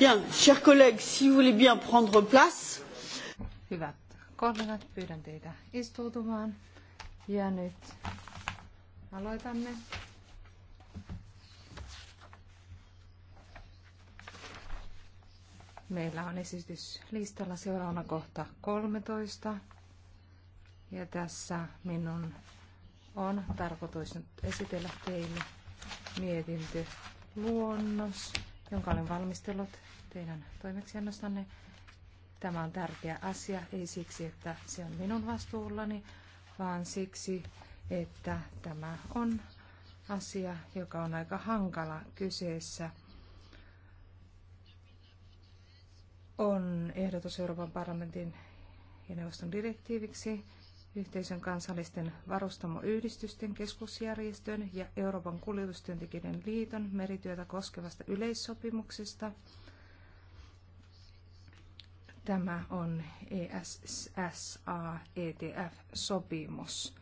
Bien, chers collègues, si vous voulez bien prendre place. Hyvät kollegat, pyydän teitä istuutumaan. Ja nyt aloitamme. Meillä on esitys listalla seuraavana kohta 13. Ja tässä minun on tarkoitus nyt esitellä teille mietintö luonnos jonka olen valmistellut teidän toimeksiannostanne. Tämä on tärkeä asia, ei siksi, että se on minun vastuullani, vaan siksi, että tämä on asia, joka on aika hankala kyseessä. On ehdotus Euroopan parlamentin ja neuvoston direktiiviksi, yhteisön kansallisten varustamoyhdistysten keskusjärjestön ja Euroopan kuljetustyöntekijöiden liiton merityötä koskevasta yleissopimuksesta. Tämä on ESSA-ETF-sopimus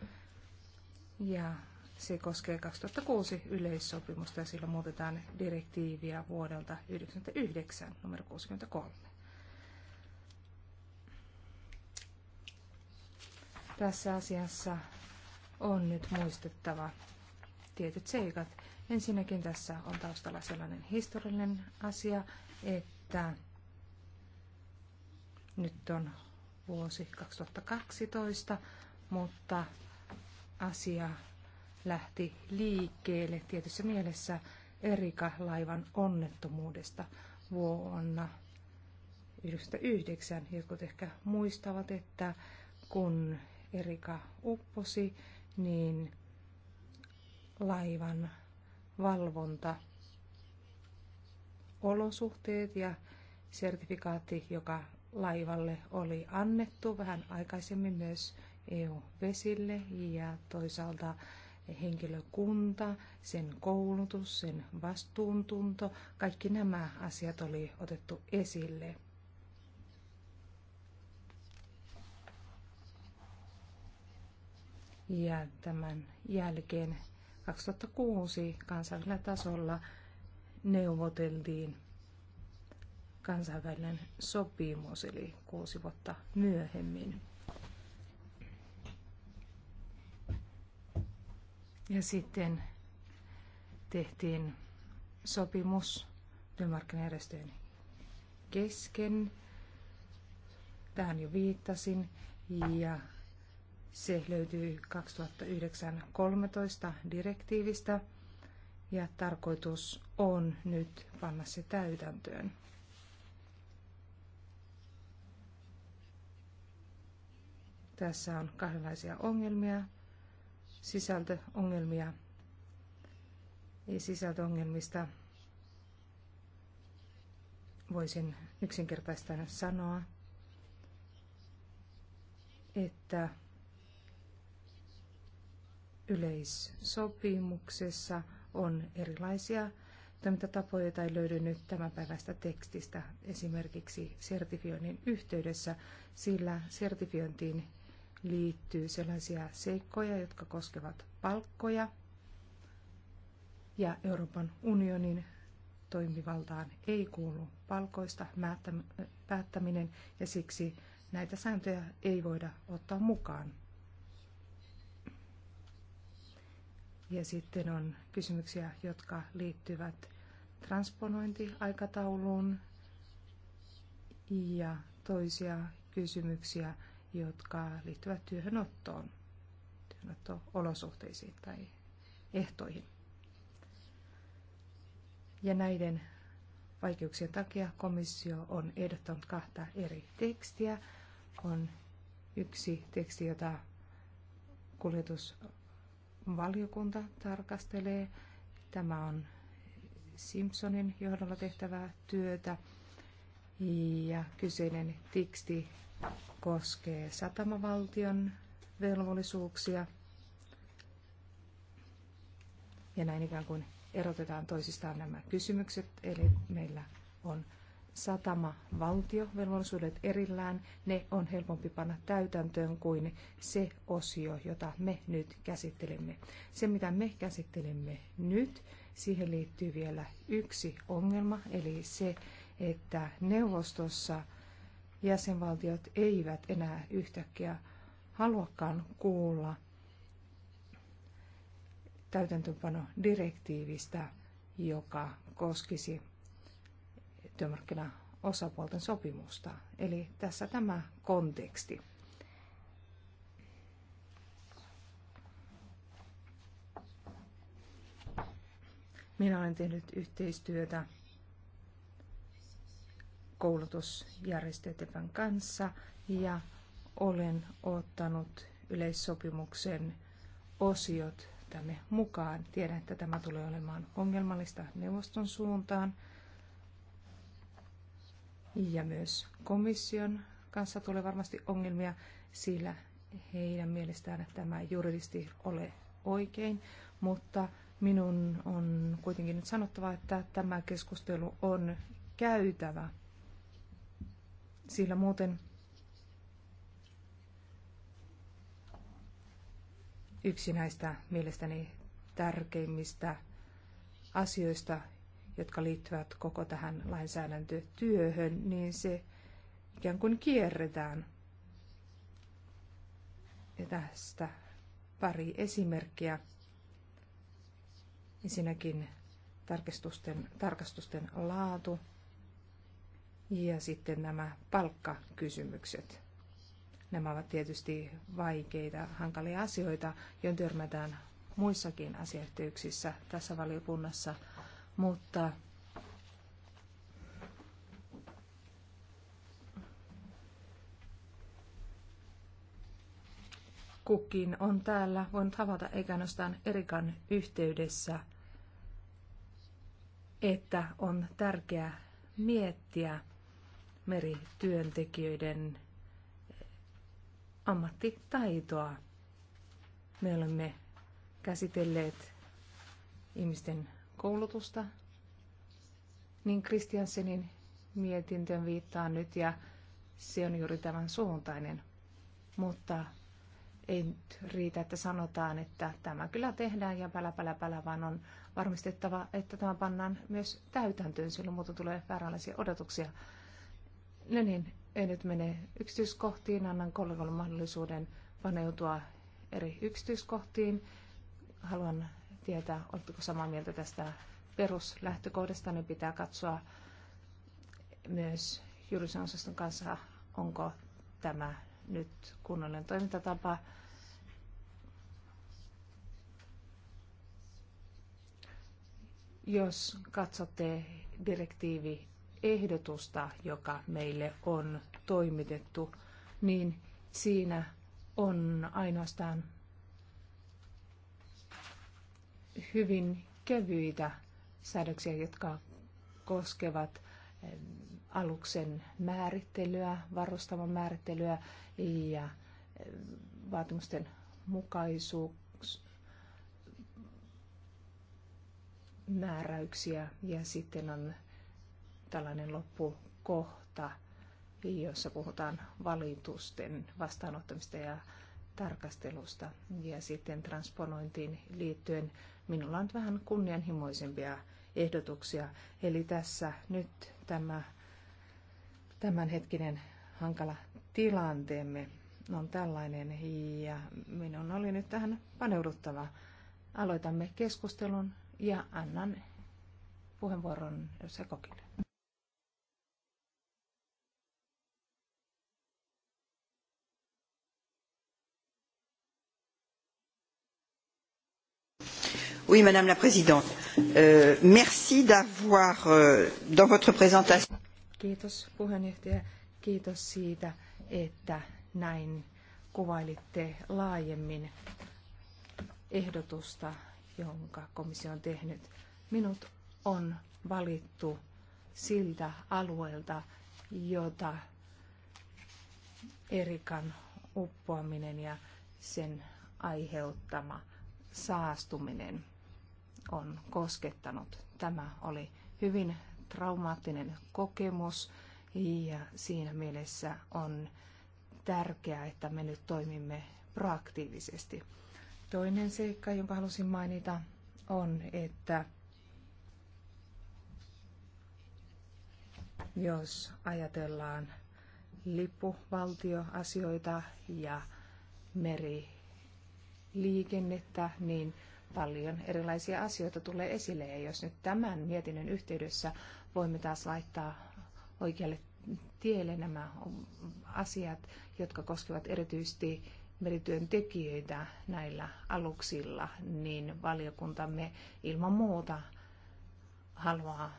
ja se koskee 2006 yleissopimusta ja sillä muutetaan direktiiviä vuodelta 1999 numero 63. tässä asiassa on nyt muistettava tietyt seikat. Ensinnäkin tässä on taustalla sellainen historiallinen asia, että nyt on vuosi 2012, mutta asia lähti liikkeelle tietyssä mielessä Erika-laivan onnettomuudesta vuonna 1999. Jotkut ehkä muistavat, että kun Erika upposi, niin laivan valvonta, olosuhteet ja sertifikaatti, joka laivalle oli annettu vähän aikaisemmin myös EU-vesille ja toisaalta henkilökunta, sen koulutus, sen vastuuntunto, kaikki nämä asiat oli otettu esille. ja tämän jälkeen 2006 kansainvälisellä tasolla neuvoteltiin kansainvälinen sopimus, eli kuusi vuotta myöhemmin. Ja sitten tehtiin sopimus työmarkkinajärjestöjen kesken. Tähän jo viittasin. Ja se löytyy 2009-13 direktiivistä ja tarkoitus on nyt panna se täytäntöön. Tässä on kahdenlaisia ongelmia, sisältöongelmia ja sisältöongelmista voisin yksinkertaistaan sanoa, että yleissopimuksessa on erilaisia toimintatapoja, joita ei löydy nyt tämänpäiväistä tekstistä esimerkiksi sertifioinnin yhteydessä, sillä sertifiointiin liittyy sellaisia seikkoja, jotka koskevat palkkoja ja Euroopan unionin toimivaltaan ei kuulu palkoista päättäminen ja siksi näitä sääntöjä ei voida ottaa mukaan Ja sitten on kysymyksiä, jotka liittyvät transponointiaikatauluun ja toisia kysymyksiä, jotka liittyvät työhönottoon, työhönotto-olosuhteisiin tai ehtoihin. Ja näiden vaikeuksien takia komissio on ehdottanut kahta eri tekstiä. On yksi teksti, jota kuljetus valiokunta tarkastelee. Tämä on Simpsonin johdolla tehtävää työtä ja kyseinen teksti koskee satamavaltion velvollisuuksia ja näin ikään kuin erotetaan toisistaan nämä kysymykset, eli meillä on Satama valtio velvollisuudet erillään, ne on helpompi panna täytäntöön kuin se osio, jota me nyt käsittelemme. Se, mitä me käsittelemme nyt, siihen liittyy vielä yksi ongelma, eli se, että neuvostossa jäsenvaltiot eivät enää yhtäkkiä haluakaan kuulla täytäntöönpanodirektiivistä, joka koskisi työmarkkinaosapuolten sopimusta. Eli tässä tämä konteksti. Minä olen tehnyt yhteistyötä koulutusjärjestöjen kanssa ja olen ottanut yleissopimuksen osiot tänne mukaan. Tiedän, että tämä tulee olemaan ongelmallista neuvoston suuntaan, ja myös komission kanssa tulee varmasti ongelmia, sillä heidän mielestään tämä ei juridisesti ole oikein, mutta minun on kuitenkin nyt sanottava, että tämä keskustelu on käytävä, sillä muuten yksi näistä mielestäni tärkeimmistä asioista, jotka liittyvät koko tähän lainsäädäntötyöhön, niin se ikään kuin kierretään. Ja tästä pari esimerkkiä. Ensinnäkin tarkastusten, tarkastusten laatu ja sitten nämä palkkakysymykset. Nämä ovat tietysti vaikeita, hankalia asioita, joihin törmätään muissakin asiayhteyksissä tässä valiokunnassa – mutta kukin on täällä voinut havaita, eikä ainoastaan Erikan yhteydessä, että on tärkeää miettiä merityöntekijöiden ammattitaitoa. Me olemme käsitelleet ihmisten koulutusta, niin Kristiansenin mietintöön viittaan nyt ja se on juuri tämän suuntainen. Mutta ei nyt riitä, että sanotaan, että tämä kyllä tehdään ja pälä, pälä, pälä, vaan on varmistettava, että tämä pannaan myös täytäntöön, silloin muuta tulee vääränlaisia odotuksia. No niin, ei nyt mene yksityiskohtiin, annan kollegalle mahdollisuuden paneutua eri yksityiskohtiin. Haluan tietää, oletteko samaa mieltä tästä peruslähtökohdasta, niin pitää katsoa myös juridisen kanssa, onko tämä nyt kunnollinen toimintatapa. Jos katsotte direktiiviehdotusta, joka meille on toimitettu, niin siinä on ainoastaan hyvin kevyitä säädöksiä, jotka koskevat aluksen määrittelyä, varustamon määrittelyä ja vaatimusten mukaisuus määräyksiä ja sitten on tällainen loppukohta, jossa puhutaan valitusten vastaanottamista ja tarkastelusta ja sitten transponointiin liittyen Minulla on vähän kunnianhimoisempia ehdotuksia. Eli tässä nyt tämä tämänhetkinen hankala tilanteemme on tällainen ja minun oli nyt tähän paneuduttava. Aloitamme keskustelun ja annan puheenvuoron Sekokille. Oui, Madame la Présidente. Euh, merci d'avoir euh, dans votre présentation. Kiitos puheenjohtaja. Kiitos siitä, että näin kuvailitte laajemmin ehdotusta, jonka komissio on tehnyt. Minut on valittu siltä alueelta, jota Erikan uppoaminen ja sen aiheuttama saastuminen on koskettanut. Tämä oli hyvin traumaattinen kokemus ja siinä mielessä on tärkeää, että me nyt toimimme proaktiivisesti. Toinen seikka, jonka halusin mainita, on, että jos ajatellaan lippuvaltioasioita ja meriliikennettä, niin paljon erilaisia asioita tulee esille. Ja jos nyt tämän mietinnön yhteydessä voimme taas laittaa oikealle tielle nämä asiat, jotka koskevat erityisesti merityöntekijöitä näillä aluksilla, niin valiokuntamme ilman muuta haluaa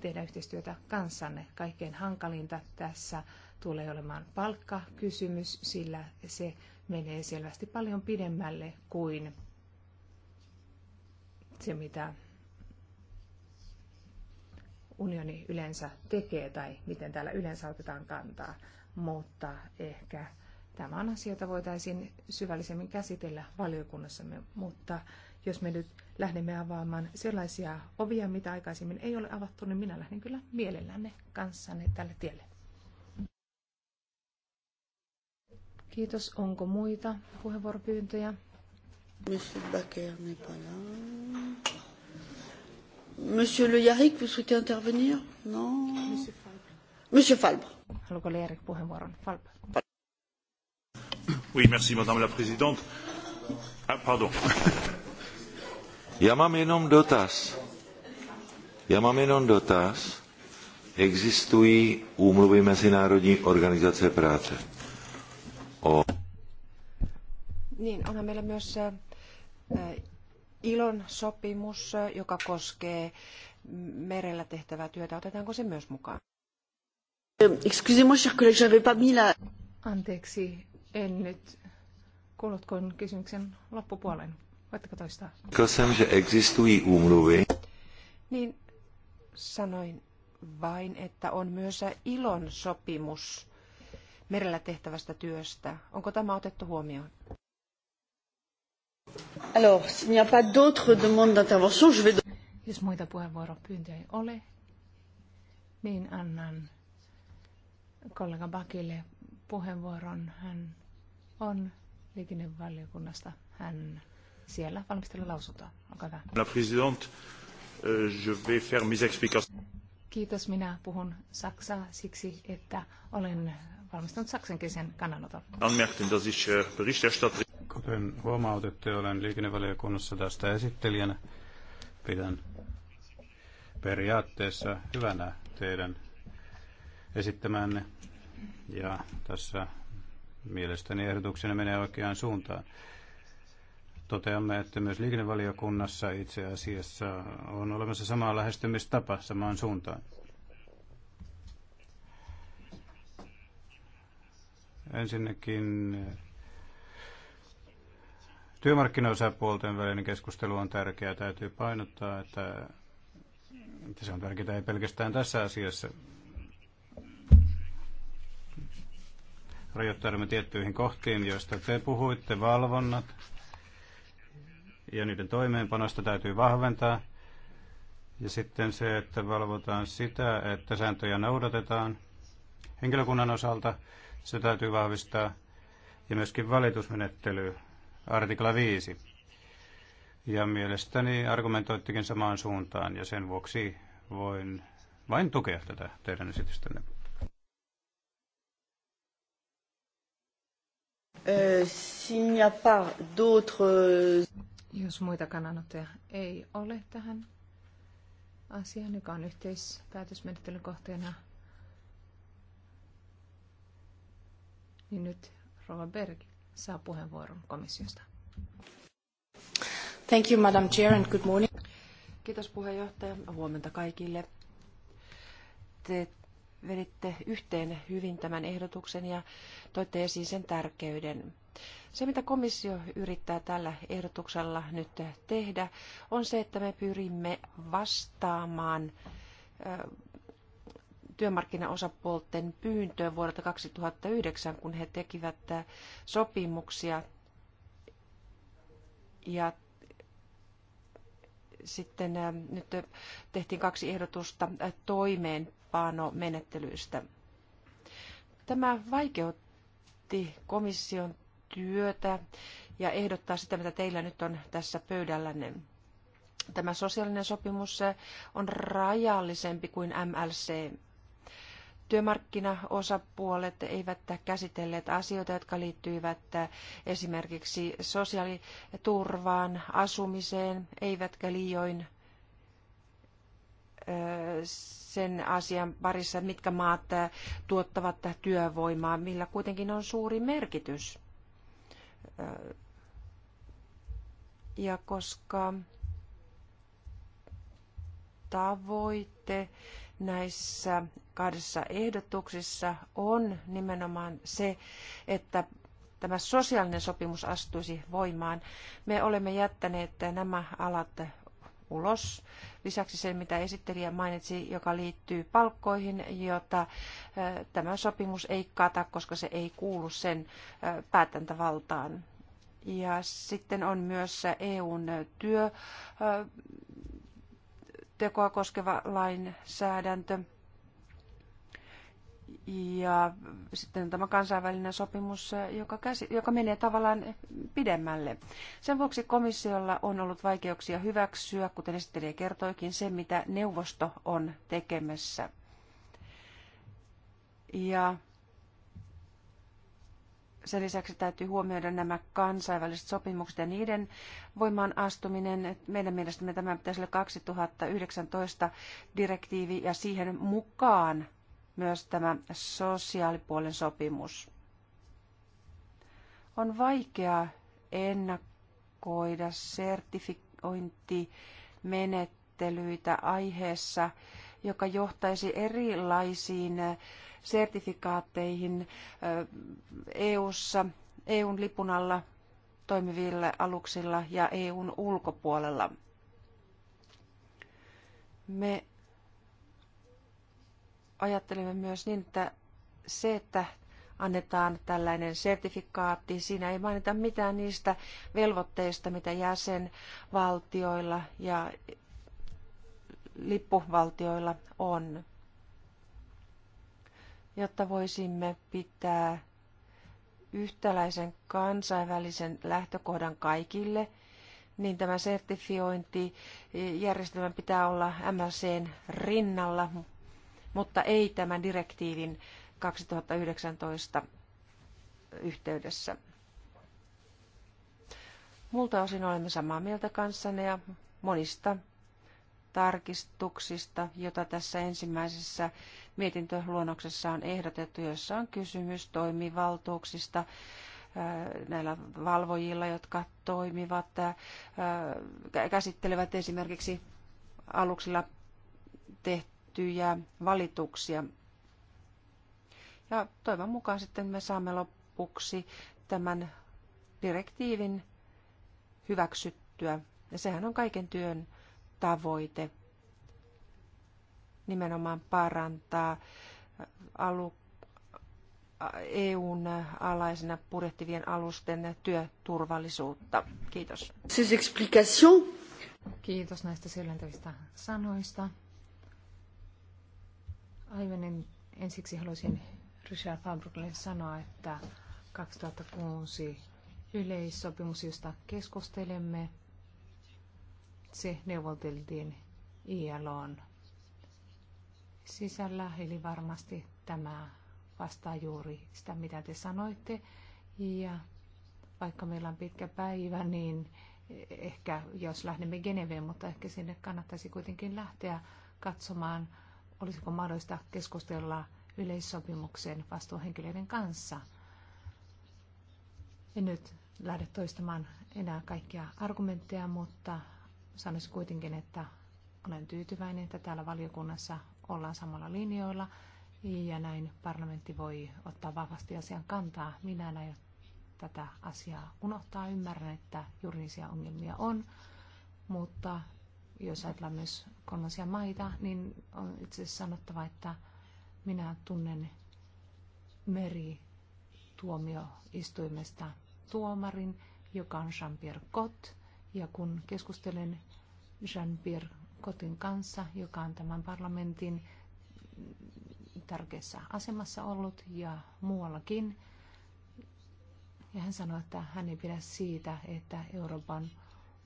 tehdä yhteistyötä kanssanne. Kaikkein hankalinta tässä tulee olemaan palkkakysymys, sillä se menee selvästi paljon pidemmälle kuin se, mitä unioni yleensä tekee tai miten täällä yleensä otetaan kantaa, mutta ehkä tämä on asia, jota voitaisiin syvällisemmin käsitellä valiokunnassamme, mutta jos me nyt lähdemme avaamaan sellaisia ovia, mitä aikaisemmin ei ole avattu, niin minä lähden kyllä mielelläni kanssanne tälle tielle. Kiitos. Onko muita puheenvuoropyyntöjä? Mr. Becker n'est Monsieur Le Yarrick, vous souhaitez intervenir Non Monsieur Falbre. Monsieur Falbre. Falbre. Oui, merci Madame la Présidente. Ah, pardon. Já mám jenom dotaz. Já mám jenom dotaz. Existují úmluvy Mezinárodní organizace práce? O... Niin, onhan meillä myös äh, ilon sopimus, joka koskee merellä tehtävää työtä, otetaanko se myös mukaan? Anteeksi, en nyt kuullut kun kysymyksen loppupuoleen. Voitteko toistaa? Köszönöm, že existují Niin sanoin vain, että on myös ilon sopimus merellä tehtävästä työstä. Onko tämä otettu huomioon? Alors, s'il n'y a pas d'autres demandes d'intervention, je vais... Jos muita puheenvuoropyyntöjä ei ole, niin annan kollega Bakille puheenvuoron. Hän on liikennevaliokunnasta. Hän siellä valmistelee lausuntoa. Olkaa hyvä. La présidente, euh, je vais faire mes explications. Kiitos, minä puhun saksaa siksi, että olen valmistanut saksankielisen kannanoton. Anmerken, dass ich äh, Berichterstatter Kuten huomautettu, olen liikennevaliokunnassa tästä esittelijänä. Pidän periaatteessa hyvänä teidän esittämänne. Ja tässä mielestäni ehdotuksena menee oikeaan suuntaan. Toteamme, että myös liikennevaliokunnassa itse asiassa on olemassa sama lähestymistapa samaan suuntaan. Ensinnäkin Työmarkkinaosapuolten välinen keskustelu on tärkeää. Täytyy painottaa, että se on tärkeää ei pelkästään tässä asiassa. Rajoittaudumme tiettyihin kohtiin, joista te puhuitte, valvonnat ja niiden toimeenpanosta täytyy vahventaa. Ja sitten se, että valvotaan sitä, että sääntöjä noudatetaan henkilökunnan osalta, se täytyy vahvistaa. Ja myöskin valitusmenettely artikla 5. Ja mielestäni argumentoittikin samaan suuntaan ja sen vuoksi voin vain tukea tätä teidän esitystänne. Jos muita kannanottoja ei ole tähän asiaan, joka on yhteispäätösmenettelyn kohteena, niin nyt Rova Berg saa puheenvuoron komissiosta. Thank you, Madam Chair, and good morning. Kiitos puheenjohtaja. Huomenta kaikille. Te veditte yhteen hyvin tämän ehdotuksen ja toitte esiin sen tärkeyden. Se, mitä komissio yrittää tällä ehdotuksella nyt tehdä, on se, että me pyrimme vastaamaan työmarkkinaosapuolten pyyntöön vuodelta 2009, kun he tekivät äh, sopimuksia ja sitten äh, nyt tehtiin kaksi ehdotusta äh, toimeenpanomenettelyistä. Tämä vaikeutti komission työtä ja ehdottaa sitä, mitä teillä nyt on tässä pöydällänne. Tämä sosiaalinen sopimus on rajallisempi kuin MLC. Työmarkkinaosapuolet eivät käsitelleet asioita, jotka liittyivät esimerkiksi sosiaaliturvaan, asumiseen, eivätkä liioin sen asian parissa, mitkä maat tuottavat työvoimaa, millä kuitenkin on suuri merkitys. Ja koska tavoite näissä kahdessa ehdotuksissa on nimenomaan se, että tämä sosiaalinen sopimus astuisi voimaan. Me olemme jättäneet nämä alat ulos. Lisäksi sen, mitä esittelijä mainitsi, joka liittyy palkkoihin, jota tämä sopimus ei kata, koska se ei kuulu sen päätäntävaltaan. Ja sitten on myös EUn työ tekoa koskeva lainsäädäntö. Ja sitten tämä kansainvälinen sopimus, eh, joka, käsi, joka menee tavallaan pidemmälle. Sen vuoksi komissiolla on ollut vaikeuksia hyväksyä, kuten esittelijä kertoikin, se mitä neuvosto on tekemässä. Ja sen lisäksi täytyy huomioida nämä kansainväliset sopimukset ja niiden voimaan astuminen. Meidän mielestämme tämä pitäisi olla 2019 direktiivi ja siihen mukaan myös tämä sosiaalipuolen sopimus. On vaikea ennakoida sertifiointimenettelyitä aiheessa, joka johtaisi erilaisiin sertifikaatteihin EU:ssa, EUn lipun alla toimivilla aluksilla ja EUn ulkopuolella. Me ajattelemme myös niin, että se, että annetaan tällainen sertifikaatti. Siinä ei mainita mitään niistä velvoitteista, mitä jäsenvaltioilla ja lippuvaltioilla on, jotta voisimme pitää yhtäläisen kansainvälisen lähtökohdan kaikille, niin tämä sertifiointijärjestelmä pitää olla MLCn rinnalla, mutta ei tämän direktiivin 2019 yhteydessä. Multa osin olemme samaa mieltä kanssanne ja monista tarkistuksista, jota tässä ensimmäisessä mietintöluonnoksessa on ehdotettu, joissa on kysymys toimivaltuuksista äh, näillä valvojilla, jotka toimivat, äh, käsittelevät esimerkiksi aluksilla tehtyä tehtyjä valituksia. Ja toivon mukaan sitten me saamme lopuksi tämän direktiivin hyväksyttyä. Ja sehän on kaiken työn tavoite nimenomaan parantaa alu, EUn alaisena purjehtivien alusten työturvallisuutta. Kiitos. Kiitos näistä selventävistä sanoista. Aivan ensiksi haluaisin Richard Fabrikille sanoa, että 2006 yleissopimus, josta keskustelemme, se neuvoteltiin ILOn sisällä, eli varmasti tämä vastaa juuri sitä, mitä te sanoitte. Ja vaikka meillä on pitkä päivä, niin ehkä jos lähdemme Geneveen, mutta ehkä sinne kannattaisi kuitenkin lähteä katsomaan olisiko mahdollista keskustella yleissopimuksen vastuuhenkilöiden kanssa. En nyt lähde toistamaan enää kaikkia argumentteja, mutta sanoisin kuitenkin, että olen tyytyväinen, että täällä valiokunnassa ollaan samalla linjoilla ja näin parlamentti voi ottaa vahvasti asian kantaa. Minä en aio tätä asiaa unohtaa. Ymmärrän, että juridisia ongelmia on, mutta jos ajatellaan myös kolmansia maita, niin on itse asiassa sanottava, että minä tunnen meri tuomioistuimesta tuomarin, joka on Jean-Pierre Cot. Ja kun keskustelen Jean-Pierre Cotin kanssa, joka on tämän parlamentin tärkeässä asemassa ollut ja muuallakin, ja hän sanoi, että hän ei pidä siitä, että Euroopan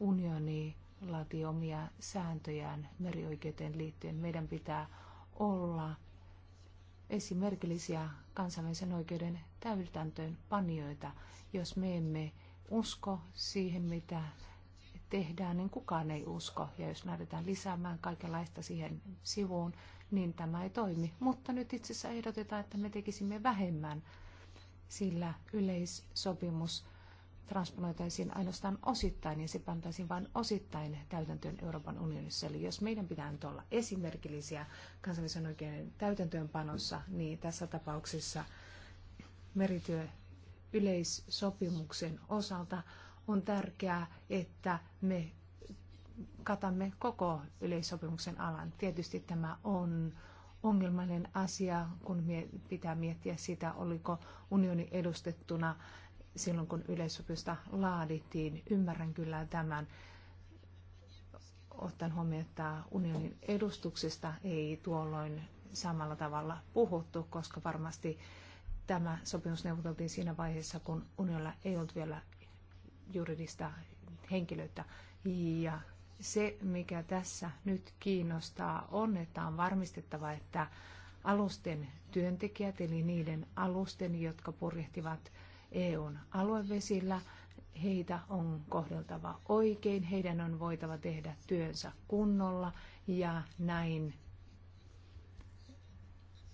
unioni laatii omia sääntöjään merioikeuteen liittyen. Meidän pitää olla esimerkillisiä kansainvälisen oikeuden täytäntöön panijoita. Jos me emme usko siihen, mitä tehdään, niin kukaan ei usko. Ja jos lähdetään lisäämään kaikenlaista siihen sivuun, niin tämä ei toimi. Mutta nyt itse asiassa ehdotetaan, että me tekisimme vähemmän, sillä yleissopimus transponoitaisiin ainoastaan osittain ja se pantaisiin vain osittain täytäntöön Euroopan unionissa. Eli jos meidän pitää nyt olla esimerkillisiä kansallisen oikeuden täytäntöönpanossa, niin tässä tapauksessa merityö yleissopimuksen osalta on tärkeää, että me katamme koko yleissopimuksen alan. Tietysti tämä on ongelmainen asia, kun pitää miettiä sitä, oliko unioni edustettuna silloin, kun yleissopista laadittiin. Ymmärrän kyllä tämän ottaen huomioon, että unionin edustuksista ei tuolloin samalla tavalla puhuttu, koska varmasti tämä sopimus neuvoteltiin siinä vaiheessa, kun unionilla ei ollut vielä juridista henkilöitä. Ja se, mikä tässä nyt kiinnostaa, on, että on varmistettava, että alusten työntekijät, eli niiden alusten, jotka purjehtivat EUn aluevesillä. Heitä on kohdeltava oikein, heidän on voitava tehdä työnsä kunnolla ja näin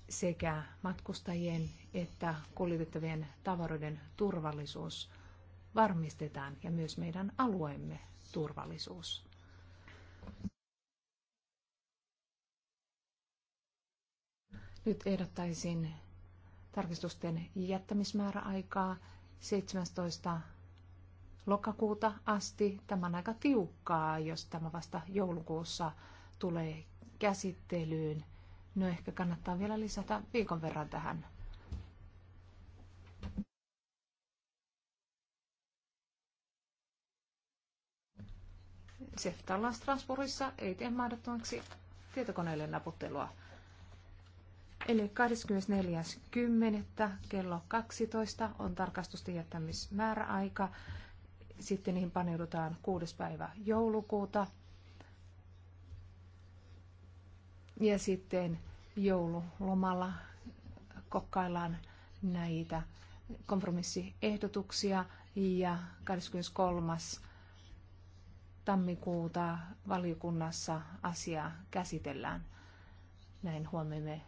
sekä matkustajien että kuljetettavien tavaroiden turvallisuus varmistetaan ja myös meidän alueemme turvallisuus. Nyt ehdottaisin tarkistusten jättämismääräaikaa 17 lokakuuta asti. Tämä on aika tiukkaa, jos tämä vasta joulukuussa tulee käsittelyyn. No ehkä kannattaa vielä lisätä viikon verran tähän. Seftalla Strasbourgissa ei tee mahdottomaksi tietokoneelle naputtelua. Eli 24.10. kello 12 on tarkastusten jättämismääräaika. Sitten niihin paneudutaan 6. päivä joulukuuta. Ja sitten joululomalla kokkaillaan näitä kompromissiehdotuksia ja 23. tammikuuta valiokunnassa asiaa käsitellään. Näin huomioimme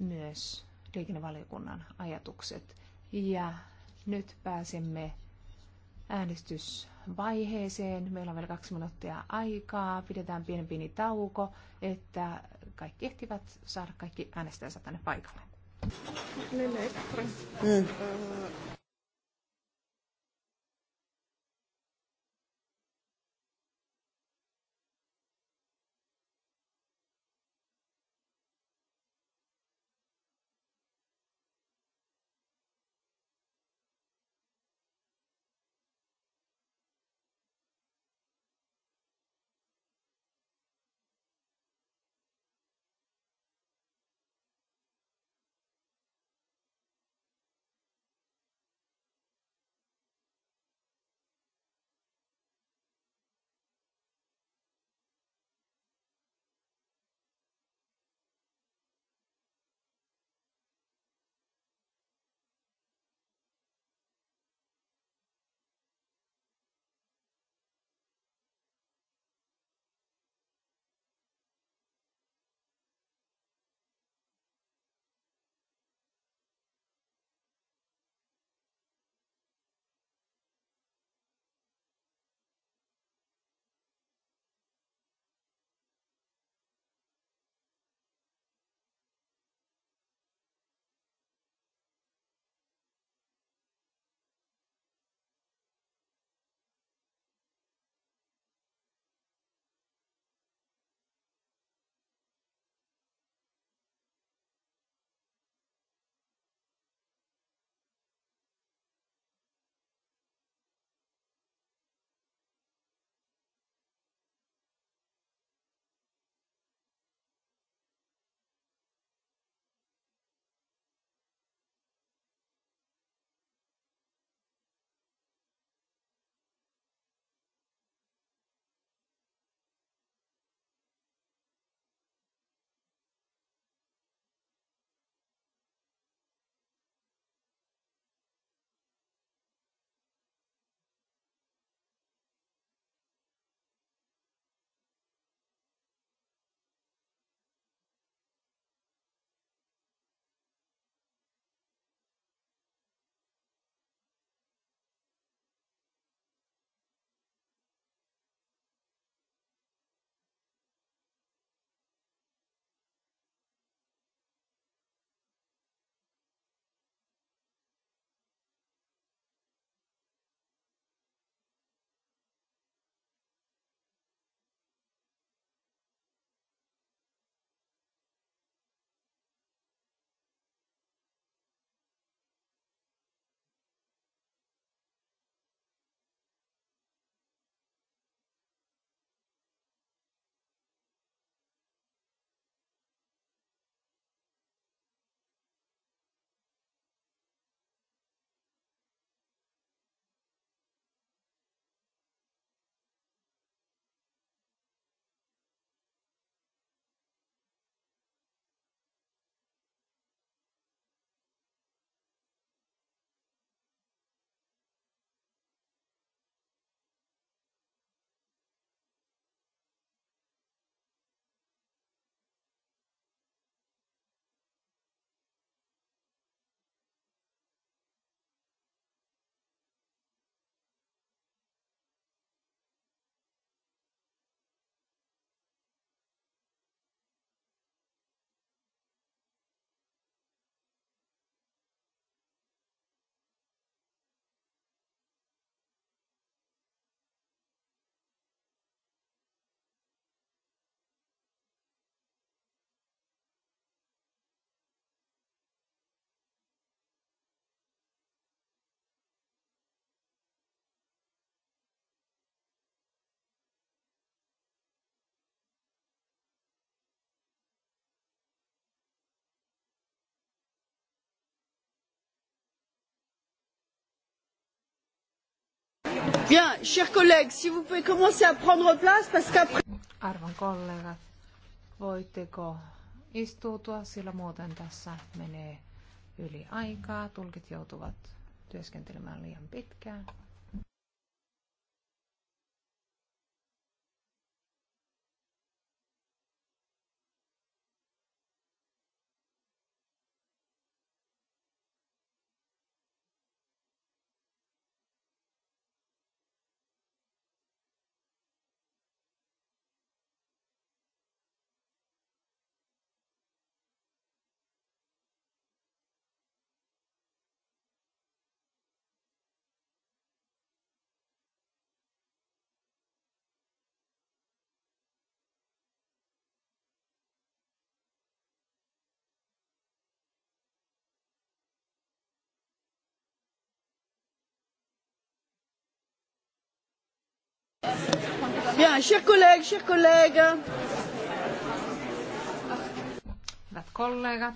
myös liikennevaliokunnan ajatukset. Ja nyt pääsemme äänestysvaiheeseen. Meillä on vielä kaksi minuuttia aikaa. Pidetään pieni pieni tauko, että kaikki ehtivät saada kaikki äänestäjänsä tänne paikalle. Niin, niin. Mm. Bien, chers collègues, si vous pouvez commencer à prendre place, parce qu'après... Arvon kollegat, voitteko istuutua, sillä muuten tässä menee yli aikaa. Tulkit joutuvat työskentelemään liian pitkään. Bien, chers collègues, chers collègues. Hyvät kollegat.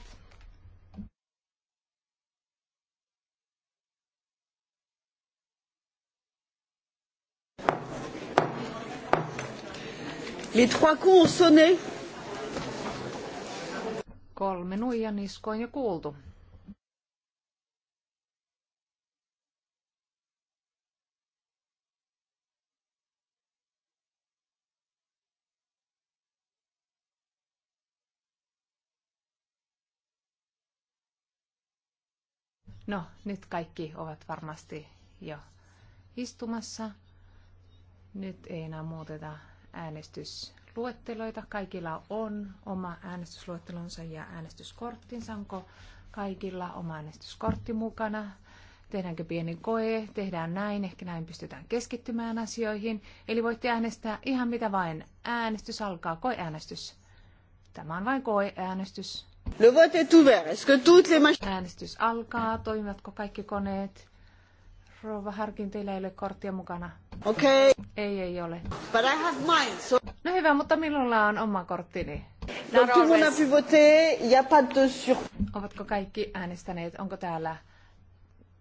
Les trois coups ont sonné. Kolme nuijan on jo kuultu. No, nyt kaikki ovat varmasti jo istumassa. Nyt ei enää muuteta äänestysluetteloita. Kaikilla on oma äänestysluettelonsa ja äänestyskorttinsa. Onko kaikilla oma äänestyskortti mukana? Tehdäänkö pieni koe? Tehdään näin. Ehkä näin pystytään keskittymään asioihin. Eli voitte äänestää ihan mitä vain. Äänestys alkaa. Koeäänestys. Tämä on vain koeäänestys. Le vote est ouvert. Est-ce que toutes les mach- Äänestys alkaa. Toimivatko kaikki koneet? Rouva Harkin, teillä ei ole korttia mukana. Okei. Okay. Ei, ei ole. But I have mine, so... No hyvä, mutta minulla on oma korttini. Donc tout le monde a pu voter, y a pas de sur... Ovatko kaikki äänestäneet? Onko täällä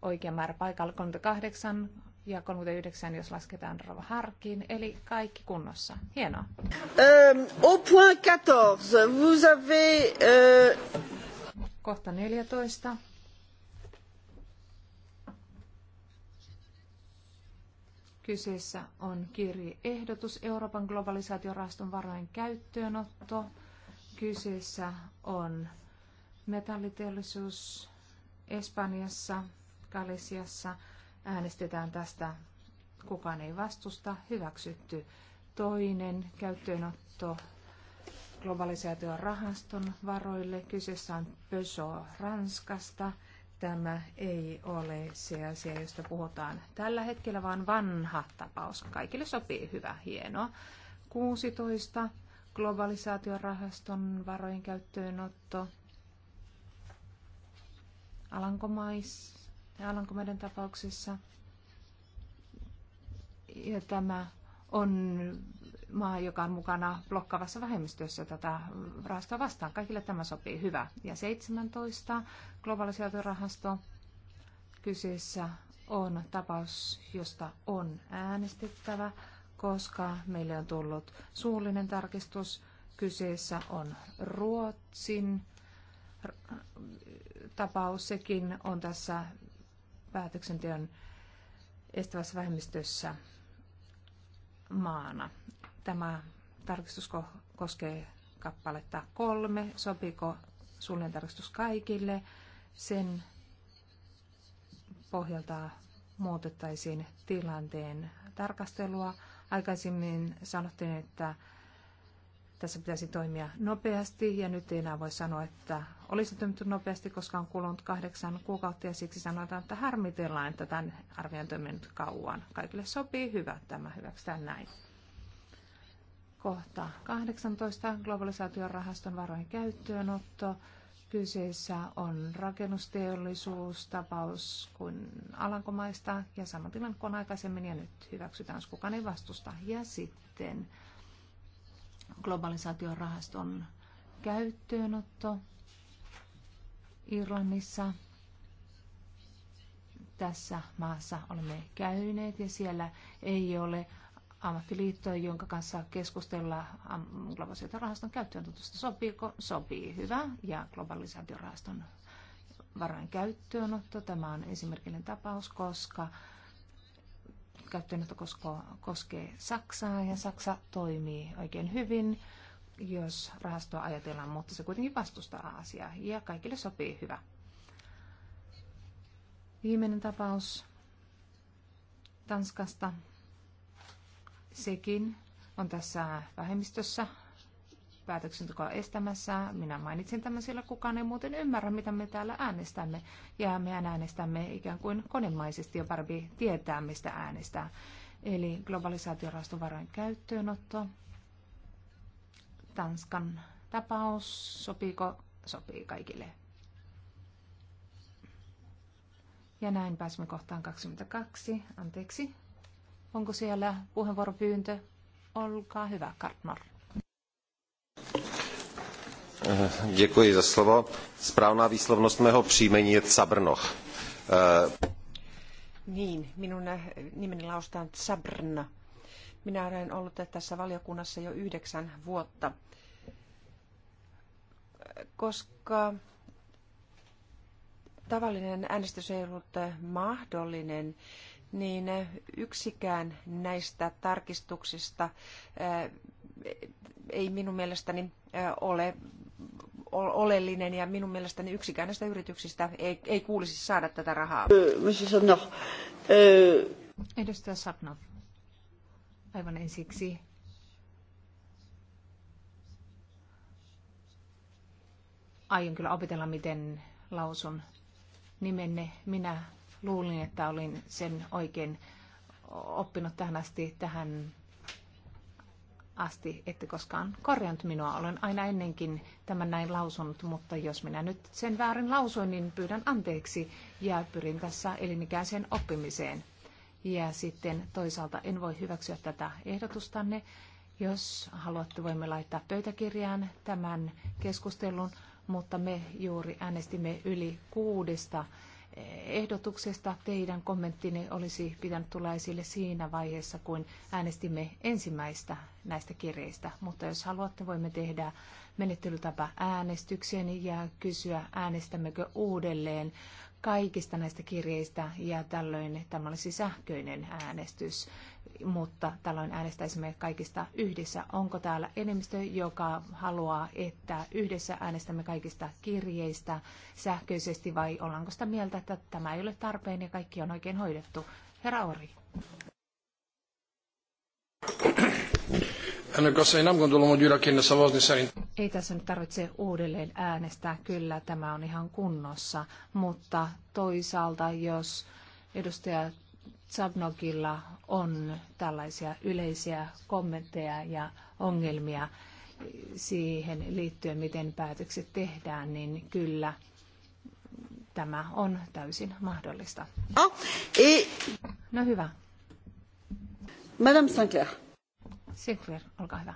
oikea määrä paikalla? 38, ja 39, jos lasketaan Rova Harkin, eli kaikki kunnossa. Hienoa. Um, au point 14, vous avez... Uh... Kohta 14. Kyseessä on kirjeehdotus Euroopan globalisaatiorahaston varojen käyttöönotto. Kyseessä on metalliteollisuus Espanjassa, Galisiassa – Äänestetään tästä. Kukaan ei vastusta. Hyväksytty. Toinen käyttöönotto globalisaation rahaston varoille. Kyseessä on Pöso Ranskasta. Tämä ei ole se asia, josta puhutaan tällä hetkellä, vaan vanha tapaus. Kaikille sopii hyvä, hienoa. 16. Globalisaatiorahaston varojen käyttöönotto. Alankomaissa ja Alankomaiden tapauksissa. Ja tämä on maa, joka on mukana blokkaavassa vähemmistössä tätä rahastoa vastaan. Kaikille tämä sopii hyvä. Ja 17. Globalisaatiorahasto. Kyseessä on tapaus, josta on äänestettävä, koska meille on tullut suullinen tarkistus. Kyseessä on Ruotsin tapaus. Sekin on tässä päätöksenteon estävässä vähemmistössä maana. Tämä tarkistus koskee kappaletta kolme. Sopiiko suunnilleen tarkistus kaikille? Sen pohjalta muutettaisiin tilanteen tarkastelua. Aikaisemmin sanottiin, että tässä pitäisi toimia nopeasti ja nyt ei enää voi sanoa, että olisi toimittu nopeasti, koska on kulunut kahdeksan kuukautta ja siksi sanotaan, että harmitellaan, että tämän arviointi on mennyt kauan. Kaikille sopii hyvä tämä, hyväksytään näin. Kohta 18. Globalisaation rahaston varojen käyttöönotto. Kyseessä on rakennusteollisuus, tapaus kuin Alankomaista ja sama tilanne kuin aikaisemmin ja nyt hyväksytään, jos kukaan ei vastusta. Ja sitten globalisaatiorahaston rahaston käyttöönotto Irlannissa. Tässä maassa olemme käyneet ja siellä ei ole ammattiliittoja, jonka kanssa keskustella globalisaatiorahaston käyttöönotosta. Sopiiko? Sopii. Hyvä. Ja globalisaatiorahaston varain käyttöönotto. Tämä on esimerkillinen tapaus, koska käyttöönotto koskee Saksaa ja Saksa toimii oikein hyvin, jos rahastoa ajatellaan, mutta se kuitenkin vastustaa asiaa ja kaikille sopii hyvä. Viimeinen tapaus Tanskasta. Sekin on tässä vähemmistössä päätöksentekoa estämässä. Minä mainitsin tämän, sillä kukaan ei muuten ymmärrä, mitä me täällä äänestämme. Ja me äänestämme ikään kuin konemaisesti ja parempi tietää, mistä äänestää. Eli globalisaatiorahaston varojen käyttöönotto, Tanskan tapaus, sopiiko, sopii kaikille. Ja näin pääsemme kohtaan 22. Anteeksi. Onko siellä puheenvuoropyyntö? Olkaa hyvä, Kartmar. Děkuji za slovo. Správná výslovnost mého příjmení je Cabrnoch. Eh, niin, minun nimeni on Sabrna. Minä olen ollut tässä valiokunnassa jo yhdeksän vuotta, koska tavallinen äänestys ei ollut mahdollinen, niin yksikään näistä tarkistuksista eh, ei minun mielestäni eh, ole oleellinen ja minun mielestäni yksikään näistä yrityksistä ei, ei kuulisi saada tätä rahaa. Edustaja Sapnov, aivan ensiksi. Aion kyllä opetella, miten lausun nimenne. Minä luulin, että olin sen oikein oppinut tähän asti. Tähän asti ette koskaan korjannut minua. Olen aina ennenkin tämän näin lausunut, mutta jos minä nyt sen väärin lausuin, niin pyydän anteeksi ja pyrin tässä elinikäiseen oppimiseen. Ja sitten toisaalta en voi hyväksyä tätä ehdotustanne. Jos haluatte, voimme laittaa pöytäkirjaan tämän keskustelun, mutta me juuri äänestimme yli kuudesta ehdotuksesta. Teidän kommenttinne olisi pitänyt tulla esille siinä vaiheessa, kun äänestimme ensimmäistä näistä kirjeistä. Mutta jos haluatte, voimme tehdä menettelytapa äänestykseen ja kysyä, äänestämmekö uudelleen kaikista näistä kirjeistä ja tällöin tämä olisi sähköinen äänestys mutta tällöin äänestäisimme kaikista yhdessä. Onko täällä enemmistö, joka haluaa, että yhdessä äänestämme kaikista kirjeistä sähköisesti vai ollaanko sitä mieltä, että tämä ei ole tarpeen ja kaikki on oikein hoidettu? Herra Ori. Ei tässä nyt tarvitse uudelleen äänestää, kyllä tämä on ihan kunnossa, mutta toisaalta jos edustajat Zabnogilla on tällaisia yleisiä kommentteja ja ongelmia siihen liittyen, miten päätökset tehdään, niin kyllä tämä on täysin mahdollista. E- no hyvä. Madame Sinclair. Sinclair, olkaa hyvä.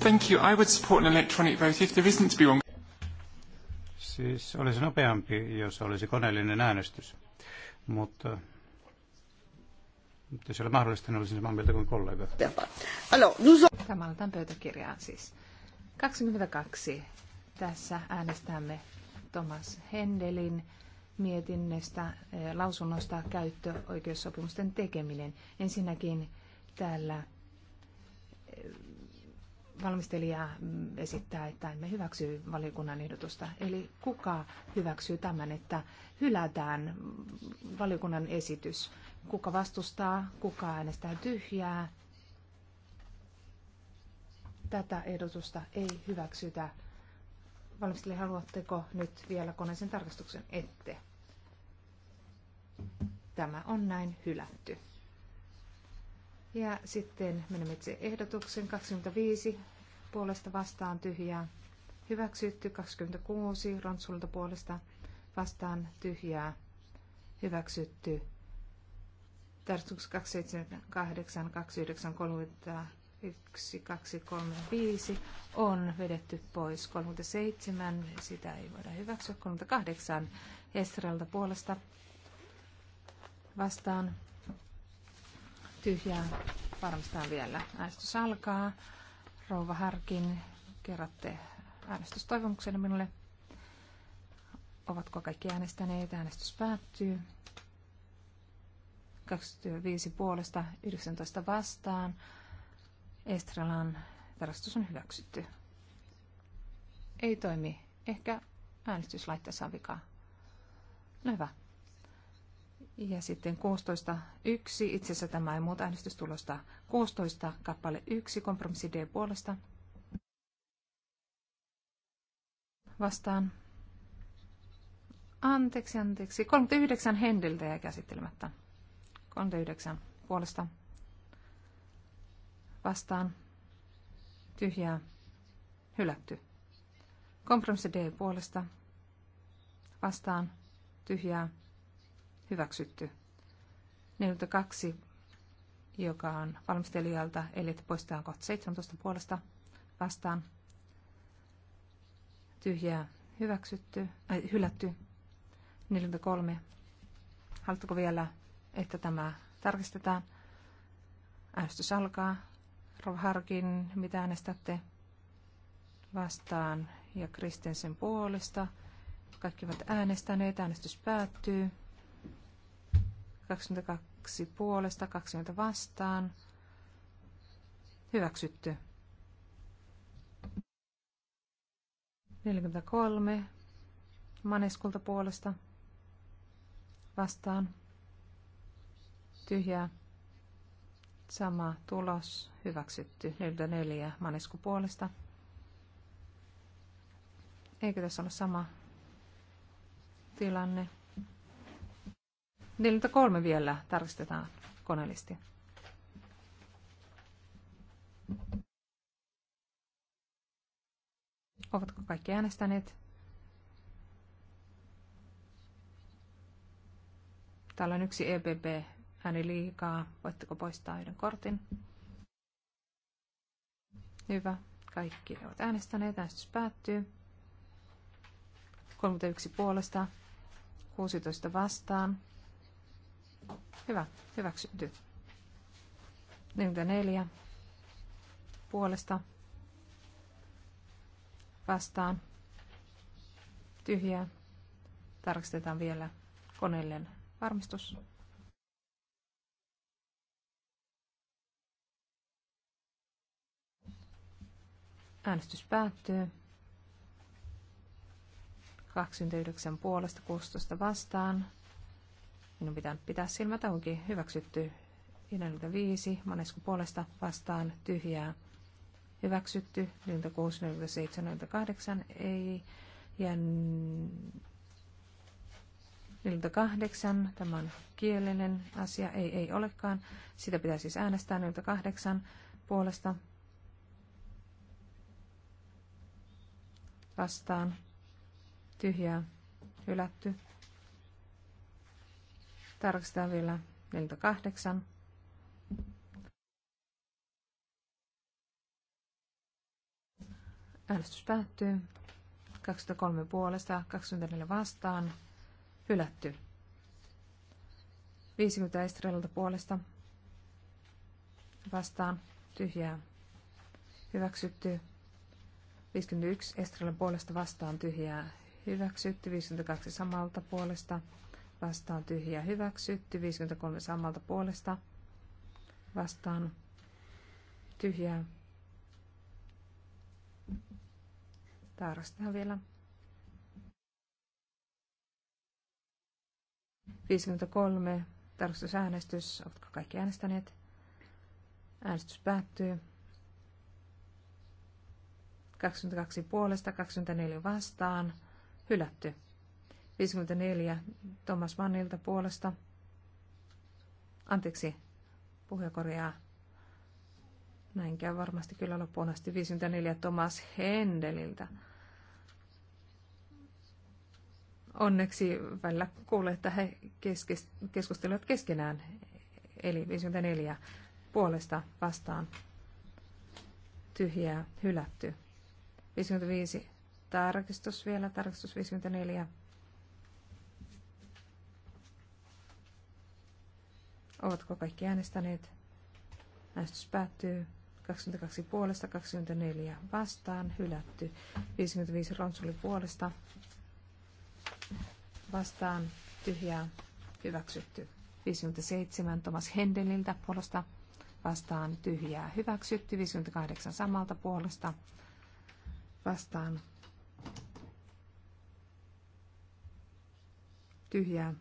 Thank you. I would support an electronic vote if there isn't to be one. Siis olisi nopeampi, jos olisi koneellinen äänestys. Mutta jos ei ole mahdollista, niin olisin samaa mieltä kuin kollega. Samalla pöytäkirjaan siis. 22. Tässä äänestämme Thomas Hendelin mietinnöstä, eh, lausunnosta käyttöoikeussopimusten tekeminen. Ensinnäkin täällä eh, valmistelija mm, esittää, että emme hyväksy valiokunnan ehdotusta. Eli kuka hyväksyy tämän, että hylätään valiokunnan esitys? Kuka vastustaa, kuka äänestää tyhjää? Tätä ehdotusta ei hyväksytä. Valmistelija, haluatteko nyt vielä koneisen tarkastuksen ette? Tämä on näin hylätty. Ja sitten menemme itse ehdotuksen 25 puolesta vastaan tyhjää. Hyväksytty 26 Rontsulta puolesta vastaan tyhjää. Hyväksytty. Tarkoitus 278, 2931, 235 on vedetty pois. 37, sitä ei voida hyväksyä. 38 Esralta puolesta vastaan tyhjää. Varmistetaan vielä. Äänestys alkaa. Rouva Harkin, kerrotte äänestystoivomuksenne minulle. Ovatko kaikki äänestäneet? Äänestys päättyy. 25 puolesta, 19 vastaan. Estrelan tarkastus on hyväksytty. Ei toimi. Ehkä äänestyslaitteessa on vikaa. No hyvä. Ja sitten 16.1. Itse asiassa tämä ei muuta äänestystulosta. 16 kappale 1 kompromissi D puolesta. Vastaan. Anteeksi, anteeksi. 39 Hendeltä ja käsittelemättä. 39 puolesta. Vastaan. Tyhjää. Hylätty. Kompromissi D puolesta. Vastaan. Tyhjää hyväksytty. 42, joka on valmistelijalta, eli että poistetaan kohta 17 puolesta vastaan. Tyhjää hyväksytty, äh, hylätty. 43. Haluatteko vielä, että tämä tarkistetaan? Äänestys alkaa. Rov Harkin, mitä äänestätte vastaan ja Kristensen puolesta. Kaikki ovat äänestäneet. Äänestys päättyy. 22 puolesta, 20 vastaan. Hyväksytty. 43 Maneskulta puolesta vastaan. Tyhjää. Sama tulos. Hyväksytty. 44 Manesku puolesta. Eikö tässä ole sama tilanne? 43 vielä tarkistetaan koneellisesti. Ovatko kaikki äänestäneet? Täällä on yksi EBB ääni liikaa. Voitteko poistaa yhden kortin? Hyvä. Kaikki ovat äänestäneet. Äänestys päättyy. 31 puolesta, 16 vastaan, Hyvä, hyväksytty. 44 puolesta vastaan tyhjää. Tarkistetaan vielä koneellinen varmistus. Äänestys päättyy. 29 puolesta 16 vastaan. Minun pitää pitää silmät auki. Hyväksytty 45, Manesku puolesta vastaan tyhjää. Hyväksytty 46, 47, 48, ei. Ja 48, tämä on kielinen asia, ei, ei olekaan. Sitä pitää siis äänestää 48 puolesta vastaan tyhjää hylätty Tarkistetaan vielä 48. Äänestys päättyy. 23 puolesta, 24 vastaan. Hylätty. 50 Estrellalta puolesta. Vastaan. Tyhjää. Hyväksytty. 51 Estrelan puolesta vastaan tyhjää. Hyväksytty. 52 samalta puolesta vastaan tyhjä hyväksytty, 53 samalta puolesta vastaan tyhjää. Tarkastetaan vielä. 53. Tarkastusäänestys. Oletko kaikki äänestäneet? Äänestys päättyy. 22 puolesta, 24 vastaan. Hylätty. 54 Thomas Mannilta puolesta. Anteeksi, puhujakorjaa. Näin käy varmasti kyllä loppuun asti. 54 Thomas Hendeliltä. Onneksi välillä kuulee, että he keskis, keskustelevat keskenään. Eli 54 puolesta vastaan tyhjää hylätty. 55 tarkistus vielä, tarkistus 54 Ovatko kaikki äänestäneet? Äänestys päättyy. 22 puolesta, 24 vastaan, hylätty. 55 ronsuli puolesta, vastaan, tyhjää, hyväksytty. 57 Thomas Hendeliltä puolesta, vastaan, tyhjää, hyväksytty. 58 samalta puolesta, vastaan, tyhjää,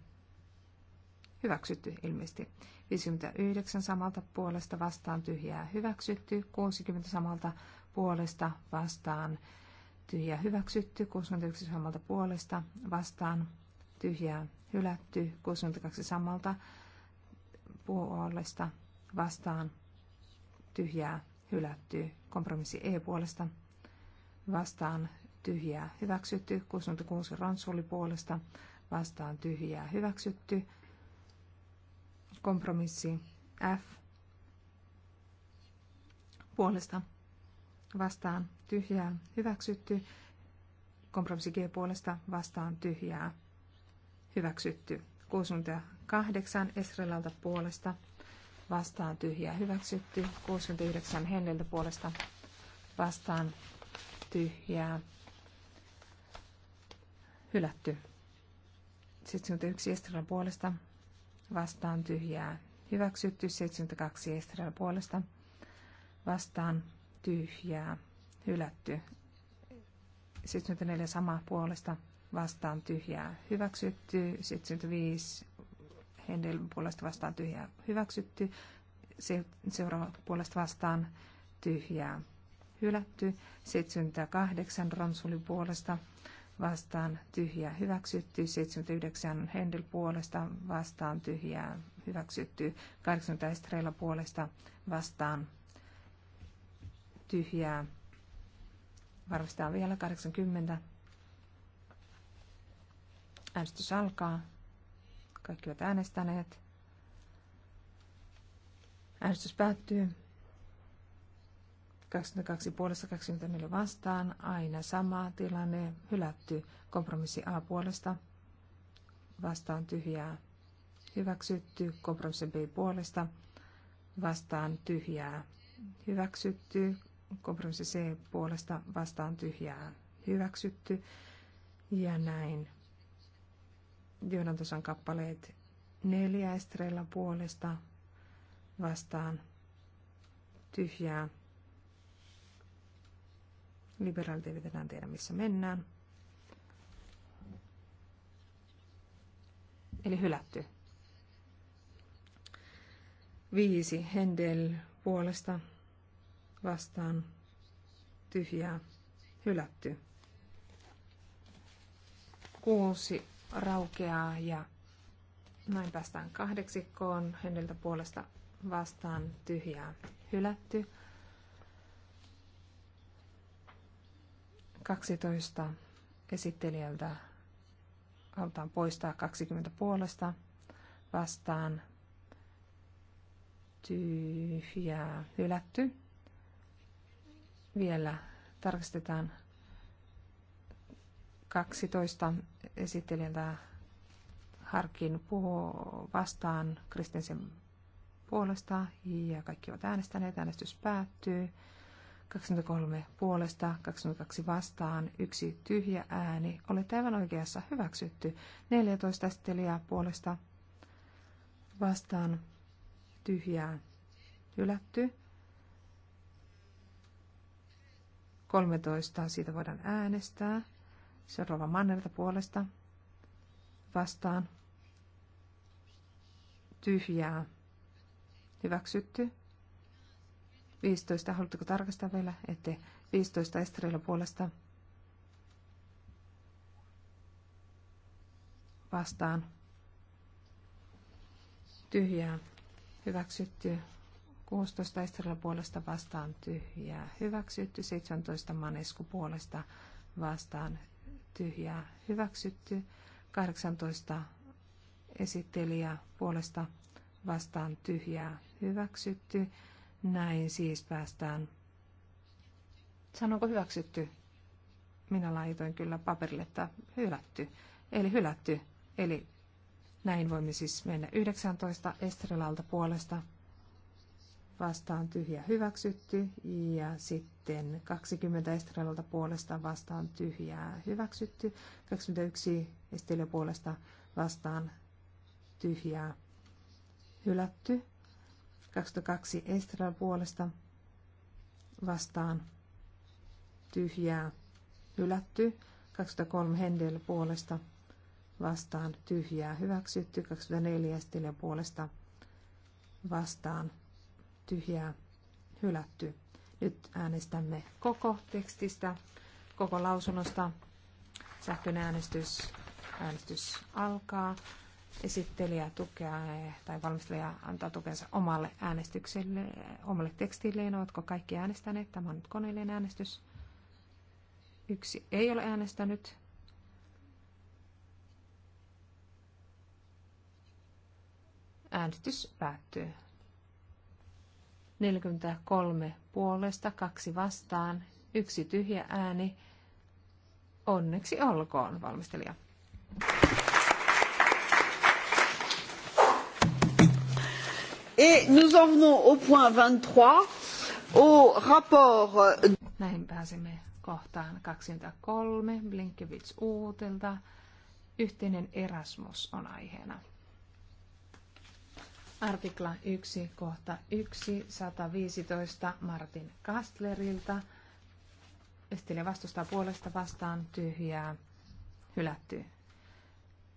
hyväksytty ilmeisesti. 59 samalta puolesta vastaan tyhjää hyväksytty, 60 samalta puolesta vastaan tyhjää hyväksytty, 61 samalta puolesta vastaan tyhjää hylätty, 62 samalta puolesta vastaan tyhjää hylätty, kompromissi E-puolesta vastaan tyhjää hyväksytty, 66 ransuoli puolesta vastaan tyhjää hyväksytty, Kompromissi F puolesta vastaan tyhjää hyväksytty. Kompromissi G puolesta vastaan tyhjää hyväksytty. 68 Esrelalta puolesta vastaan tyhjää hyväksytty. 69 Henneltä puolesta vastaan tyhjää hylätty. 71 Estrelan puolesta vastaan tyhjää hyväksytty, 72 Estrel puolesta vastaan tyhjää hylätty, 74 sama puolesta vastaan tyhjää hyväksytty, 75 Hendel puolesta vastaan tyhjää hyväksytty, seuraava puolesta vastaan tyhjää hylätty, 78 Ronsuli puolesta vastaan tyhjää hyväksytty, 79 Hendel puolesta vastaan tyhjää hyväksytty, 80 Estrella puolesta vastaan tyhjää. Varmistetaan vielä 80. Äänestys alkaa. Kaikki ovat äänestäneet. Äänestys päättyy. 22 puolesta 24 vastaan, aina sama tilanne, hylätty kompromissi A puolesta, vastaan tyhjää, hyväksytty kompromissi B puolesta, vastaan tyhjää, hyväksytty kompromissi C puolesta, vastaan tyhjää, hyväksytty ja näin. Johdantosan kappaleet neljä estreillä puolesta, vastaan tyhjää, Liberaalit eivät enää tiedä, missä mennään. Eli hylätty. Viisi. Hendel puolesta vastaan tyhjää. Hylätty. Kuusi raukeaa ja näin päästään kahdeksikkoon. Hendeltä puolesta vastaan tyhjää. Hylätty. 12 esittelijältä halutaan poistaa 20 puolesta vastaan tyhjää hylätty. Vielä tarkistetaan 12 esittelijältä Harkin puhuu vastaan kristillisen puolesta ja kaikki ovat äänestäneet. Äänestys päättyy. 23 puolesta, 22 vastaan, yksi tyhjä ääni. Olet aivan oikeassa hyväksytty. 14 steliaa puolesta vastaan tyhjää hylätty. 13 siitä voidaan äänestää. Seuraava Mannerta puolesta vastaan tyhjää hyväksytty. 15. Haluatteko tarkastaa vielä? että 15 Estrella puolesta. Vastaan. Tyhjää. Hyväksytty. 16 Estrella puolesta vastaan tyhjää. Hyväksytty. 17 Manesku puolesta vastaan tyhjää. Hyväksytty. 18 esittelijä puolesta vastaan tyhjää. Hyväksytty. Näin siis päästään. Sanonko hyväksytty? Minä laitoin kyllä paperille, että hylätty. Eli hylätty. Eli näin voimme siis mennä 19 Estrelalta puolesta vastaan tyhjä hyväksytty ja sitten 20 Estrelalta puolesta vastaan tyhjää hyväksytty, 21 estrelalta puolesta vastaan tyhjää hylätty, 22 Estran puolesta vastaan tyhjää hylätty. 23 Hendel puolesta vastaan tyhjää hyväksytty. 24 Estilä puolesta vastaan tyhjää hylätty. Nyt äänestämme koko tekstistä, koko lausunnosta. Sähköinen äänestys, äänestys alkaa esittelijä tukea tai valmistelija antaa tukensa omalle äänestykselle, omalle tekstilleen. No, Ovatko kaikki äänestäneet? Tämä on nyt koneellinen äänestys. Yksi ei ole äänestänyt. Äänestys päättyy. 43 puolesta, kaksi vastaan, yksi tyhjä ääni. Onneksi olkoon, valmistelija. Et nous en venons au point trois au rapport... Euh, Näin pääsemme kohtaan 23, Blinkevits uutelta. Yhteinen Erasmus on aiheena. Artikla 1, kohta 1, 115 Martin Kastlerilta. Estille vastustaa puolesta vastaan tyhjää, hylätty.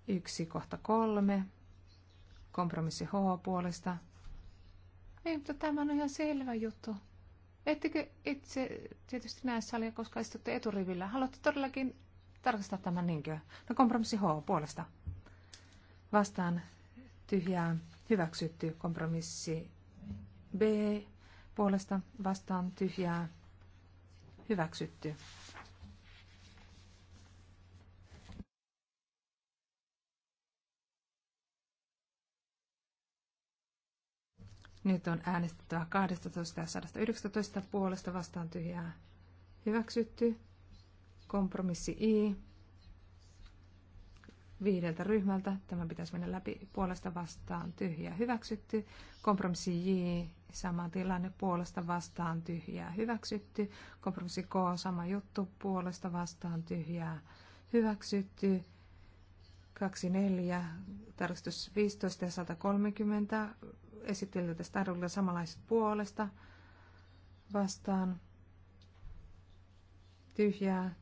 1, kohta 3, kompromissi H puolesta ei, mutta tämä on ihan selvä juttu. Ettekö itse tietysti näe salia, koska istutte eturivillä? Haluatte todellakin tarkastaa tämän niinkö? No kompromissi H puolesta. Vastaan tyhjää hyväksytty kompromissi B puolesta vastaan tyhjää hyväksytty. Nyt on äänestettävä 12 ja 119 puolesta vastaan tyhjää hyväksytty. Kompromissi I viideltä ryhmältä. Tämä pitäisi mennä läpi puolesta vastaan tyhjää hyväksytty. Kompromissi J, sama tilanne, puolesta vastaan tyhjää hyväksytty. Kompromissi K, sama juttu, puolesta vastaan tyhjää hyväksytty. 24, tarkistus 15 ja 130 esittelijöiltä Starolta samanlaiset puolesta vastaan tyhjää.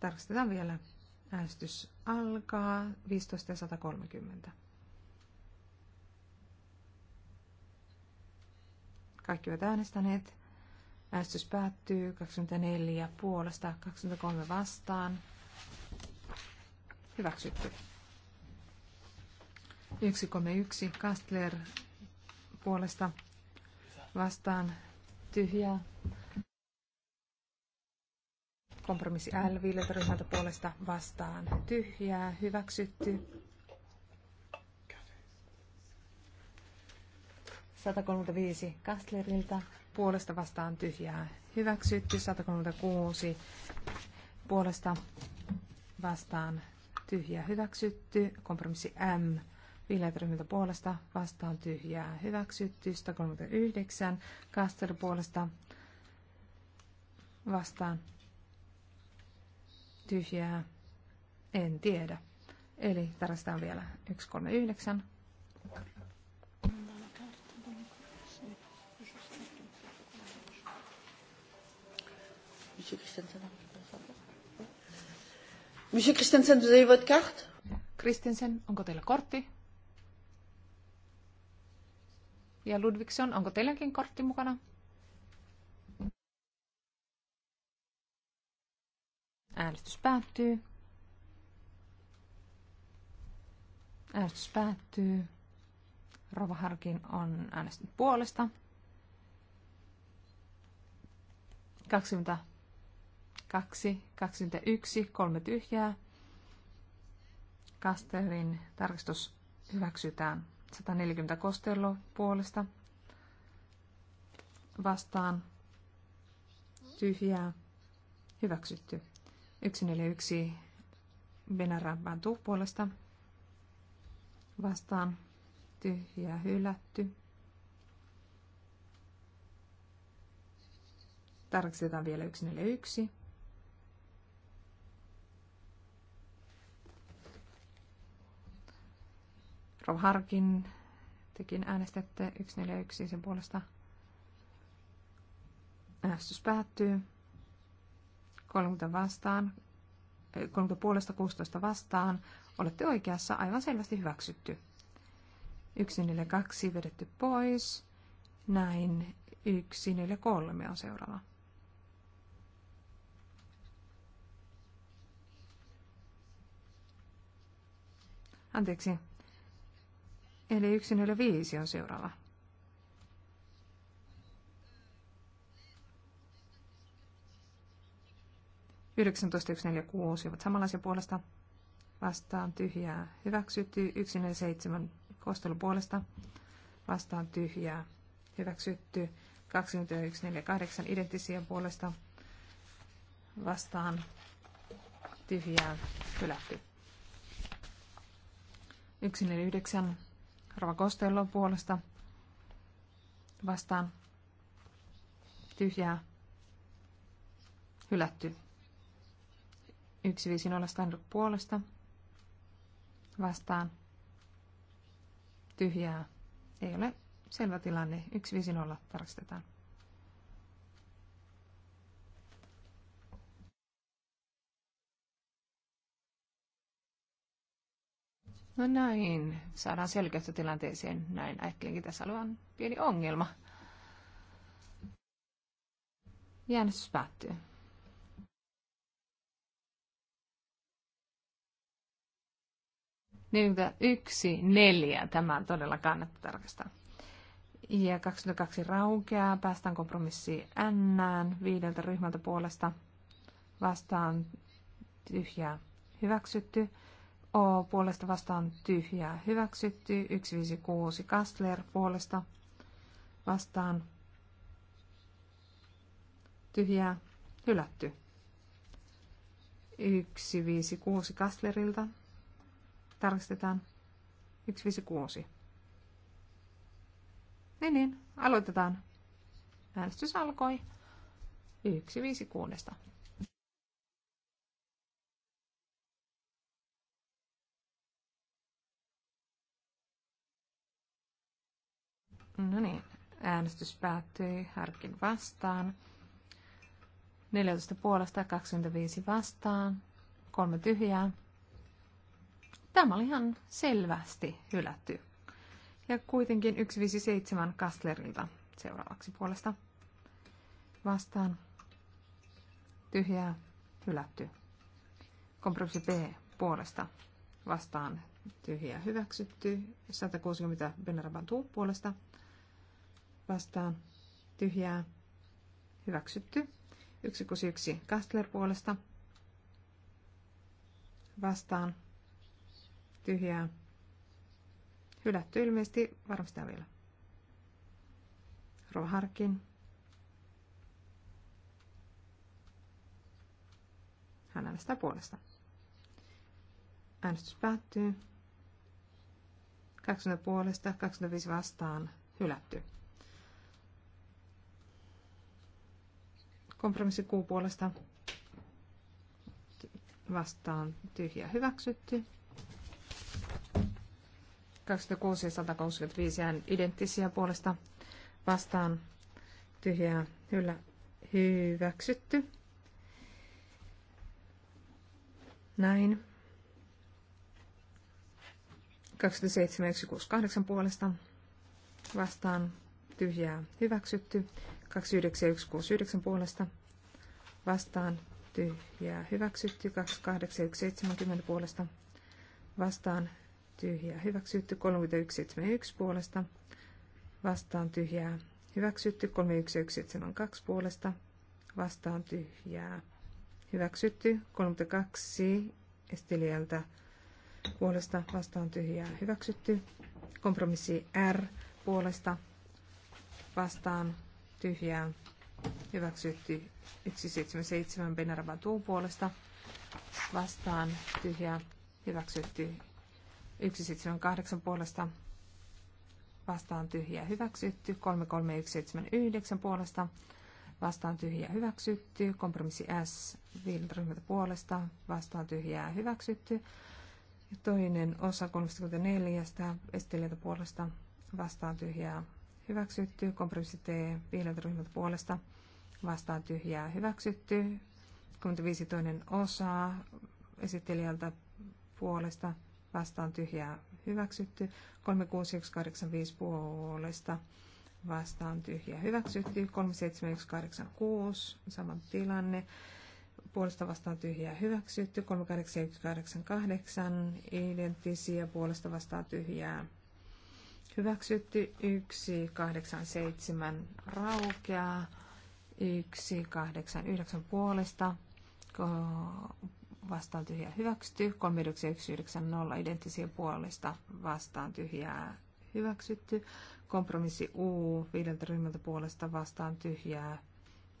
Tarkistetaan vielä. Äänestys alkaa 15 ja 130. Kaikki ovat äänestäneet. Äänestys päättyy 24 puolesta 23 vastaan. Hyväksytty. 131 Kastler puolesta vastaan tyhjää. Kompromissi L viideltä puolesta vastaan tyhjää. Hyväksytty. 135 Kastlerilta puolesta vastaan tyhjää. Hyväksytty 136 puolesta vastaan tyhjää. Hyväksytty kompromissi M Vihreät ryhmiltä puolesta vastaan tyhjää hyväksytty. 139. Kastel puolesta vastaan tyhjää en tiedä. Eli tarvitaan vielä 139. Monsieur Christensen. Monsieur Christensen, vous avez votre carte? Christensen, onko teillä kortti? ja Ludvigsson, onko teilläkin kortti mukana? Äänestys päättyy. Äänestys päättyy. Rova Harkin on äänestänyt puolesta. 22, 21, kolme tyhjää. Kasterin tarkistus hyväksytään 140 Kostello puolesta vastaan tyhjää hyväksytty. 141 Bantu puolesta vastaan tyhjää hylätty. Tarkistetaan vielä 141. Rov Harkin, tekin äänestätte 141 sen puolesta. Äänestys päättyy. 30 vastaan, 30 puolesta 16 vastaan. Olette oikeassa, aivan selvästi hyväksytty. 142 vedetty pois. Näin 143 on seuraava. Anteeksi, Eli 105 on seuraava. kuusi ovat samanlaisia puolesta. Vastaan tyhjää. Hyväksytty 147 kostelu puolesta. Vastaan tyhjää. Hyväksytty 2148 identtisiä puolesta. Vastaan tyhjää. Hylätty. 149 Rova Kostellon puolesta vastaan tyhjää hylätty. 150 standard puolesta vastaan tyhjää ei ole selvä tilanne. 150 tarkistetaan. No näin, saadaan selkeyttä tilanteeseen. Näin ajattelinkin tässä olevan pieni ongelma. Jäänestys siis päättyy. yksi neljä. Tämä todella kannattaa tarkastaa. Ja 22 raukeaa. Päästään kompromissiin N viideltä ryhmältä puolesta. Vastaan tyhjää hyväksytty. O puolesta vastaan tyhjää hyväksytty. 156 Kastler puolesta vastaan tyhjää hylätty. 156 Kastlerilta tarkistetaan 156. Niin niin, aloitetaan. Äänestys alkoi 156. No niin, äänestys päättyi Harkin vastaan. 14 puolesta, 25 vastaan, kolme tyhjää. Tämä oli ihan selvästi hylätty. Ja kuitenkin 157 Kastlerilta seuraavaksi puolesta. Vastaan. Tyhjää. Hylätty. Kompromissi B puolesta. Vastaan. Tyhjää hyväksytty. 160 Benarabantu puolesta vastaan tyhjää hyväksytty. 161 Kastler puolesta vastaan tyhjää hylätty ilmeisesti varmistetaan vielä. Roharkin. Hän äänestää puolesta. Äänestys päättyy. 20 puolesta, 25 vastaan, hylätty. Kompromissi Q puolesta vastaan tyhjä hyväksytty. 26 ja 165 jään identtisiä puolesta vastaan tyhjää hyllä hyväksytty. Näin. 27168 puolesta vastaan tyhjää hyväksytty. 29169 puolesta vastaan tyhjää hyväksytty. 28170 puolesta vastaan tyhjää hyväksytty. 3171 puolesta vastaan tyhjää hyväksytty. 31172 puolesta vastaan tyhjää hyväksytty. 32 estilieltä puolesta vastaan tyhjää hyväksytty. Kompromissi R puolesta vastaan tyhjää hyväksytty 177 Benaraban tuun puolesta vastaan tyhjää hyväksytty 178 puolesta vastaan tyhjää hyväksytty 33179 puolesta vastaan tyhjää hyväksytty kompromissi S viideltä puolesta vastaan tyhjää hyväksytty ja toinen osa 34 esittelijältä puolesta vastaan tyhjää hyväksytty. Kompromissi T vihreältä ryhmältä puolesta vastaan tyhjää hyväksytty. 25 toinen osa esittelijältä puolesta vastaan tyhjää hyväksytty. 36185 puolesta vastaan tyhjää, hyväksytty. 37186 sama tilanne. Puolesta vastaan tyhjää hyväksytty. 38188 identtisiä puolesta vastaan tyhjää Hyväksytty 187 raukeaa, 189 puolesta, vastaan tyhjää hyväksytty, 39190 identtisiä puolesta vastaan tyhjää hyväksytty, kompromissi U viideltä ryhmältä puolesta vastaan tyhjää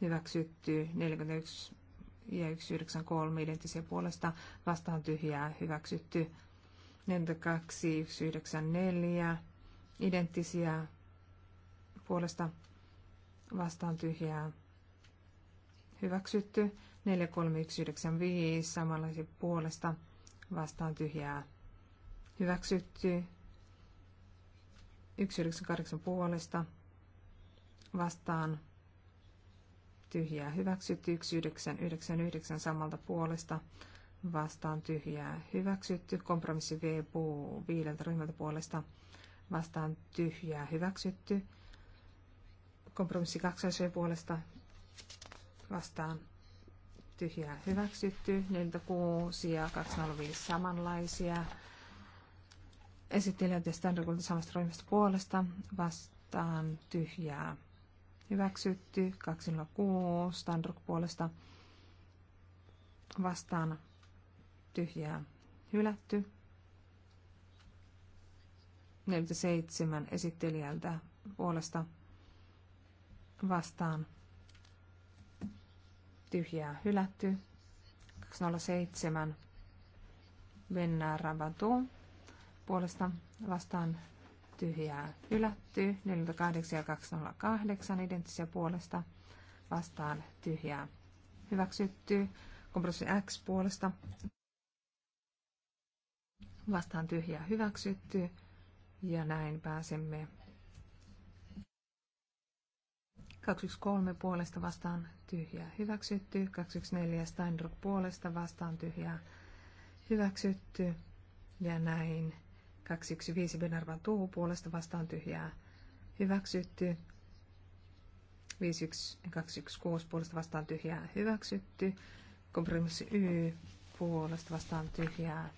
hyväksytty, 41 ja 193 identtisiä puolesta vastaan tyhjää hyväksytty, 42 194 identtisiä puolesta vastaan tyhjää hyväksytty. 43195 samanlaisia puolesta vastaan tyhjää hyväksytty. 198 puolesta vastaan tyhjää hyväksytty. 1999 samalta puolesta vastaan tyhjää hyväksytty. Kompromissi VPU viideltä ryhmältä puolesta vastaan tyhjää hyväksytty. Kompromissi kaksoiseen puolesta vastaan tyhjää hyväksytty. 46 ja 205 samanlaisia. Esittelijät ja standardkulta samasta ryhmästä puolesta vastaan tyhjää hyväksytty. 206 standard puolesta vastaan tyhjää hylätty. 47 esittelijältä puolesta vastaan tyhjää hylätty. 207 Venna Rabatu puolesta vastaan tyhjää hylätty. 48 ja 208 identtisiä puolesta vastaan tyhjää hyväksytty. Kompressi X puolesta vastaan tyhjää hyväksytty. Ja näin pääsemme 213 puolesta vastaan tyhjää hyväksytty, 214 Steinrock puolesta vastaan tyhjää hyväksytty ja näin 215 Benarvan tuhu puolesta vastaan tyhjää hyväksytty, 216 puolesta vastaan tyhjää hyväksytty, kompromissi Y puolesta vastaan tyhjää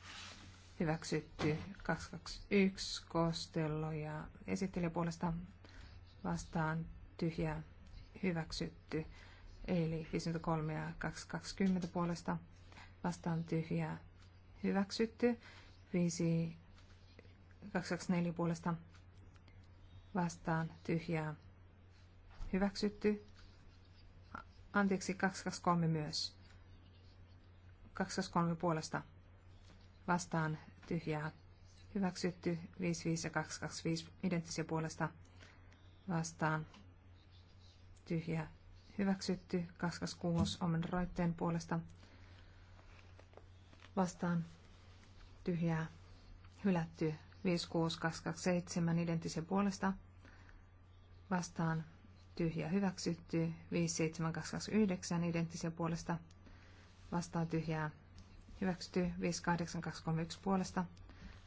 hyväksytty 221 kostello ja esittelijä puolesta vastaan tyhjä hyväksytty. Eli 53 ja 220 puolesta vastaan tyhjä hyväksytty. 5 224 puolesta vastaan tyhjää hyväksytty. Anteeksi, 223 myös. 223 puolesta vastaan tyhjää hyväksytty 55 ja 225 identtisiä puolesta vastaan tyhjää hyväksytty 26 omen roitteen puolesta vastaan tyhjää hylätty 56227 identtisen puolesta vastaan tyhjä hyväksytty 57229 identtisen puolesta vastaan tyhjää Hyväksytty 58231 puolesta.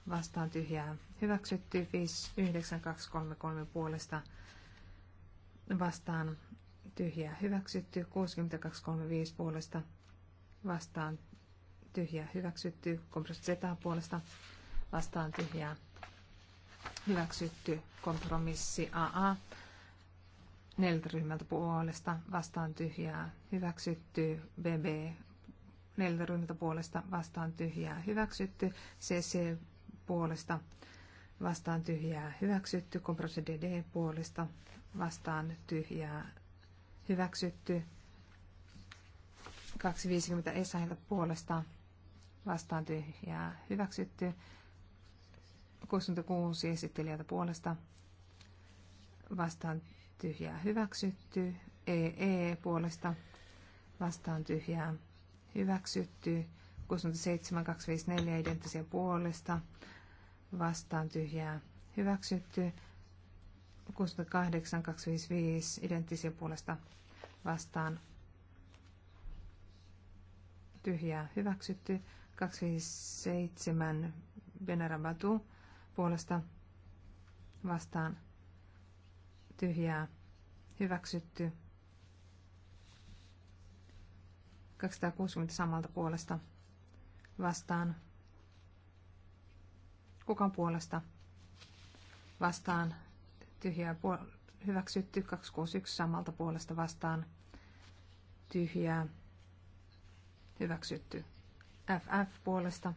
Vastaan tyhjää. Hyväksytty 59233 puolesta. Vastaan tyhjää. Hyväksytty 6235 puolesta. Vastaan tyhjää. Hyväksytty kompressi Z puolesta. Vastaan tyhjää. Hyväksytty kompromissi AA neljältä ryhmältä puolesta vastaan tyhjää hyväksytty, BB neljältä ryhmältä puolesta vastaan tyhjää hyväksytty. CC puolesta vastaan tyhjää hyväksytty. Kompressi DD puolesta vastaan tyhjää hyväksytty. 250 Esahilta puolesta vastaan tyhjää hyväksytty. 66 esittelijältä puolesta vastaan tyhjää hyväksytty. EE e puolesta vastaan tyhjää hyväksytty. 67254 identtisiä puolesta vastaan tyhjää hyväksytty. 68255 identtisiä puolesta vastaan tyhjää hyväksytty. 257 Benarabatu puolesta vastaan tyhjää hyväksytty. 260 samalta puolesta vastaan. Kukan puolesta vastaan. Tyhjää puol- hyväksytty 261 samalta puolesta vastaan. Tyhjää hyväksytty FF puolesta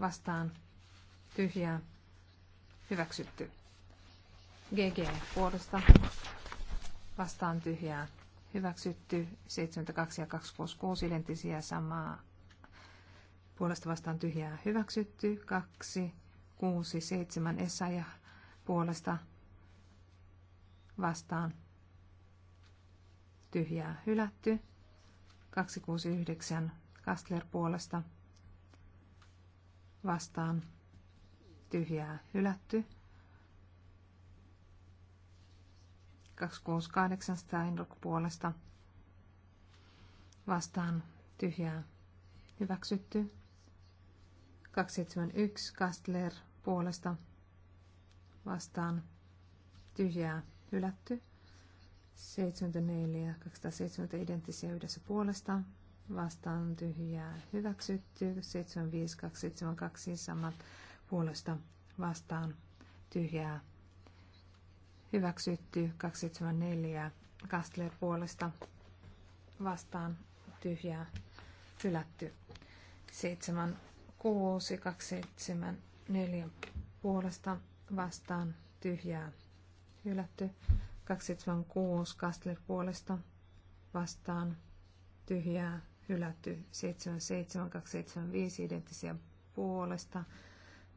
vastaan. Tyhjää hyväksytty. GG puolesta vastaan tyhjää hyväksytty 72 ja 2 plus 6 identtisiä samaa puolesta vastaan tyhjää hyväksytty 2, 6, 7 esa ja puolesta vastaan tyhjää hylätty 2, 6, 9 Kastler puolesta vastaan tyhjää hylätty 268 Steinrock puolesta vastaan tyhjää hyväksytty. 271 Kastler puolesta vastaan tyhjää hylätty. 74 270 identtisiä yhdessä puolesta vastaan tyhjää hyväksytty. 75 272 samat puolesta vastaan tyhjää Hyväksytty 274 Kastler puolesta vastaan tyhjää hylätty. 76 6, puolesta vastaan tyhjää hylätty. 276 Kastler puolesta vastaan tyhjää hylätty. 77, 275 identtisiä puolesta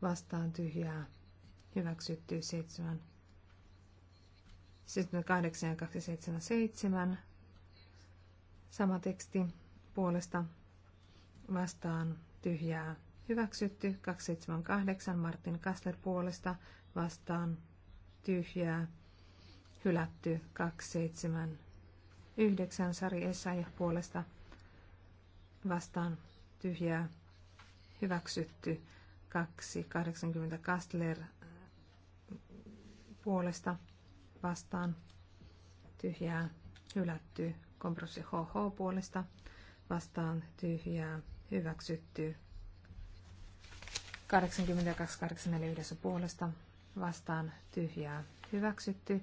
vastaan tyhjää hyväksytty. 7, 78 ja 277. Sama teksti puolesta vastaan tyhjää hyväksytty. 278 Martin Kassler puolesta vastaan tyhjää hylätty. 279 Sari Essay puolesta vastaan tyhjää hyväksytty. 280 Kastler puolesta vastaan tyhjää hylätty. Kompromissi HH puolesta vastaan tyhjää hyväksytty. 8284 yhdessä puolesta vastaan tyhjää hyväksytty.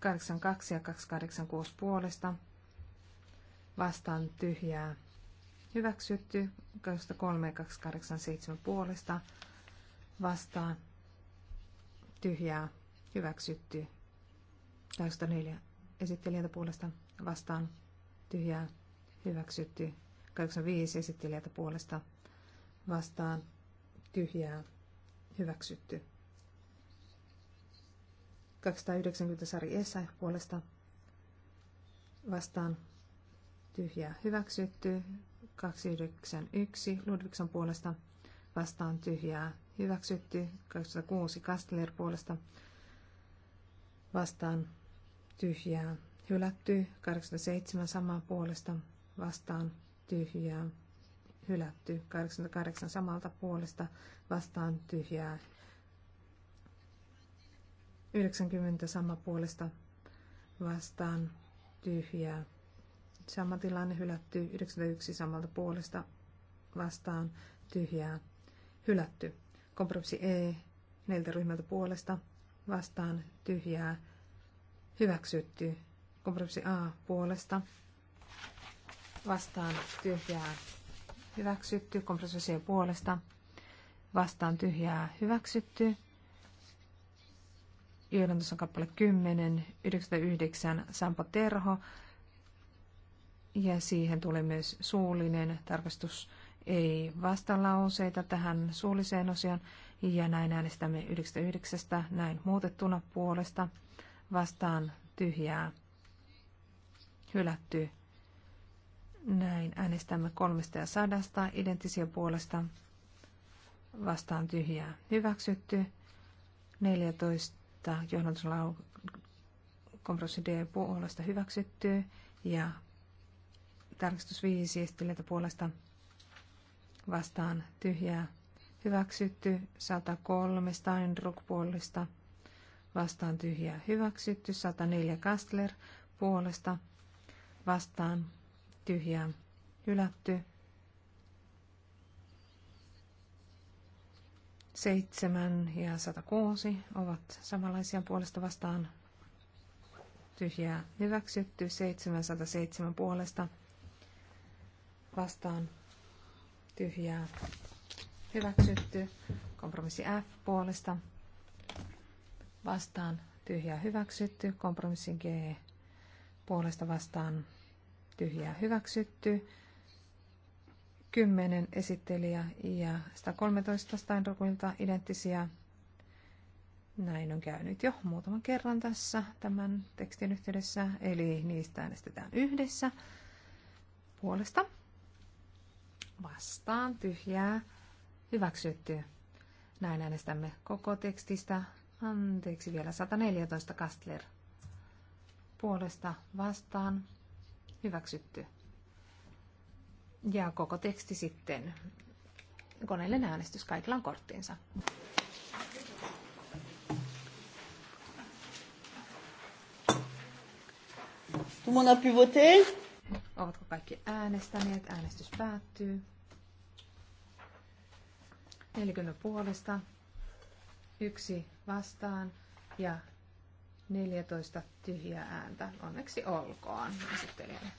82 ja 286 puolesta vastaan tyhjää hyväksytty. 23 ja 287 puolesta vastaan tyhjää, hyväksytty. 84 esittelijältä puolesta vastaan, tyhjää, hyväksytty. 85 esittelijältä puolesta vastaan, tyhjää, hyväksytty. 290 Sari Esa puolesta vastaan tyhjää hyväksytty. 291 Ludvigson puolesta vastaan tyhjää hyväksytty 206 Kastner puolesta vastaan tyhjää hylätty 87 samaa puolesta vastaan tyhjää hylätty 88 samalta puolesta vastaan tyhjää 90 sama puolesta vastaan tyhjää sama tilanne hylätty 91 samalta puolesta vastaan tyhjää hylätty Kompromissi E neljältä ryhmältä puolesta vastaan tyhjää hyväksytty. Kompromissi A puolesta vastaan tyhjää hyväksytty. Kompromissi C puolesta vastaan tyhjää hyväksytty. Johdantus on kappale 10, 99 Sampo Terho. Ja siihen tulee myös suullinen tarkastus ei vastalauseita tähän suulliseen osioon ja näin äänestämme 99 näin muutettuna puolesta vastaan tyhjää hylätty. Näin äänestämme kolmesta ja sadasta identtisiä puolesta vastaan tyhjää hyväksytty. 14 johdantosalau kompromissi D puolesta hyväksytty ja tarkistus 5 puolesta vastaan tyhjää. Hyväksytty 103 Steinruck puolesta vastaan tyhjää. Hyväksytty 104 Kastler puolesta vastaan tyhjää. Hylätty 7 ja 106 ovat samanlaisia puolesta vastaan tyhjää hyväksytty, 707 puolesta vastaan tyhjää hyväksytty. Kompromissi F puolesta vastaan tyhjää hyväksytty. Kompromissi G puolesta vastaan tyhjää hyväksytty. 10 esittelijä ja 113 Steinrockilta identtisiä. Näin on käynyt jo muutaman kerran tässä tämän tekstin yhteydessä, eli niistä äänestetään yhdessä puolesta vastaan tyhjää hyväksytty. Näin äänestämme koko tekstistä. Anteeksi vielä 114 Kastler. Puolesta vastaan hyväksytty. Ja koko teksti sitten. Koneellinen äänestys kaikilla on korttiinsa. Tout le monde a pu voter Ovatko kaikki äänestäneet? Äänestys päättyy. 40 puolesta, yksi vastaan ja 14 tyhjää ääntä. Onneksi olkoon esittelijälle.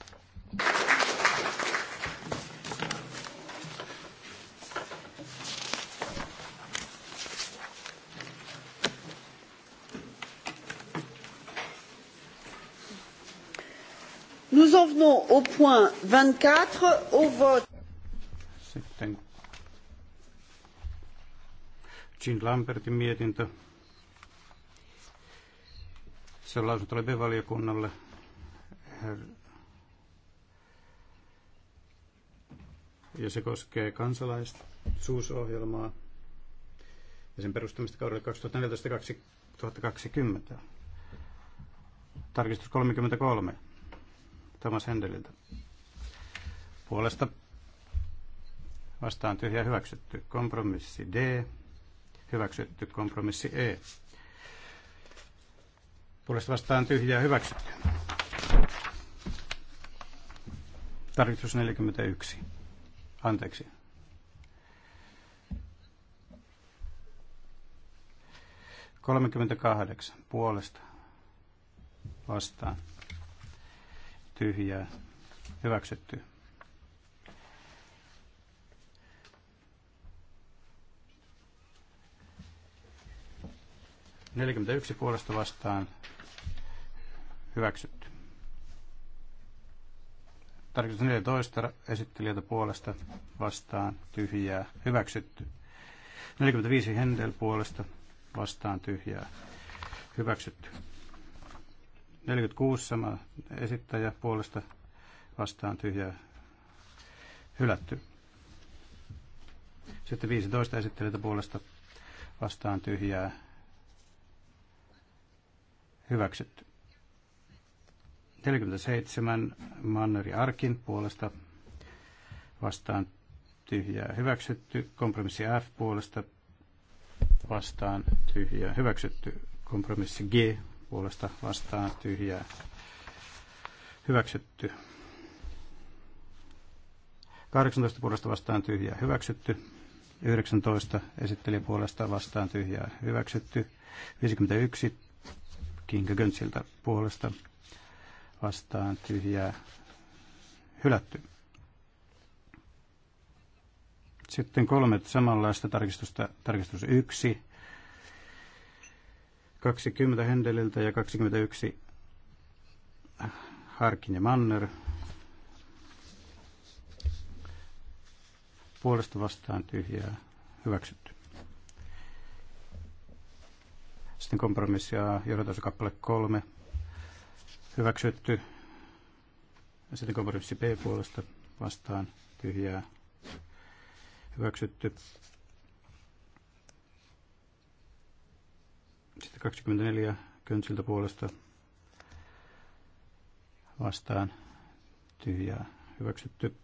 en venons au point quatre au vote. Sitten Jean Lambertin mietintö. Se on lausunto valiokunnalle ja se koskee kansalaisuusohjelmaa ja sen perustamista kaudelle 2014-2020. Tarkistus 33. Thomas Hendeliltä. Puolesta vastaan tyhjä hyväksytty kompromissi D, hyväksytty kompromissi E. Puolesta vastaan tyhjää hyväksytty. Tarkistus 41. Anteeksi. Kolmekymmentäkahdeksan puolesta vastaan tyhjää hyväksytty. yksi puolesta vastaan hyväksytty. Tarkistus 14 esittelijältä puolesta vastaan tyhjää hyväksytty. 45 Hendel puolesta vastaan tyhjää hyväksytty. 46 sama esittäjä puolesta vastaan tyhjää hylätty. Sitten 15 esittelijältä puolesta vastaan tyhjää hyväksytty. 47 Manneri Arkin puolesta vastaan tyhjää hyväksytty. Kompromissi F puolesta vastaan tyhjää hyväksytty. Kompromissi G puolesta vastaan tyhjää hyväksytty. 18 puolesta vastaan tyhjää hyväksytty. 19 esitteli puolesta vastaan tyhjää hyväksytty. 51 Kinga Göntsiltä puolesta vastaan tyhjää hylätty. Sitten kolme samanlaista tarkistusta. Tarkistus 1 20 Händeliltä ja 21 Harkin ja Manner. Puolesta vastaan tyhjää hyväksytty. Sitten kompromissi A, kappale 3, hyväksytty. Ja sitten kompromissi B puolesta vastaan tyhjää hyväksytty. Sitten 24 köntsiltä puolesta vastaan tyhjää hyväksytty.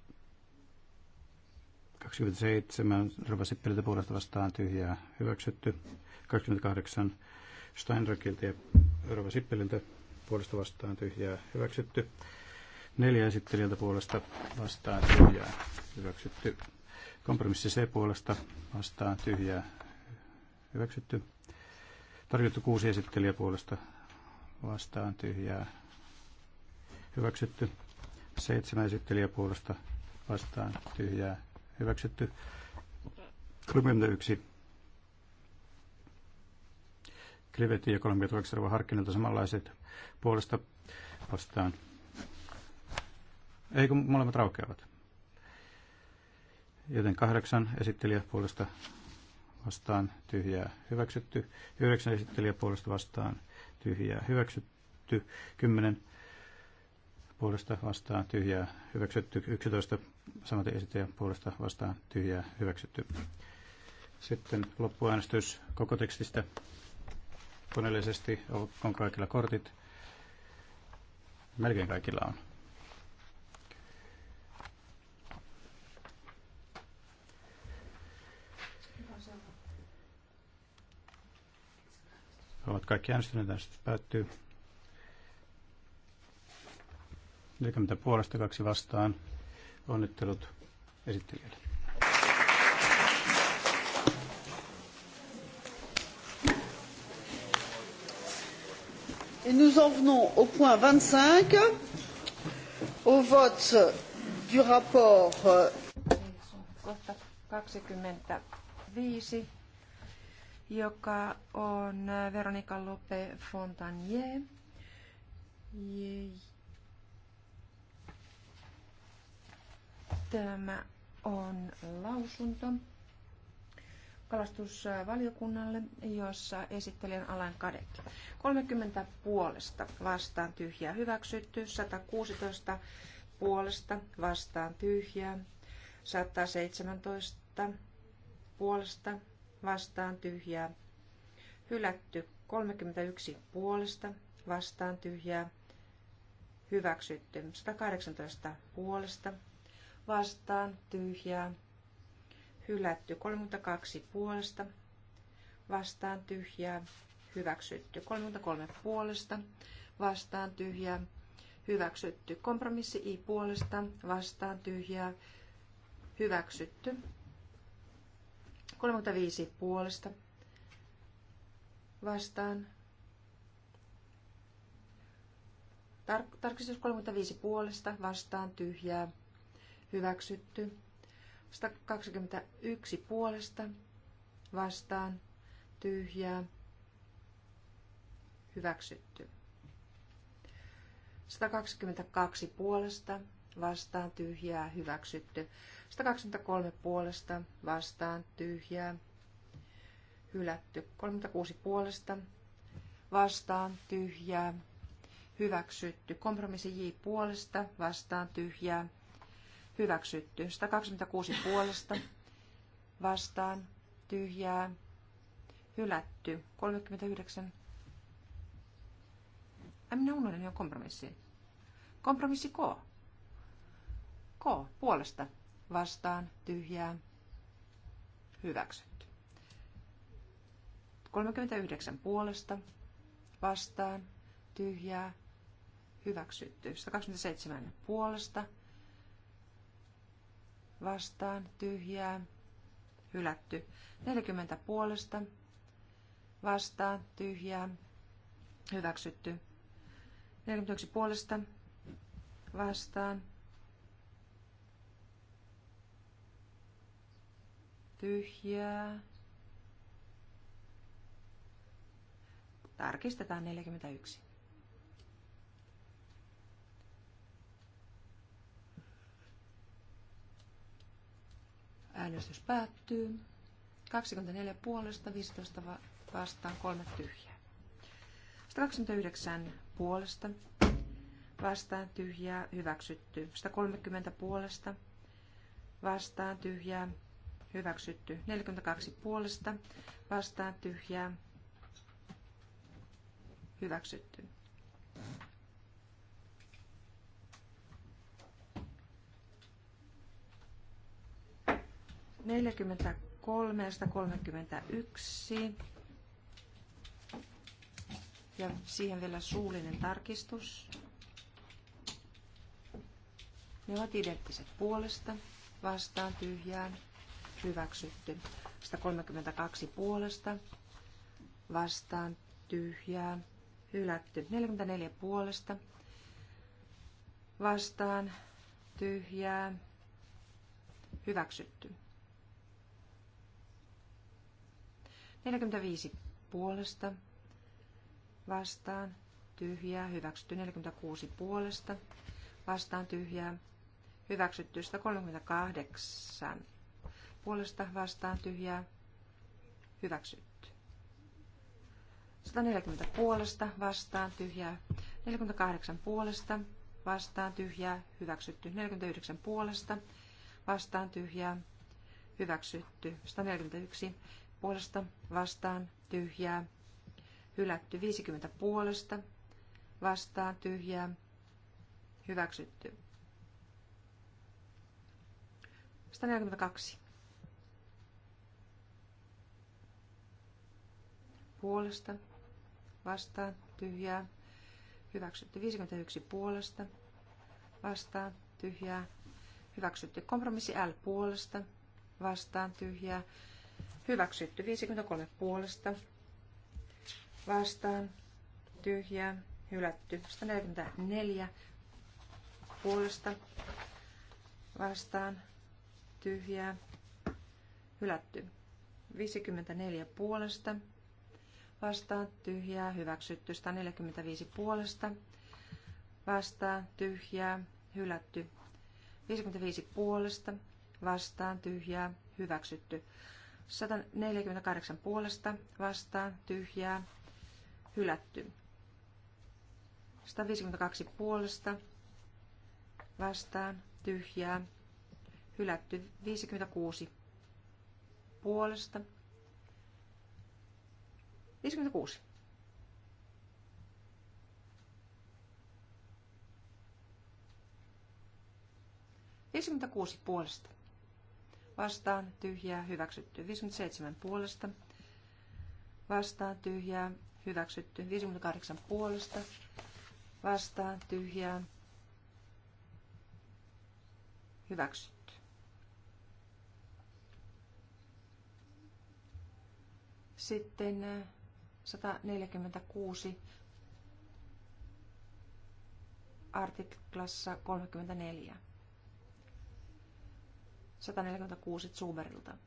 27 Rovasippeliltä puolesta vastaan tyhjää hyväksytty. 28 Steinrakilta ja Rovasippeliltä puolesta vastaan tyhjää hyväksytty. Neljä esittelijältä puolesta vastaan tyhjää hyväksytty. Kompromissi C puolesta vastaan tyhjää hyväksytty. Tarjottu kuusi esittelijä puolesta vastaan tyhjää. Hyväksytty. Seitsemän esittelijä puolesta vastaan tyhjää. Hyväksytty. 31. Kliveti ja 38 arvoa harkkinnilta samanlaiset puolesta vastaan. Eikö molemmat raukeavat? Joten kahdeksan esittelijä puolesta vastaan tyhjää hyväksytty. yhdeksän esittelijä puolesta vastaan tyhjää hyväksytty. kymmenen puolesta vastaan tyhjää hyväksytty. yksitoista samaten esittelijä puolesta vastaan tyhjää hyväksytty. Sitten loppuäänestys koko tekstistä koneellisesti. on kaikilla kortit? Melkein kaikilla on. Ovat kaikki äänestyneet, äänestys päättyy. 40 puolesta, kaksi vastaan. Onnittelut esittelijälle. Et nous en venons au point 25, au vote du rapport. Euh, Kohta 25 joka on Veronika Lope Fontanier. Tämä on lausunto kalastusvaliokunnalle, jossa esittelijän Alain Kadek. 30 puolesta vastaan tyhjää hyväksytty, 116 puolesta vastaan tyhjää, 117 puolesta vastaan tyhjää, hylätty 31 puolesta vastaan tyhjää, hyväksytty 118 puolesta vastaan tyhjää, hylätty 32 puolesta vastaan tyhjää, hyväksytty 33 puolesta vastaan tyhjää, hyväksytty kompromissi I puolesta vastaan tyhjää, hyväksytty 35 puolesta vastaan. Tar- tarkistus 35 puolesta vastaan tyhjää. Hyväksytty. 121 puolesta vastaan tyhjää. Hyväksytty. 122 puolesta vastaan tyhjää. Hyväksytty. 123 puolesta vastaan tyhjää. Hylätty. 36 puolesta vastaan tyhjää. Hyväksytty. Kompromissi J puolesta vastaan tyhjää. Hyväksytty. 126 puolesta vastaan tyhjää. Hylätty. 39. Ai minä unohdin jo kompromissin. Kompromissi K. K puolesta vastaan, tyhjää, hyväksytty. 39 puolesta, vastaan, tyhjää, hyväksytty. 127 puolesta, vastaan, tyhjää, hylätty. 40 puolesta, vastaan, tyhjää, hyväksytty. 41 puolesta, vastaan, tyhjää. Tarkistetaan 41. Äänestys päättyy. 24 puolesta, 15 vastaan, 3 tyhjää. 129 puolesta, vastaan tyhjää, hyväksytty. 130 puolesta, vastaan tyhjää, hyväksytty. 42 puolesta vastaan tyhjää hyväksytty. Neljäkymmentä kolmesta kolmekymmentä yksi. Ja siihen vielä suullinen tarkistus. Ne ovat identtiset puolesta, vastaan tyhjään, hyväksytty. 132 puolesta vastaan tyhjää hylätty. 44 puolesta vastaan tyhjää hyväksytty. 45 puolesta vastaan tyhjää hyväksytty. 46 puolesta vastaan tyhjää hyväksytty 138 puolesta vastaan tyhjää hyväksytty. 140 puolesta vastaan tyhjää, 48 puolesta vastaan tyhjää hyväksytty, 49 puolesta vastaan tyhjää hyväksytty, 141 puolesta vastaan tyhjää hylätty, 50 puolesta vastaan tyhjää hyväksytty. 142 puolesta, vastaan, tyhjää, hyväksytty 51 puolesta, vastaan, tyhjää, hyväksytty kompromissi L puolesta, vastaan, tyhjää, hyväksytty 53 puolesta, vastaan, tyhjää, hylätty 144 puolesta, vastaan, tyhjää, hylätty 54 puolesta, vastaan tyhjää hyväksytty. 145 puolesta vastaan tyhjää hylätty. 55 puolesta vastaan tyhjää hyväksytty. 148 puolesta vastaan tyhjää hylätty. 152 puolesta vastaan tyhjää hylätty. 56 puolesta 56. kuusi puolesta. Vastaan tyhjää hyväksytty. 57 puolesta. Vastaan tyhjää hyväksytty. 58 puolesta. Vastaan tyhjää hyväksytty. Sitten äh, 146 artiklassa 34. 146 Zuberilta.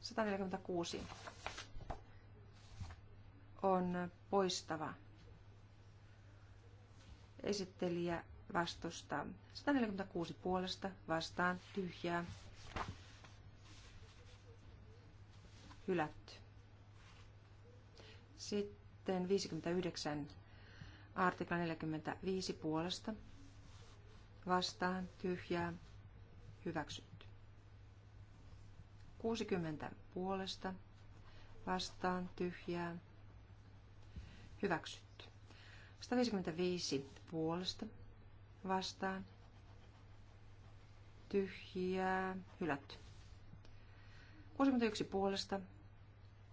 146 on poistava. Esittelijä vastustaa. 146 puolesta vastaan tyhjää hylätty. Sitten 59 artikla 45 puolesta vastaan tyhjää hyväksytty. 60 puolesta vastaan tyhjää hyväksytty. 155 puolesta vastaan tyhjää hylätty. 61 puolesta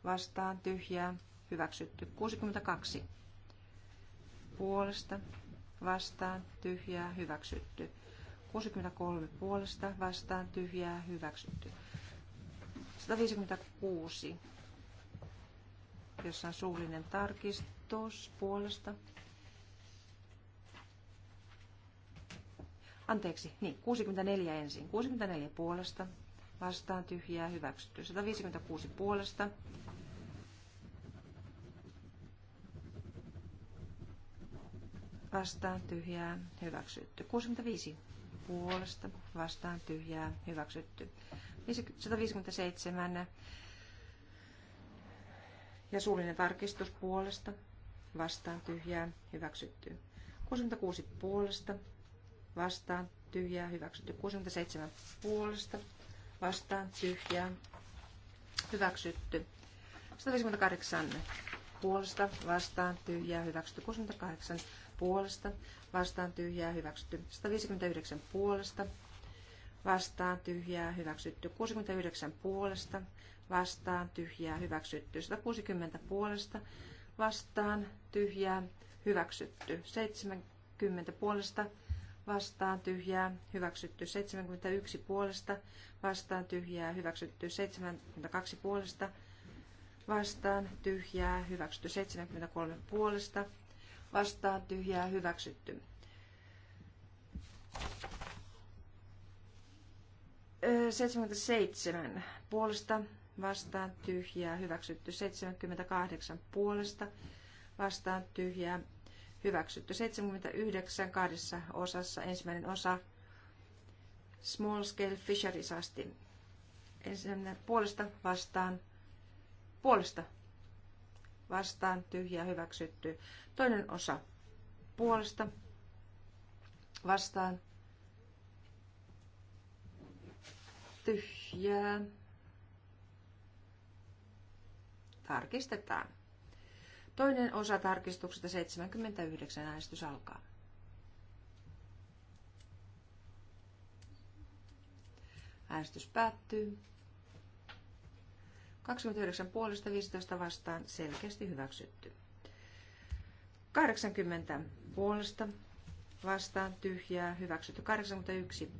vastaan tyhjää hyväksytty. 62 puolesta vastaan tyhjää hyväksytty. 63 puolesta vastaan tyhjää hyväksytty. 156, jossa on suullinen tarkistus puolesta. Anteeksi, niin, 64 ensin. 64 puolesta vastaan tyhjää hyväksytty. 156 puolesta vastaan tyhjää hyväksytty. 65 puolesta vastaan tyhjää hyväksytty. 157 ja suullinen tarkistus puolesta vastaan tyhjää hyväksytty. 66 puolesta vastaan tyhjää hyväksytty. 67 puolesta vastaan tyhjää hyväksytty. 158 puolesta vastaan tyhjää hyväksytty. 68 puolesta, vastaan tyhjää hyväksytty. 159 puolesta, vastaan tyhjää hyväksytty. 69 puolesta, vastaan tyhjää hyväksytty. 160 puolesta, vastaan tyhjää hyväksytty. 70 puolesta, vastaan tyhjää, hyväksytty 71 puolesta, vastaan tyhjää, hyväksytty 72 puolesta, vastaan tyhjää, hyväksytty 73 puolesta, vastaa tyhjää hyväksytty. Öö, 77 puolesta vastaa tyhjää hyväksytty. 78 puolesta vastaa tyhjää hyväksytty. 79 kahdessa osassa ensimmäinen osa Small Scale Fisheries asti. Ensimmäinen puolesta vastaan puolesta vastaan, tyhjää hyväksytty. Toinen osa puolesta vastaan, tyhjää. Tarkistetaan. Toinen osa tarkistuksesta 79 äänestys alkaa. Äänestys päättyy. 29 puolesta 15 vastaan selkeästi hyväksytty. 80 puolesta vastaan tyhjää hyväksytty. 81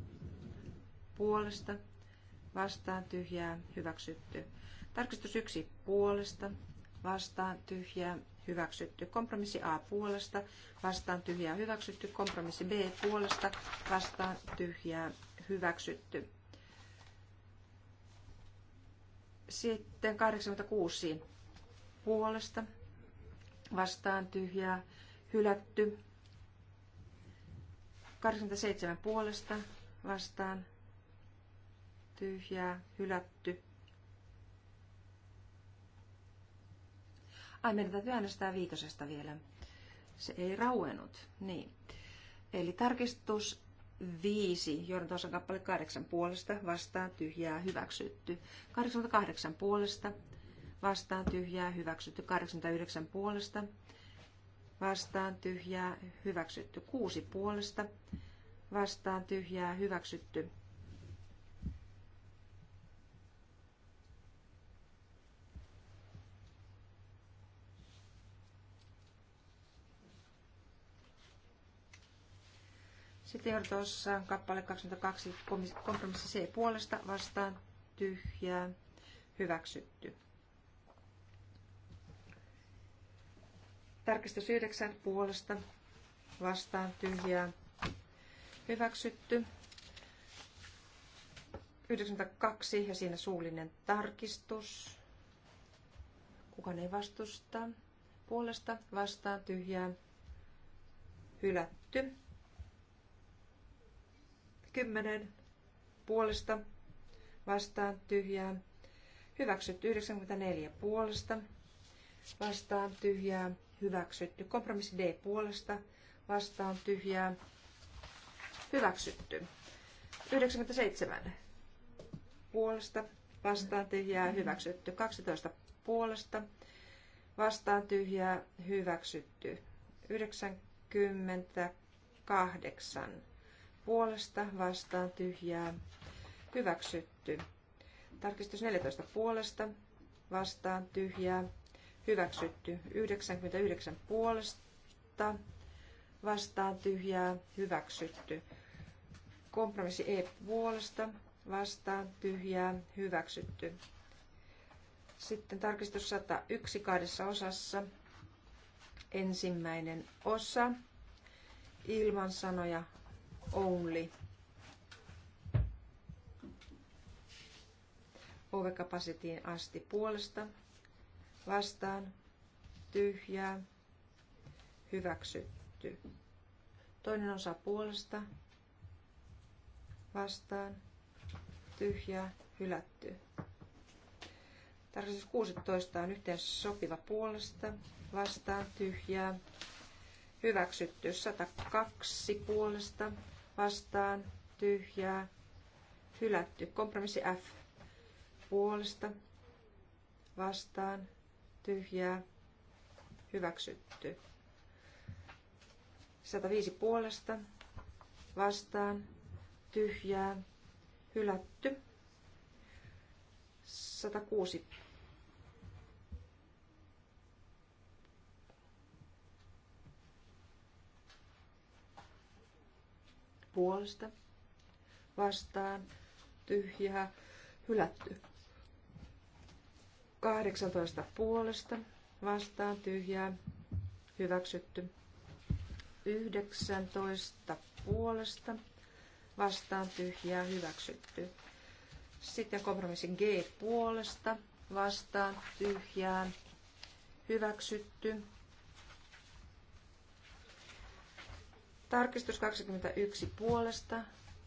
puolesta vastaan tyhjää hyväksytty. Tarkistus 1 puolesta vastaan tyhjää hyväksytty. Kompromissi A puolesta vastaan tyhjää hyväksytty. Kompromissi B puolesta vastaan tyhjää hyväksytty. Sitten 86 puolesta vastaan tyhjää hylätty. 87 puolesta vastaan tyhjää hylätty. Ai, meidän täytyy äänestää viitosesta vielä. Se ei rauennut. Niin. Eli tarkistus 5, Jordan kappale 8 puolesta, vastaan tyhjää, hyväksytty. 88 puolesta, vastaan tyhjää, hyväksytty. 89 puolesta, vastaan tyhjää, hyväksytty. 6 puolesta, vastaan tyhjää, hyväksytty. Sitten johdossa äh, kappale 22, kompromissi C puolesta vastaan tyhjää, hyväksytty. Tarkistus 9 puolesta vastaan tyhjää, hyväksytty. 92 ja siinä suullinen tarkistus. Kukaan ei vastusta. Puolesta vastaan tyhjää, hylätty. 10 puolesta vastaan tyhjää. Hyväksytty 94 puolesta vastaan tyhjää. Hyväksytty. Kompromissi D puolesta vastaan tyhjää. Hyväksytty. 97 puolesta vastaan tyhjää. Hyväksytty. 12 puolesta vastaan tyhjää. Hyväksytty. 98 puolesta vastaan tyhjää hyväksytty. Tarkistus 14 puolesta vastaan tyhjää hyväksytty. 99 puolesta vastaan tyhjää hyväksytty. Kompromissi E puolesta vastaan tyhjää hyväksytty. Sitten tarkistus 101 kahdessa osassa. Ensimmäinen osa ilman sanoja only. overkapasitiin asti puolesta, vastaan, tyhjää, hyväksytty. Toinen osa puolesta, vastaan, tyhjää, hylätty. Tarkoitus 16 on yhteen sopiva puolesta, vastaan, tyhjää, hyväksytty. 102 puolesta, vastaan, tyhjää, hylätty. Kompromissi F puolesta, vastaan, tyhjää, hyväksytty. 105 puolesta, vastaan, tyhjää, hylätty. 106 puolesta vastaan tyhjää hylätty. 18 puolesta vastaan tyhjää hyväksytty. 19 puolesta vastaan tyhjää hyväksytty. Sitten kompromissin G puolesta vastaan tyhjää hyväksytty. Tarkistus 21 puolesta,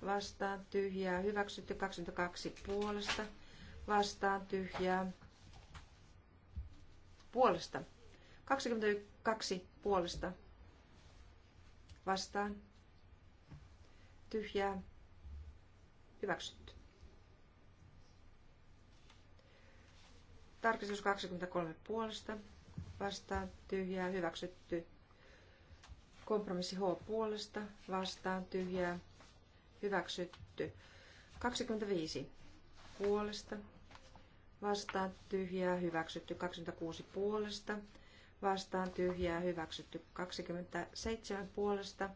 vastaan tyhjää, hyväksytty 22 puolesta, vastaan tyhjää, puolesta, 22 puolesta, vastaan tyhjää, hyväksytty. Tarkistus 23 puolesta, vastaan tyhjää, hyväksytty Kompromissi H puolesta vastaan tyhjää hyväksytty. 25 puolesta vastaan tyhjää hyväksytty. 26 puolesta vastaan tyhjää hyväksytty. 27 puolesta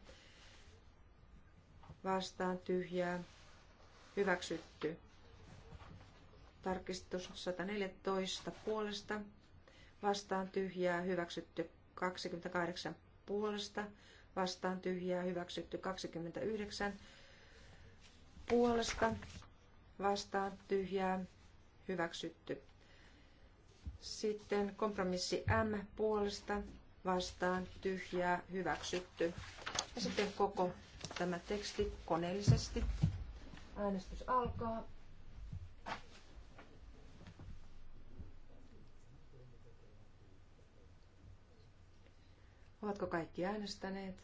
vastaan tyhjää hyväksytty. Tarkistus 114 puolesta vastaan tyhjää hyväksytty. 28 puolesta vastaan tyhjää hyväksytty 29 puolesta vastaan tyhjää hyväksytty. Sitten kompromissi M puolesta vastaan tyhjää hyväksytty. Ja sitten koko tämä teksti koneellisesti. Äänestys alkaa. Ovatko kaikki äänestäneet?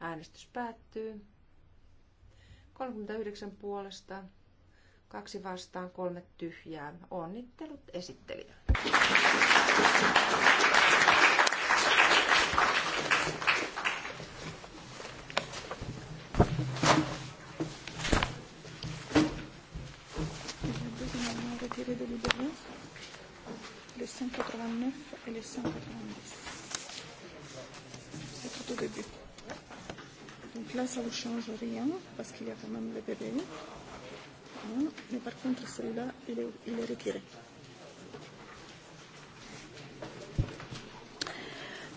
Äänestys päättyy. 39 puolesta, kaksi vastaan, kolme tyhjää. Onnittelut esittelijä. là, ça vous change rien parce qu'il y a quand même le bébé. mais par contre, celui-là, il est, il est retiré.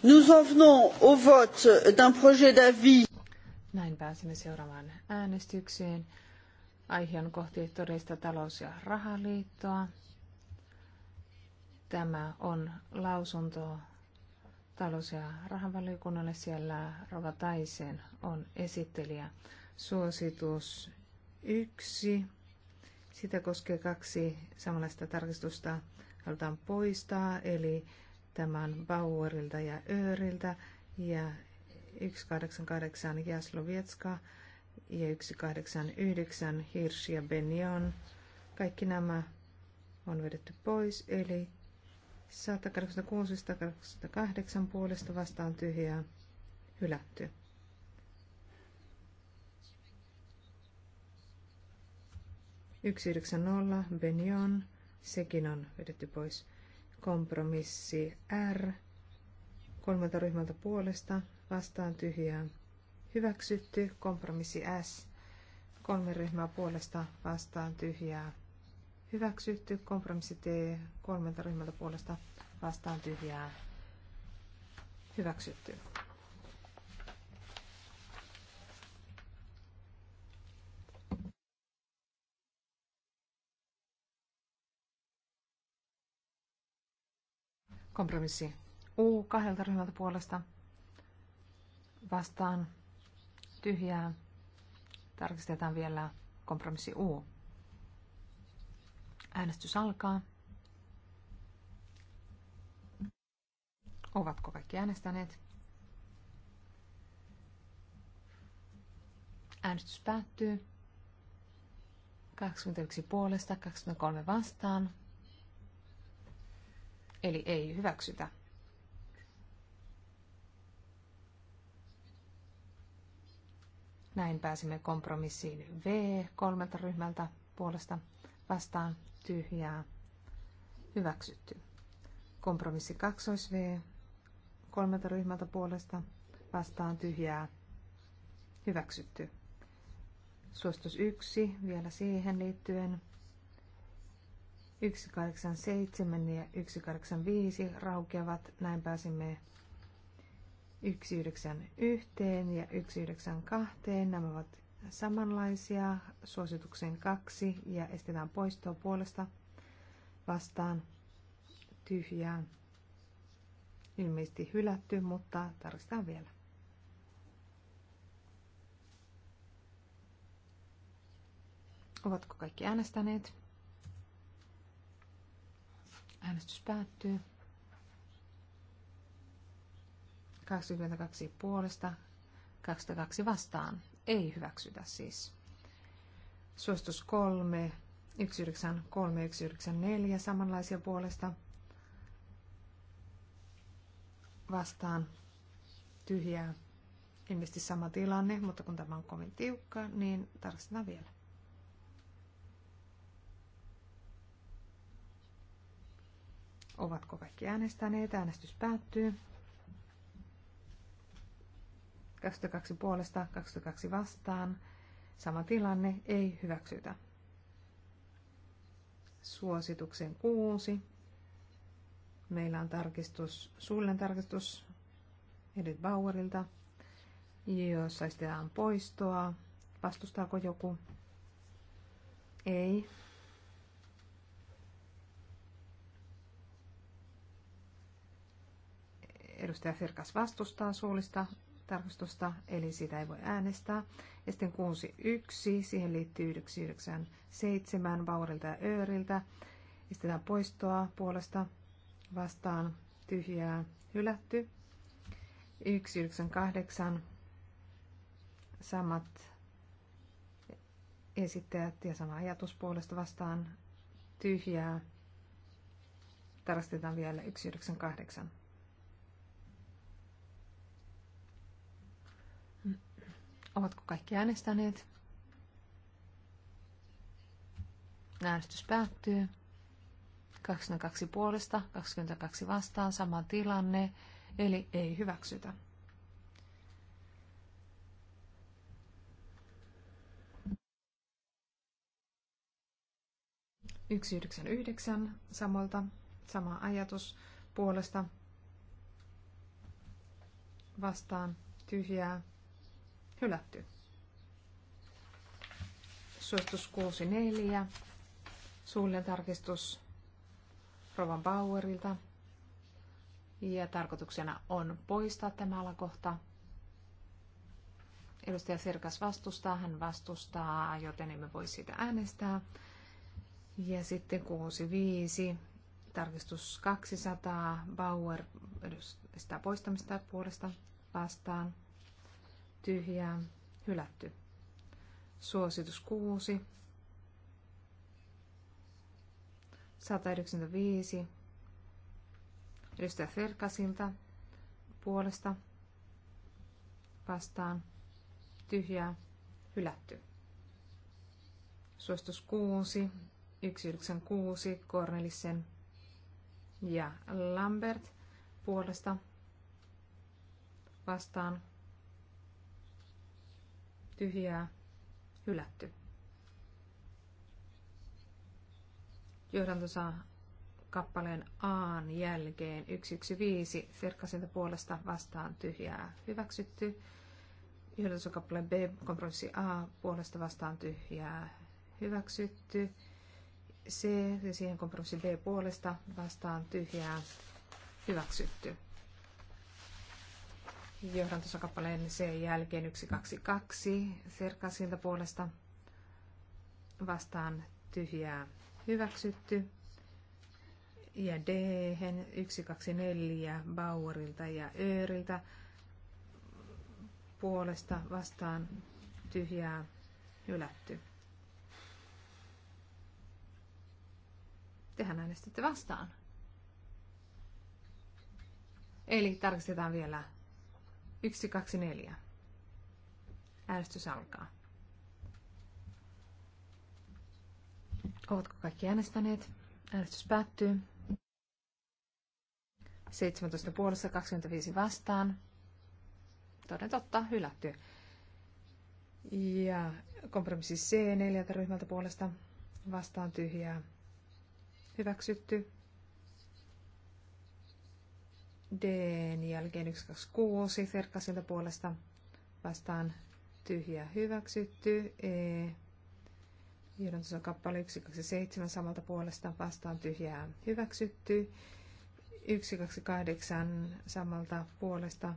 Nous en venons au vote d'un projet d'avis. Näin pääsemme seuraavaan äänestykseen. Aihe on kohti todellista talous- ja rahaliittoa. Tämä on lausunto talous- ja rahavaliokunnalle. Siellä Rova Taisen on esittelijä. Suositus yksi. Sitä koskee kaksi samanlaista tarkistusta. Halutaan poistaa, eli tämän Bauerilta ja Ööriltä ja 188 Jaslovietska ja 189 Hirsch ja Benion. Kaikki nämä on vedetty pois, eli 186-188 puolesta vastaan tyhjää hylätty. Yksi yhdeksän nolla, Benjon, sekin on vedetty pois. Kompromissi R, kolmelta ryhmältä puolesta, vastaan tyhjää. Hyväksytty, kompromissi S, kolme ryhmää puolesta, vastaan tyhjää. Hyväksytty kompromissi T kolmelta ryhmältä puolesta vastaan tyhjää. Hyväksytty. Kompromissi U kahdelta ryhmältä puolesta vastaan tyhjää. Tarkistetaan vielä kompromissi U. Äänestys alkaa. Ovatko kaikki äänestäneet? Äänestys päättyy. 21 puolesta, 23 vastaan. Eli ei hyväksytä. Näin pääsimme kompromissiin V kolmelta ryhmältä puolesta vastaan tyhjää, hyväksytty. Kompromissi 2 V kolmelta ryhmältä puolesta vastaan tyhjää, hyväksytty. Suostus 1 vielä siihen liittyen. 187 ja 185 raukeavat, näin pääsimme 191 ja 192, nämä ovat samanlaisia suosituksen kaksi ja estetään poistoa puolesta vastaan tyhjään. Ilmeisesti hylätty, mutta tarvitaan vielä. Ovatko kaikki äänestäneet? Äänestys päättyy. 22 puolesta, 22 vastaan ei hyväksytä siis. Suostus 3, 193, 194 samanlaisia puolesta vastaan tyhjää. Ilmeisesti sama tilanne, mutta kun tämä on kovin tiukka, niin tarkistetaan vielä. Ovatko kaikki äänestäneet? Äänestys päättyy. 22 puolesta, 22 vastaan. Sama tilanne, ei hyväksytä. Suosituksen 6. Meillä on tarkistus, suullinen tarkistus Edith Bauerilta, jossa esitetään poistoa. Vastustaako joku? Ei. Edustaja Firkas vastustaa suullista tarkastusta, eli sitä ei voi äänestää. Ja sitten 6.1, siihen liittyy 997 Baurilta ja Ööriltä. Istetään poistoa puolesta vastaan tyhjää hylätty. 198 samat esittäjät ja sama ajatus puolesta vastaan tyhjää. Tarastetaan vielä 198. Ovatko kaikki äänestäneet? Äänestys päättyy. 22 puolesta, 22 vastaan, sama tilanne, eli ei hyväksytä. Yksi yhdeksän yhdeksän samalta, sama ajatus puolesta vastaan tyhjää Hylätty. Suositus 64. Suullinen tarkistus Rovan Bauerilta. Ja tarkoituksena on poistaa tämä alakohta. Edustaja Sirkas vastustaa, hän vastustaa, joten emme voi siitä äänestää. Ja sitten 65, tarkistus 200, Bauer edustaa poistamista puolesta vastaan, tyhjää, hylätty. Suositus 6, 195, edustaja Ferkasilta puolesta vastaan tyhjää, hylätty. Suositus 6, 196, Kornelissen ja Lambert puolesta vastaan tyhjää, hylätty. saa kappaleen Aan jälkeen 115 Serkkasilta puolesta vastaan tyhjää hyväksytty. kappaleen B kompromissi A puolesta vastaan tyhjää hyväksytty. C siihen kompromissi B puolesta vastaan tyhjää hyväksytty johdantosakappaleen sen jälkeen 122 serkasilta puolesta vastaan tyhjää hyväksytty. Ja D 124 Bauerilta ja Öriltä puolesta vastaan tyhjää hylätty. Tehän äänestitte vastaan. Eli tarkistetaan vielä Yksi neljä. Äänestys alkaa. Ovatko kaikki äänestäneet? Äänestys päättyy. 17 puolessa 25 vastaan. Toden totta, hylätty. Ja kompromissi C neljältä ryhmältä puolesta vastaan tyhjää. Hyväksytty. Dn jälkeen 126 Ferkkasilta puolesta vastaan tyhjä hyväksytty. E, johdantosa kappale 127 samalta puolesta vastaan tyhjää hyväksytty. 128 samalta puolesta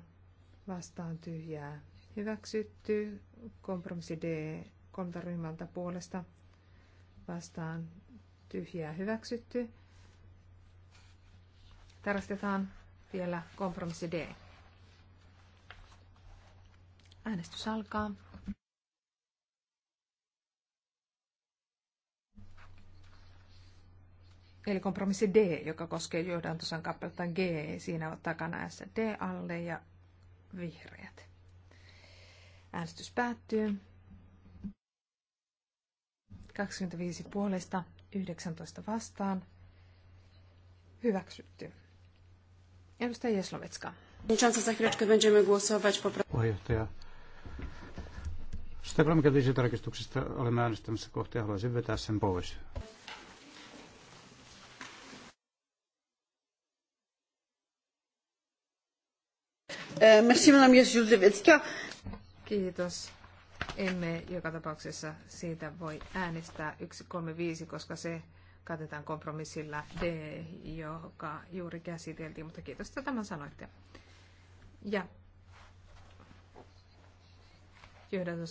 vastaan tyhjää hyväksytty. Kompromissi D kontaryhmältä ryhmältä puolesta vastaan tyhjää hyväksytty. Tarastetaan vielä kompromissi D. Äänestys alkaa. Eli kompromissi D, joka koskee johdantosan kappaletta G, siinä on takana S D alle ja vihreät. Äänestys päättyy. 25 puolesta, 19 vastaan. Hyväksytty. Edustaja Jeslovecka. Za chwileczkę będziemy głosować popra- Puheenjohtaja. Sitä 35 tarkistuksesta olemme äänestämässä kohta ja haluaisin vetää sen pois. E, merci Madame Jasyldevetska. Kiitos. Emme joka tapauksessa siitä voi äänestää 135, koska se katetaan kompromissilla D, joka juuri käsiteltiin, mutta kiitos, että tämän sanoitte. Ja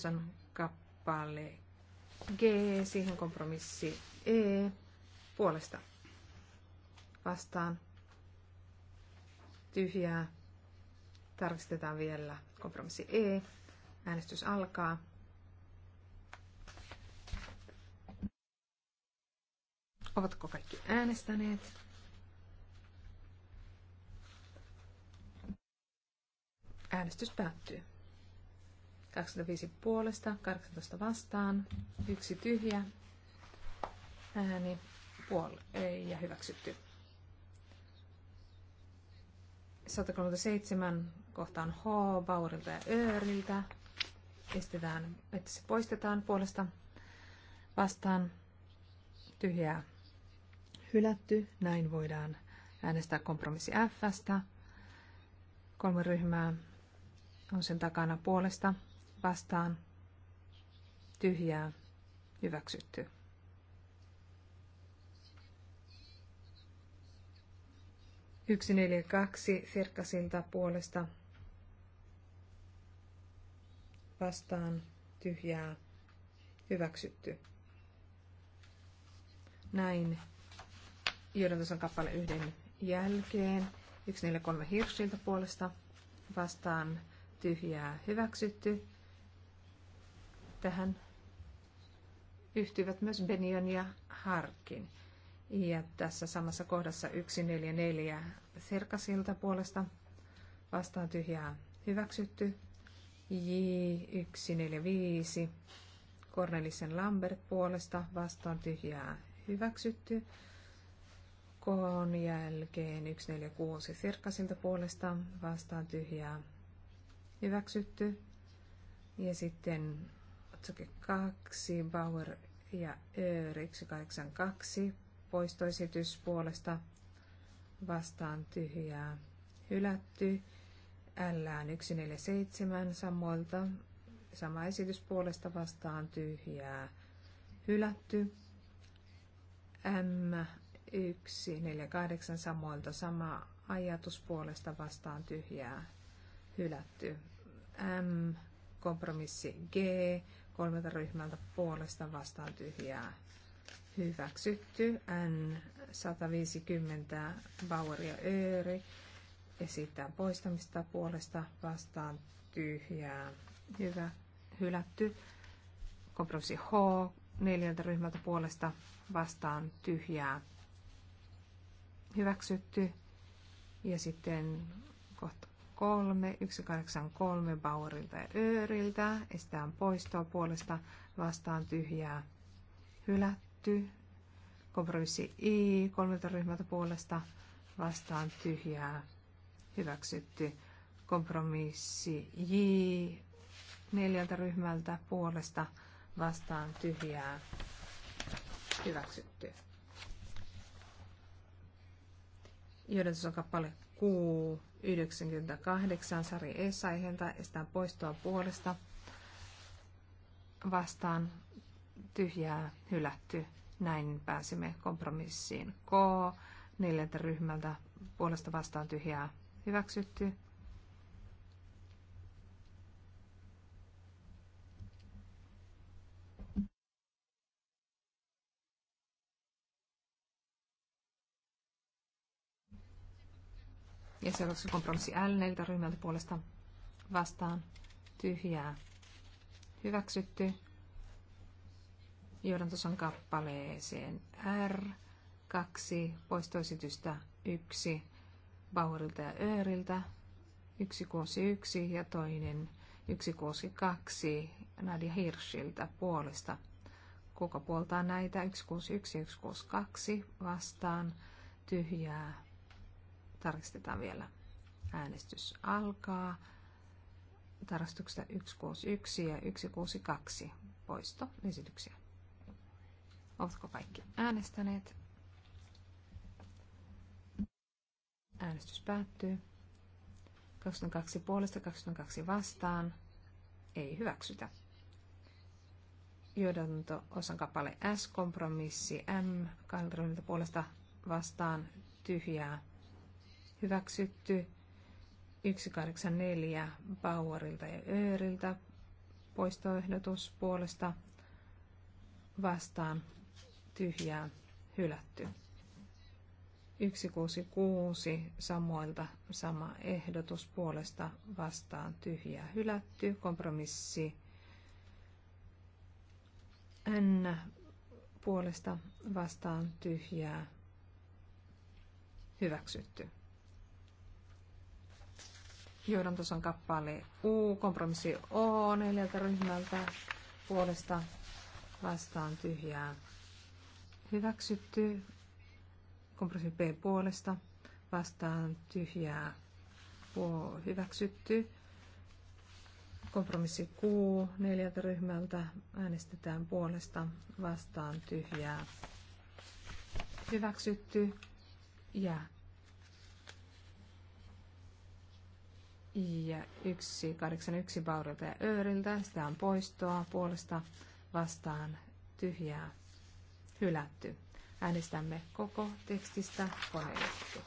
on kappale G, siihen kompromissi E puolesta vastaan tyhjää. Tarkistetaan vielä kompromissi E. Äänestys alkaa. Ovatko kaikki äänestäneet? Äänestys päättyy. 25 puolesta, 18 vastaan, yksi tyhjä ääni puol- ja hyväksytty. 137 kohtaan H, Baurilta ja Ööriltä. Estetään, että se poistetaan puolesta vastaan tyhjää hylätty. Näin voidaan äänestää kompromissi Fstä. Kolme ryhmää on sen takana puolesta vastaan tyhjää hyväksytty. Yksi neljä kaksi Ferkkasilta puolesta vastaan tyhjää hyväksytty. Näin tuossa kappale yhden jälkeen. 143 Hirschiltä puolesta vastaan tyhjää hyväksytty. Tähän yhtyvät myös Benion ja Harkin. Ja tässä samassa kohdassa 144 Serkasilta puolesta vastaan tyhjää hyväksytty. J145 Cornelissen Lambert puolesta vastaan tyhjää hyväksytty. Kohon jälkeen 146 Sirkkasilta puolesta vastaan tyhjää hyväksytty. Ja sitten otsake 2, Bauer ja Öör 182 poistoesitys puolesta vastaan tyhjää hylätty. L 147 samoilta sama esitys puolesta vastaan tyhjää hylätty. M 1, 4, 8 samoilta sama ajatus puolesta vastaan tyhjää hylätty. M, kompromissi G, kolmelta ryhmältä puolesta vastaan tyhjää hyväksytty. N, 150 Bauer ja Ööri esittää poistamista puolesta vastaan tyhjää hyvä, hylätty. Kompromissi H, neljältä ryhmältä puolesta vastaan tyhjää hyväksytty. Ja sitten kohta kolme, 183 Bauerilta ja Ööriltä. estään poistoa puolesta vastaan tyhjää hylätty. Kompromissi I kolmelta ryhmältä puolesta vastaan tyhjää hyväksytty. Kompromissi J neljältä ryhmältä puolesta vastaan tyhjää hyväksytty. Johdatus kappale Q 98, Sari Essaihen tai estään poistoa puolesta vastaan tyhjää hylätty. Näin pääsimme kompromissiin. K neljältä ryhmältä puolesta vastaan tyhjää hyväksytty. Ja seuraavaksi kompromissi L neljältä ryhmältä puolesta vastaan tyhjää hyväksytty. Johdantosan kappaleeseen R, kaksi poistoesitystä yksi Bauerilta ja Ööriltä, yksi yksi ja toinen yksi kaksi Nadia Hirschiltä puolesta. Kuka puoltaa näitä? yksi ja yksi yksi kaksi vastaan tyhjää Tarkistetaan vielä. Äänestys alkaa. Tarkistuksesta 161 ja 162 poisto esityksiä. Ovatko kaikki äänestäneet? Äänestys päättyy. 22 puolesta 22 vastaan. Ei hyväksytä. Johdanto osan kappale S, kompromissi M, 20 puolesta vastaan, tyhjää, hyväksytty 184 Bauerilta ja Ööriltä poistoehdotus puolesta vastaan tyhjää hylätty. 166 samoilta sama ehdotus puolesta vastaan tyhjää hylätty. Kompromissi N puolesta vastaan tyhjää hyväksytty. Johdantoson kappale U, kompromissi O neljältä ryhmältä puolesta vastaan tyhjää. Hyväksytty. Kompromissi B puolesta vastaan tyhjää. Hyväksytty. Kompromissi Q neljältä ryhmältä äänestetään puolesta vastaan tyhjää. Hyväksytty. Ja ja 181 Baurilta ja Ööriltä. Sitä on poistoa puolesta vastaan tyhjää hylätty. Äänestämme koko tekstistä koneellisesti.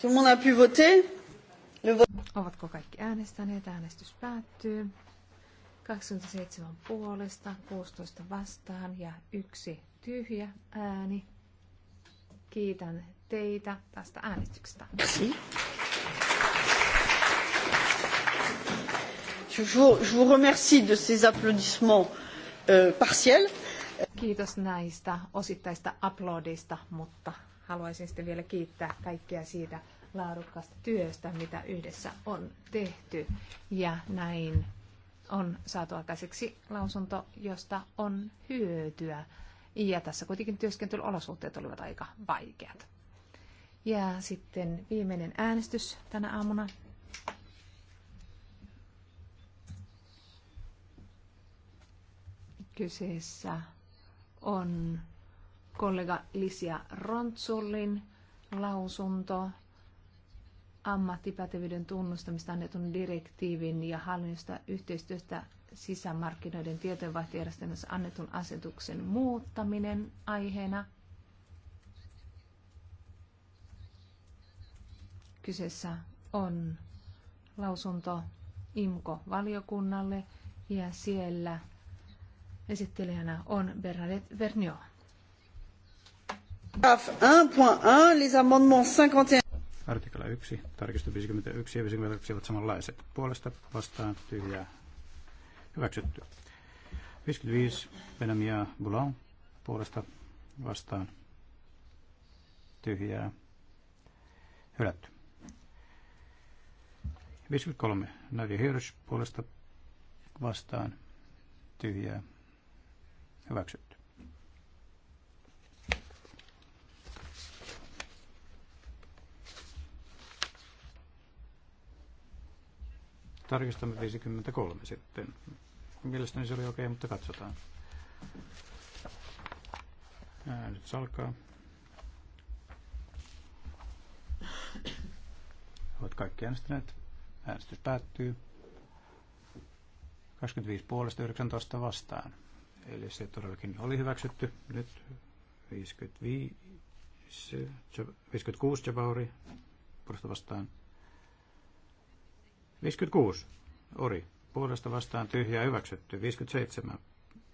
Tout le monde a pu voter? Ovatko kaikki äänestäneet? Äänestys päättyy. 27 puolesta, 16 vastaan ja yksi tyhjä ääni. Kiitän teitä tästä äänestyksestä. Je vous remercie de ces applaudissements euh, partiels. Kiitos näistä osittaista aplodista, mutta haluaisin sitten vielä kiittää kaikkia siitä laadukkaasta työstä, mitä yhdessä on tehty. Ja näin on saatu aikaiseksi lausunto, josta on hyötyä. Ja tässä kuitenkin työskentelyolosuhteet olivat aika vaikeat. Ja sitten viimeinen äänestys tänä aamuna. Kyseessä on kollega Lisia Rontsullin lausunto ammattipätevyyden tunnustamista annetun direktiivin ja hallinnosta yhteistyöstä sisämarkkinoiden tietojenvaihtojärjestelmässä annetun asetuksen muuttaminen aiheena. Kyseessä on lausunto IMKO-valiokunnalle ja siellä esittelijänä on Bernadette Verniot. 1.1, les amendements 51 Artikla 1, tarkistus 51 ja 52 ovat samanlaiset. Puolesta vastaan tyhjää hyväksytty. 55 Benamia Boulon puolesta vastaan tyhjää hylätty. 53 Nadia Hirsch puolesta vastaan tyhjää hyväksytty. Tarkistamme 53 sitten. Mielestäni se oli okei, okay, mutta katsotaan. se alkaa. Olet kaikki äänestäneet. Äänestys päättyy. 25 puolesta 19 vastaan. Eli se todellakin oli hyväksytty. Nyt 55, 56 Jabauri puolesta vastaan 56. Ori. Puolesta vastaan tyhjää hyväksytty. 57.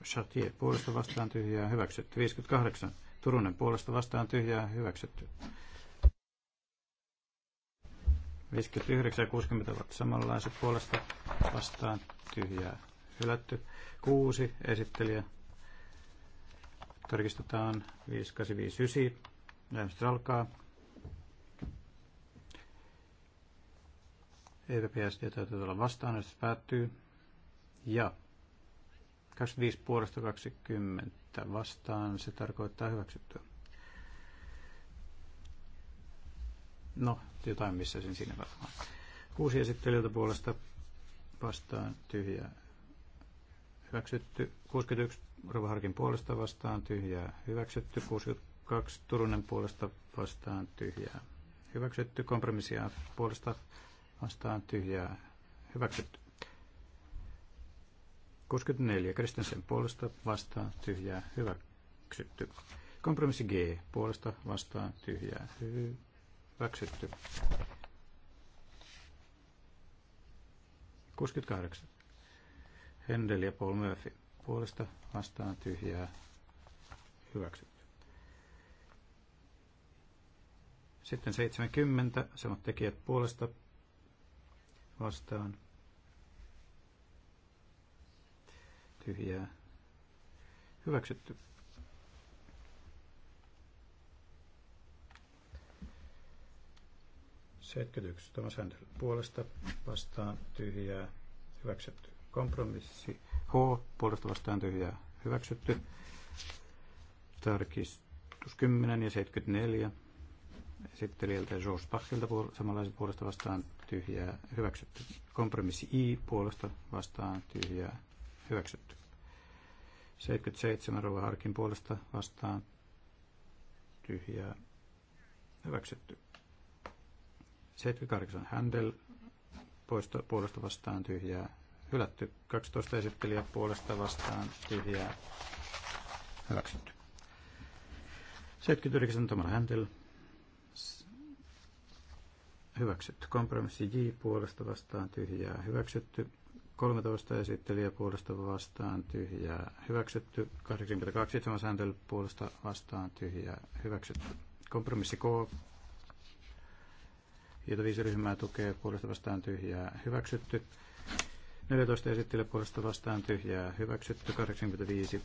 Chatier. Puolesta vastaan tyhjää hyväksytty. 58. Turunen. Puolesta vastaan tyhjää hyväksytty. 59 ja 60 ovat samanlaiset puolesta vastaan tyhjää hylätty. 6 esittelijä. Tarkistetaan 5859. Äänestys alkaa. EPPSD täytyy olla vastaan, jos päättyy. Ja 25 puolesta 20 vastaan, se tarkoittaa hyväksyttyä. No, jotain missä sen sinne varmaan. Kuusi esittelijöiltä puolesta vastaan tyhjää hyväksytty. 61 Rovaharkin puolesta vastaan tyhjää hyväksytty. 62 Turunen puolesta vastaan tyhjää hyväksytty. Kompromissia puolesta vastaan tyhjää hyväksytty. 64. Kristensen puolesta vastaan tyhjää hyväksytty. Kompromissi G. Puolesta vastaan tyhjää hyväksytty. 68. Hendel ja Paul Murphy. Puolesta vastaan tyhjää hyväksytty. Sitten 70. Samat tekijät puolesta vastaan tyhjää hyväksytty. Tämä Thomas puolesta vastaan tyhjää hyväksytty. Kompromissi H puolesta vastaan tyhjää hyväksytty. Tarkistus 10 ja 74 esittelijältä George Bachilta puol- samanlaisen puolesta vastaan tyhjää hyväksytty. Kompromissi I puolesta vastaan tyhjää hyväksytty. 77 Rova Harkin puolesta vastaan tyhjää hyväksytty. 78 Händel poisto, puolesta vastaan tyhjää hylätty. 12 esittelijä puolesta vastaan tyhjää hyväksytty. 79 Tamara Händel hyväksytty. Kompromissi J puolesta vastaan tyhjää hyväksytty. 13 esittelijä puolesta vastaan tyhjää hyväksytty. 82 sääntely puolesta vastaan tyhjää hyväksytty. Kompromissi K, jota viisi ryhmää tukee puolesta vastaan tyhjää hyväksytty. 14 esittelijä puolesta vastaan tyhjää hyväksytty. 85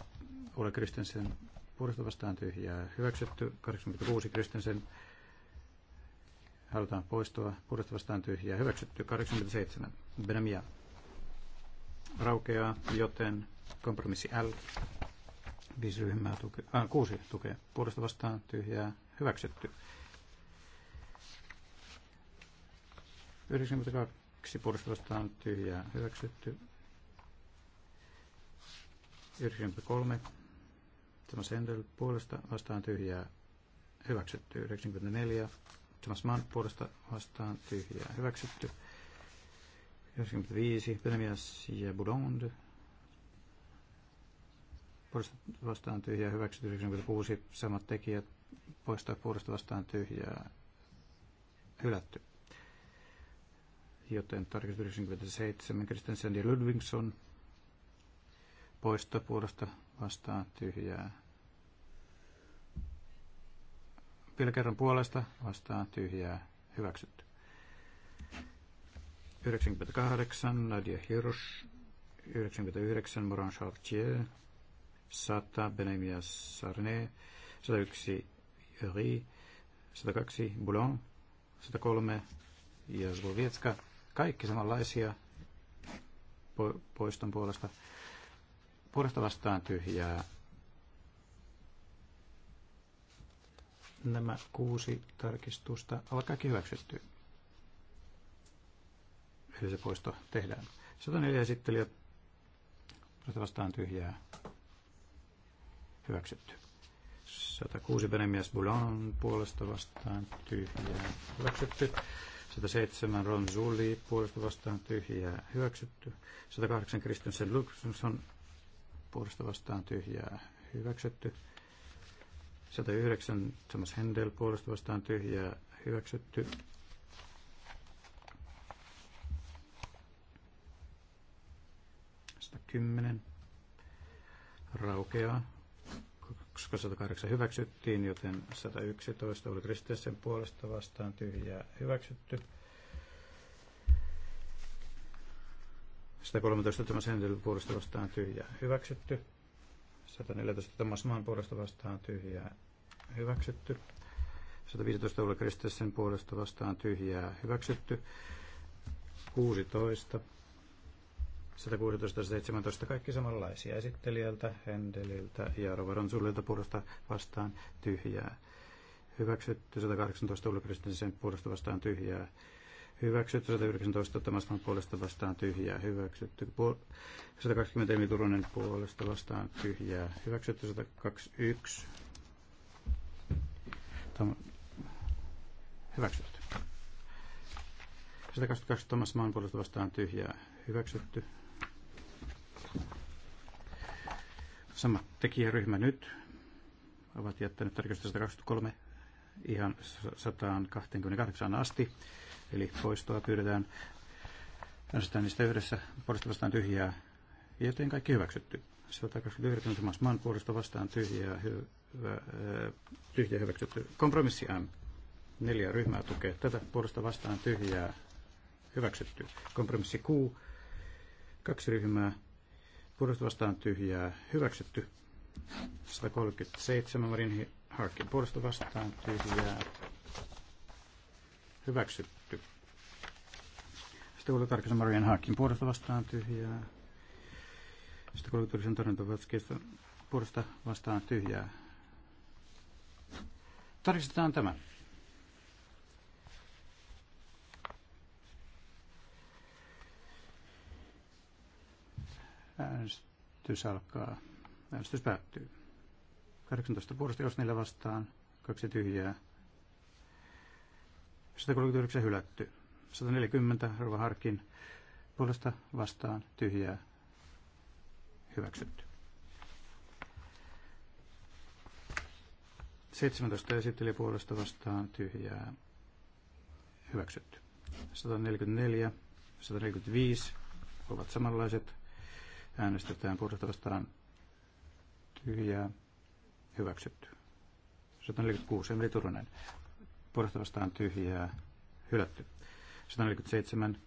Ole Kristensen puolesta vastaan tyhjää hyväksytty. 86 Kristensen halutaan poistua, Puhdasta vastaan tyhjää, hyväksytty 87, Benamia raukeaa, joten kompromissi L, viisi ryhmää tuke, äh, kuusi tukea, Puhdasta vastaan tyhjää, hyväksytty. 92 Puhdasta vastaan tyhjää, hyväksytty. 93, tämä Sendel puolesta vastaan tyhjää, hyväksytty. 94, Thomas Mann puolesta vastaan tyhjää hyväksytty. 95 Benemias ja Boulogne puolesta vastaan tyhjää hyväksytty. 96 samat tekijät poistaa puolesta vastaan tyhjää hylätty. Joten tarkistus 97 Kristensen ja Ludvigsson poistaa puolesta vastaan tyhjää Vielä kerran puolesta vastaan tyhjää hyväksytty. 98 Nadia Hirsch, 99 Moran Chartier, 100 Benemia Sarné. 101 Yri, 102 Boulon, 103 ja Zlovietska. Kaikki samanlaisia poiston puolesta. Puolesta vastaan tyhjää nämä kuusi tarkistusta alkaakin hyväksyttyä. Eli se poisto tehdään. 104 esittelijä vastaan tyhjää hyväksytty. 106 Benemies Boulon puolesta vastaan tyhjää hyväksytty. 107 Ron Zulli puolesta vastaan tyhjää hyväksytty. 108 Kristensen Luxson puolesta vastaan tyhjää hyväksytty. 109 Thomas Händel puolesta vastaan tyhjää hyväksytty. kymmenen raukeaa, koska 108 hyväksyttiin, joten 111 oli Kristessen puolesta vastaan tyhjää hyväksytty. 113 Thomas Händelin puolesta vastaan tyhjää hyväksytty. 114 Thomas Mann puolesta vastaan tyhjää hyväksytty. 115 Ulla Kristessen puolesta vastaan tyhjää hyväksytty. 16. 116 17 kaikki samanlaisia esittelijältä, Hendeliltä ja Rovaron sullilta puolesta vastaan tyhjää. Hyväksytty 118 Ulla Kristensen puolesta vastaan tyhjää hyväksytty, 119 Tomaslan puolesta vastaan tyhjää, hyväksytty, 120 Emi Turunen puolesta vastaan tyhjää, hyväksytty, 121 Tom, hyväksytty. 122 Tomas Maan puolesta vastaan tyhjää, hyväksytty. Sama tekijäryhmä nyt ovat jättäneet tarkistusta 123 ihan 128 asti Eli poistoa pyydetään. Äänestetään niistä yhdessä. Puolesta vastaan tyhjää. Joten kaikki hyväksytty. 129 samassa maan puolesta vastaan tyhjää, hyvä, äh, tyhjää hyväksytty. Kompromissi M. Neljä ryhmää tukee tätä puolesta vastaan tyhjää hyväksytty. Kompromissi Q. Kaksi ryhmää puolesta vastaan tyhjää hyväksytty. 137 Marin Harkin puolesta vastaan tyhjää hyväksytty. Sitten tarkistus Marian Harkin puolesta vastaan tyhjää. Sitten koulutuksen torjuntavatskista puolesta vastaan tyhjää. Tarkistetaan tämä. Äänestys alkaa. Äänestys päättyy. 18 puolesta, jos niillä vastaan, kaksi tyhjää. 139 hylättyy. 140 Rova Harkin puolesta vastaan tyhjää hyväksytty. 17 esitteli puolesta vastaan tyhjää hyväksytty. 144, 145 ovat samanlaiset. Äänestetään puolesta vastaan tyhjää hyväksytty. 146 Emri Turunen puolesta vastaan tyhjää hylätty. 147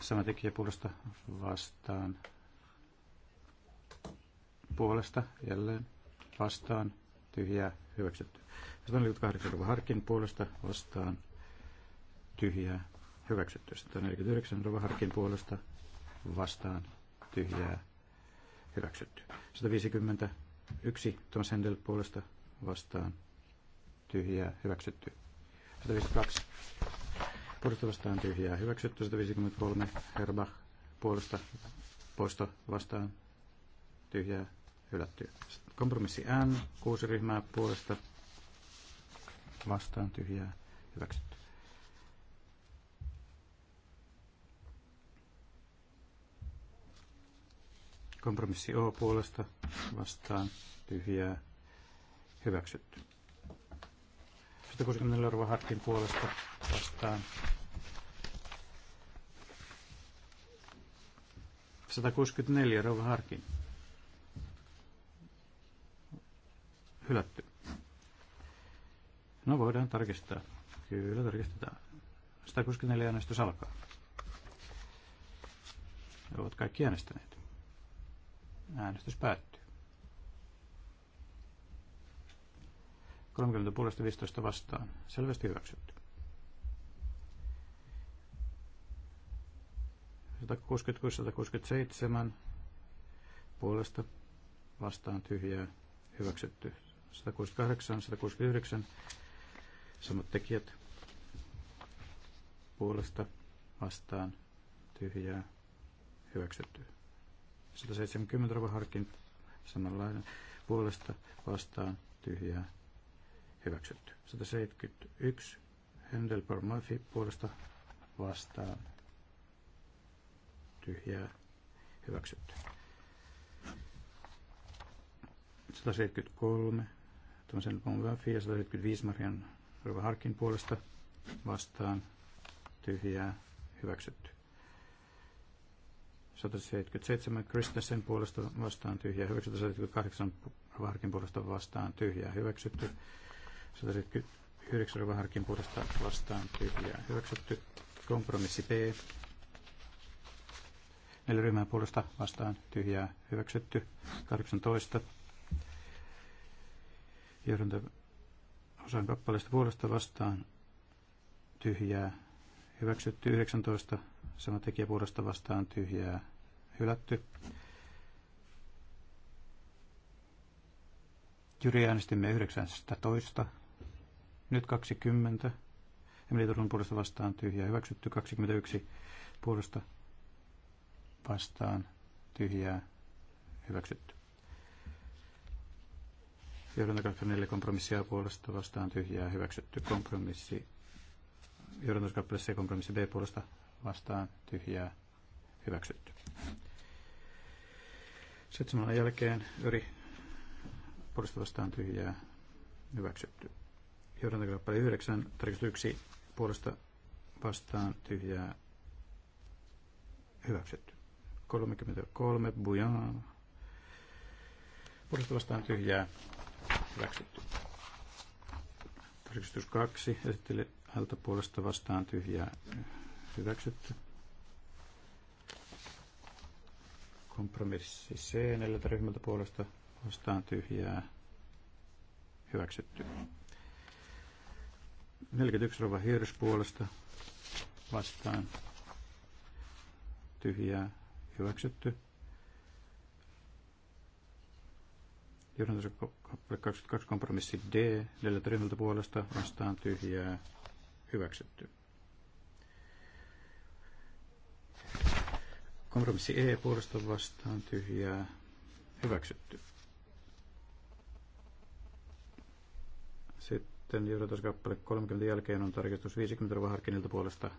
sama tekijä puolesta vastaan. Puolesta jälleen vastaan. Tyhjää hyväksytty. 148 Rova Harkin puolesta vastaan. Tyhjää hyväksytty. 149 Rova Harkin puolesta vastaan. Tyhjää hyväksytty. 151 Tom Sendel puolesta vastaan. Tyhjää hyväksytty. 152 Puolesta vastaan tyhjää hyväksytty 153. Herbach puolesta poisto vastaan tyhjää hylätty. Kompromissi N, kuusi ryhmää puolesta vastaan tyhjää hyväksytty. Kompromissi O puolesta vastaan tyhjää hyväksytty. 160 euroa harkin puolesta vastaan. 164 Rova Harkin. Hylätty. No voidaan tarkistaa. Kyllä tarkistetaan. 164 äänestys alkaa. He ovat kaikki äänestäneet. Äänestys päättyy. 30 puolesta 15 vastaan. Selvästi hyväksytty. 166-167 puolesta vastaan tyhjää hyväksytty. 168-169 samat tekijät puolesta vastaan tyhjää hyväksytty. 170 harkin samanlainen puolesta vastaan tyhjää hyväksytty. 171 Handel per Murphy puolesta vastaan tyhjää hyväksytty. 173 Tomsen von Murphy ja 175 Marian Rova Harkin puolesta vastaan tyhjää hyväksytty. 177 Kristensen puolesta vastaan tyhjää hyväksytty, 178 Varkin puolesta vastaan tyhjää hyväksytty, 179 harkin puolesta vastaan tyhjää hyväksytty. Kompromissi B. Neljä ryhmän puolesta vastaan tyhjää hyväksytty. 18. Johdonta osan kappaleesta puolesta vastaan tyhjää hyväksytty. 19. Sama tekijä puolesta vastaan tyhjää hylätty. Jyri äänestimme 19. Nyt 20. Emeli Turun puolesta vastaan tyhjää hyväksytty. 21 puolesta vastaan tyhjää hyväksytty. Johdanta 24 kompromissia puolesta vastaan tyhjää hyväksytty. Kompromissi johdannuskappale C kompromissi B puolesta vastaan tyhjää hyväksytty. Seitsemän jälkeen yri puolesta vastaan tyhjää hyväksytty kappale 9, tarkistus 1 puolesta vastaan tyhjää hyväksytty. 33, Bujan. Puolesta vastaan tyhjää hyväksytty. Tarkistus 2, esittely alta puolesta vastaan tyhjää hyväksytty. Kompromissi C, neljältä ryhmältä puolesta vastaan tyhjää hyväksytty. 41 rova Hirsch puolesta vastaan tyhjää hyväksytty. Johdantaisen kappale 22 kompromissi D, neljältä puolesta vastaan tyhjää hyväksytty. Kompromissi E puolesta vastaan tyhjää hyväksytty. Sitten sitten johdatuskappale 30 jälkeen on tarkistus 50 ruoharkinnilta puolesta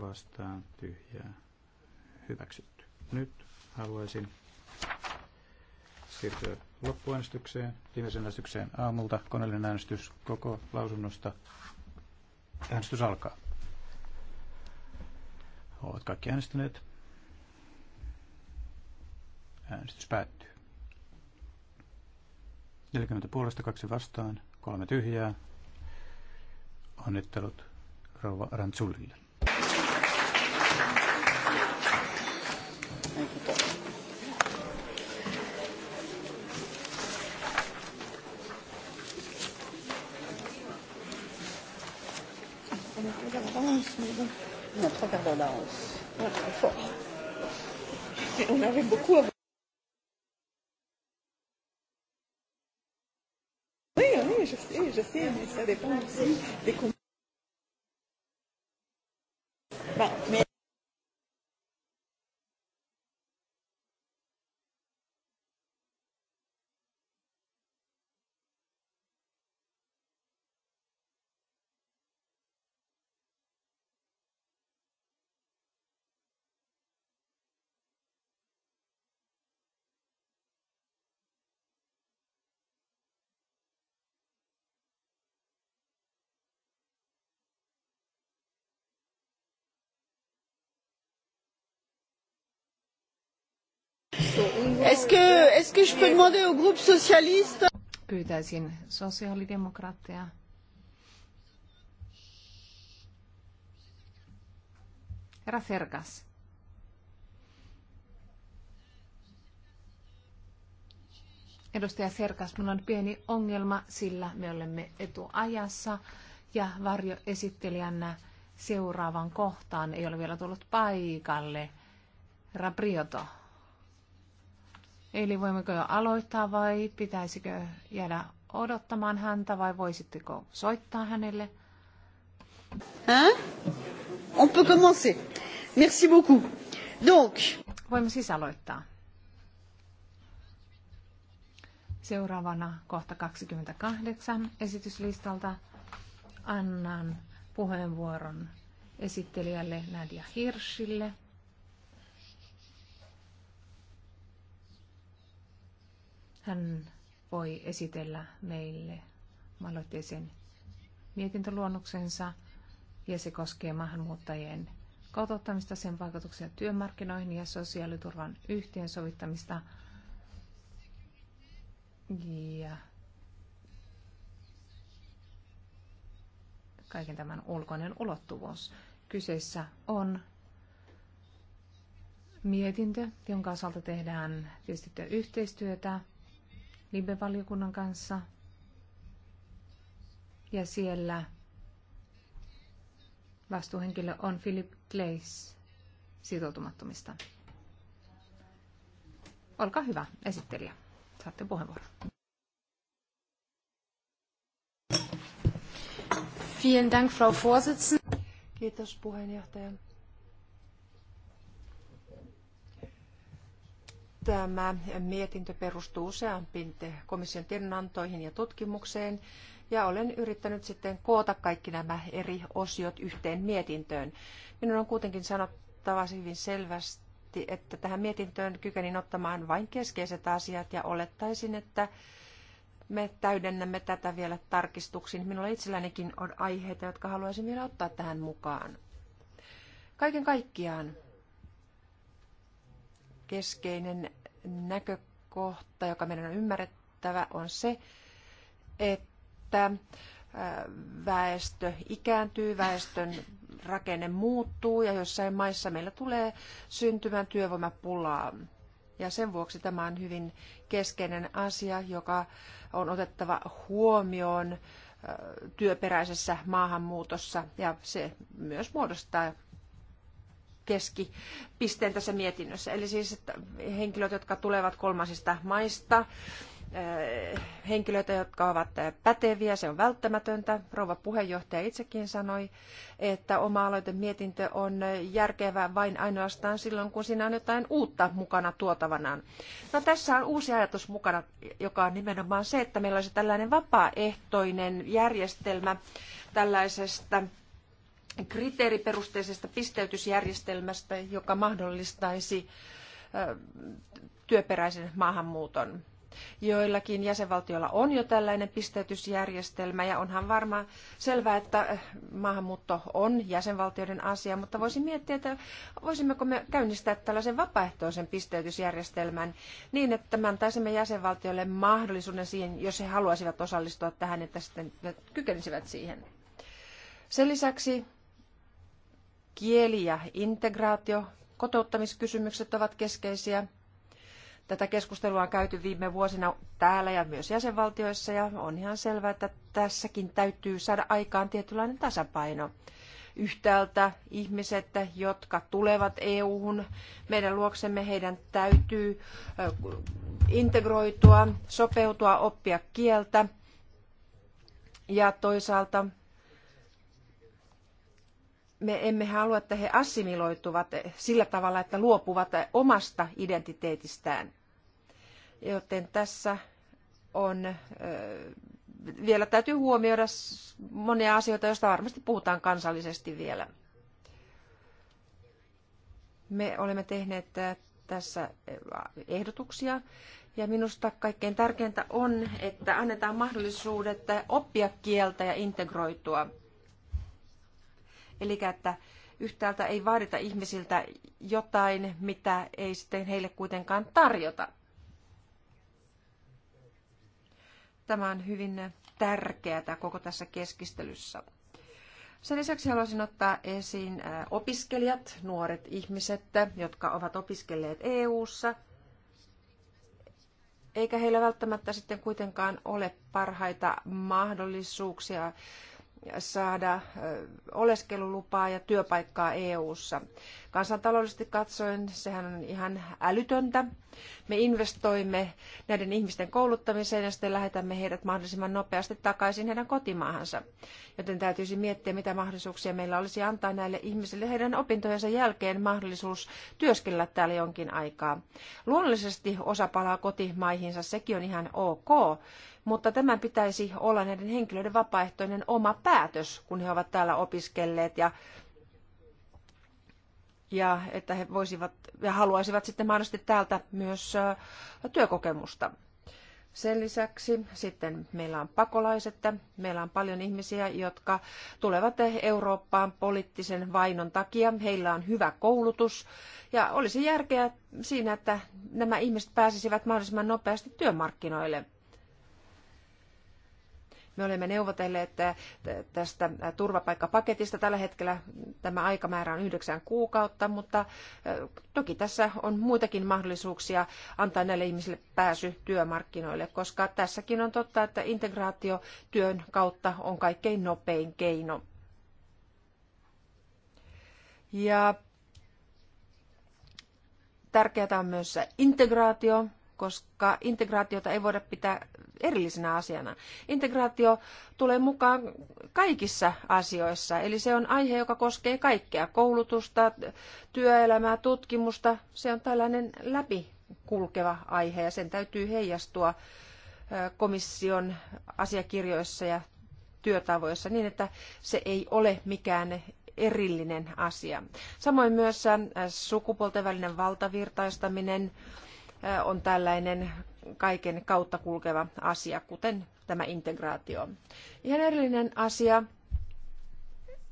vastaan tyhjää hyväksytty. Nyt haluaisin siirtyä loppuäänestykseen, viimeisen äänestykseen aamulta. Koneellinen äänestys koko lausunnosta. Äänestys alkaa. Ovat kaikki äänestyneet. Äänestys päättyy. 40 puolesta, kaksi vastaan, Kolme tyhjää. Onnittelut rouva Rantsulille. On avait beaucoup je sais, mais ça dépend aussi des Est-ce que, est que je peux demander au groupe socialiste? Pyytäisin sosiaalidemokraatteja. Herra Fergas. Edustaja Serkas, minulla on pieni ongelma, sillä me olemme etuajassa ja varjoesittelijänä seuraavan kohtaan ei ole vielä tullut paikalle. Rabrioto. Eli voimmeko jo aloittaa vai pitäisikö jäädä odottamaan häntä vai voisitteko soittaa hänelle? Hein? On peut commencer. Merci beaucoup. Donc. Voimme siis aloittaa. Seuraavana kohta 28 esityslistalta annan puheenvuoron esittelijälle Nadia Hirschille. Hän voi esitellä meille maloitteisen mietintöluonnoksensa ja se koskee maahanmuuttajien kotouttamista, sen vaikutuksia työmarkkinoihin ja sosiaaliturvan yhteensovittamista ja kaiken tämän ulkoinen ulottuvuus. Kyseessä on mietintö, jonka osalta tehdään tietysti yhteistyötä Libe-valiokunnan kanssa. Ja siellä vastuuhenkilö on Philip Gleis sitoutumattomista. Olkaa hyvä, esittelijä. Saatte puheenvuoron. Vielen Dank, Frau Vorsitzende. Kiitos puheenjohtaja. tämä mietintö perustuu useampiin komission tiedonantoihin ja tutkimukseen, ja olen yrittänyt sitten koota kaikki nämä eri osiot yhteen mietintöön. Minun on kuitenkin sanottava hyvin selvästi, että tähän mietintöön kykenin ottamaan vain keskeiset asiat, ja olettaisin, että me täydennämme tätä vielä tarkistuksiin. Minulla itsellänikin on aiheita, jotka haluaisin vielä ottaa tähän mukaan. Kaiken kaikkiaan keskeinen näkökohta, joka meidän on ymmärrettävä, on se, että väestö ikääntyy, väestön rakenne muuttuu ja jossain maissa meillä tulee syntymään työvoimapulaa. Ja sen vuoksi tämä on hyvin keskeinen asia, joka on otettava huomioon työperäisessä maahanmuutossa ja se myös muodostaa keskipisteen tässä mietinnössä. Eli siis henkilöt, jotka tulevat kolmansista maista, eh, henkilöitä, jotka ovat eh, päteviä, se on välttämätöntä. Rouva puheenjohtaja itsekin sanoi, että oma mietintö on eh, järkevää vain ainoastaan silloin, kun siinä on jotain uutta mukana tuotavanaan. No tässä on uusi ajatus mukana, joka on nimenomaan se, että meillä olisi tällainen vapaaehtoinen järjestelmä tällaisesta kriteeriperusteisesta pisteytysjärjestelmästä, joka mahdollistaisi työperäisen maahanmuuton. Joillakin jäsenvaltioilla on jo tällainen pisteytysjärjestelmä ja onhan varmaan selvää, että maahanmuutto on jäsenvaltioiden asia, mutta voisin miettiä, että voisimmeko me käynnistää tällaisen vapaaehtoisen pisteytysjärjestelmän niin, että me antaisimme jäsenvaltioille mahdollisuuden siihen, jos he haluaisivat osallistua tähän, että sitten kykenisivät siihen. Sen lisäksi kieli ja integraatio, kotouttamiskysymykset ovat keskeisiä. Tätä keskustelua on käyty viime vuosina täällä ja myös jäsenvaltioissa ja on ihan selvää, että tässäkin täytyy saada aikaan tietynlainen tasapaino. Yhtäältä ihmiset, jotka tulevat EU-hun meidän luoksemme, heidän täytyy integroitua, sopeutua, oppia kieltä ja toisaalta me emme halua, että he assimiloituvat sillä tavalla, että luopuvat omasta identiteetistään. Joten tässä on, vielä täytyy huomioida monia asioita, joista varmasti puhutaan kansallisesti vielä. Me olemme tehneet tässä ehdotuksia ja minusta kaikkein tärkeintä on, että annetaan mahdollisuudet oppia kieltä ja integroitua – Eli että yhtäältä ei vaadita ihmisiltä jotain, mitä ei sitten heille kuitenkaan tarjota. Tämä on hyvin tärkeää koko tässä keskistelyssä. Sen lisäksi haluaisin ottaa esiin opiskelijat, nuoret ihmiset, jotka ovat opiskelleet EU-ssa. Eikä heillä välttämättä sitten kuitenkaan ole parhaita mahdollisuuksia saada oleskelulupaa ja työpaikkaa EU:ssa. Kansantaloudellisesti katsoen sehän on ihan älytöntä. Me investoimme näiden ihmisten kouluttamiseen ja sitten lähetämme heidät mahdollisimman nopeasti takaisin heidän kotimaahansa. Joten täytyisi miettiä, mitä mahdollisuuksia meillä olisi antaa näille ihmisille heidän opintojensa jälkeen mahdollisuus työskennellä täällä jonkin aikaa. Luonnollisesti osa palaa kotimaihinsa, sekin on ihan ok, mutta tämän pitäisi olla näiden henkilöiden vapaaehtoinen oma päätös, kun he ovat täällä opiskelleet ja, ja että he voisivat ja haluaisivat sitten mahdollisesti täältä myös työkokemusta. Sen lisäksi sitten meillä on pakolaiset. Meillä on paljon ihmisiä, jotka tulevat Eurooppaan poliittisen vainon takia. Heillä on hyvä koulutus ja olisi järkeä siinä, että nämä ihmiset pääsisivät mahdollisimman nopeasti työmarkkinoille. Me olemme neuvotelleet tästä turvapaikkapaketista. Tällä hetkellä tämä aikamäärä on yhdeksän kuukautta, mutta toki tässä on muitakin mahdollisuuksia antaa näille ihmisille pääsy työmarkkinoille, koska tässäkin on totta, että integraatio työn kautta on kaikkein nopein keino. Ja tärkeää on myös integraatio, koska integraatiota ei voida pitää erillisenä asiana. Integraatio tulee mukaan kaikissa asioissa, eli se on aihe, joka koskee kaikkea, koulutusta, työelämää, tutkimusta. Se on tällainen läpikulkeva aihe ja sen täytyy heijastua komission asiakirjoissa ja työtavoissa niin, että se ei ole mikään erillinen asia. Samoin myös sukupuolten välinen valtavirtaistaminen on tällainen kaiken kautta kulkeva asia, kuten tämä integraatio. Ihan erillinen asia,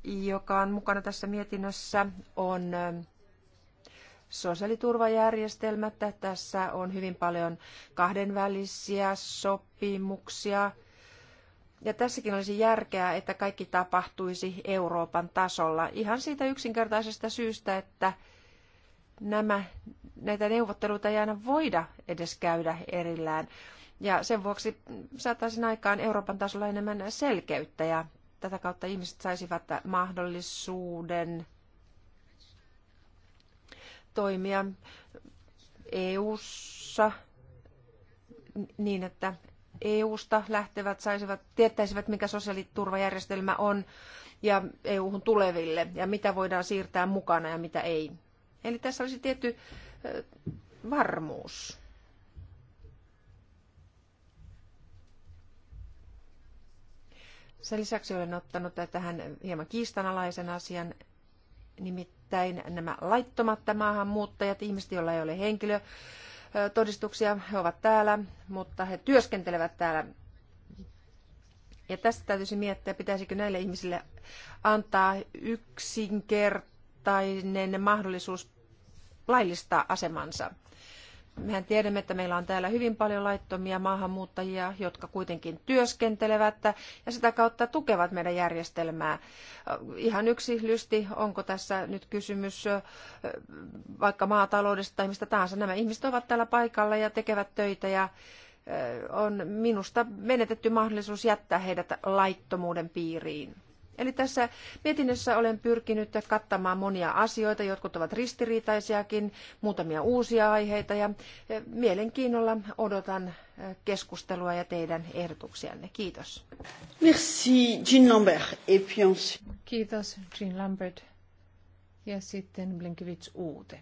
joka on mukana tässä mietinnössä, on sosiaaliturvajärjestelmät. Tässä on hyvin paljon kahdenvälisiä sopimuksia. Ja tässäkin olisi järkeä, että kaikki tapahtuisi Euroopan tasolla ihan siitä yksinkertaisesta syystä, että nämä näitä neuvotteluita ei aina voida edes käydä erillään. Ja sen vuoksi saataisiin aikaan Euroopan tasolla enemmän selkeyttä ja tätä kautta ihmiset saisivat mahdollisuuden toimia EU-ssa niin, että EU-sta lähtevät saisivat, tietäisivät, mikä sosiaaliturvajärjestelmä on ja EU-hun tuleville ja mitä voidaan siirtää mukana ja mitä ei. Eli tässä olisi tietty varmuus. Sen lisäksi olen ottanut tähän hieman kiistanalaisen asian, nimittäin nämä laittomat maahanmuuttajat, ihmiset, joilla ei ole henkilötodistuksia, he ovat täällä, mutta he työskentelevät täällä. Ja tästä täytyisi miettiä, pitäisikö näille ihmisille antaa yksinkertainen mahdollisuus laillistaa asemansa. Mehän tiedämme, että meillä on täällä hyvin paljon laittomia maahanmuuttajia, jotka kuitenkin työskentelevät ja sitä kautta tukevat meidän järjestelmää. Ihan yksi lysti, onko tässä nyt kysymys vaikka maataloudesta tai mistä tahansa. Nämä ihmiset ovat täällä paikalla ja tekevät töitä ja on minusta menetetty mahdollisuus jättää heidät laittomuuden piiriin. Eli tässä mietinnössä olen pyrkinyt kattamaan monia asioita, jotkut ovat ristiriitaisiakin, muutamia uusia aiheita ja e, mielenkiinnolla odotan e, keskustelua ja teidän ehdotuksianne. Kiitos. Merci Jean Lambert. Et puis Kiitos Jean Lambert. Ja sitten Blinkevits Uute.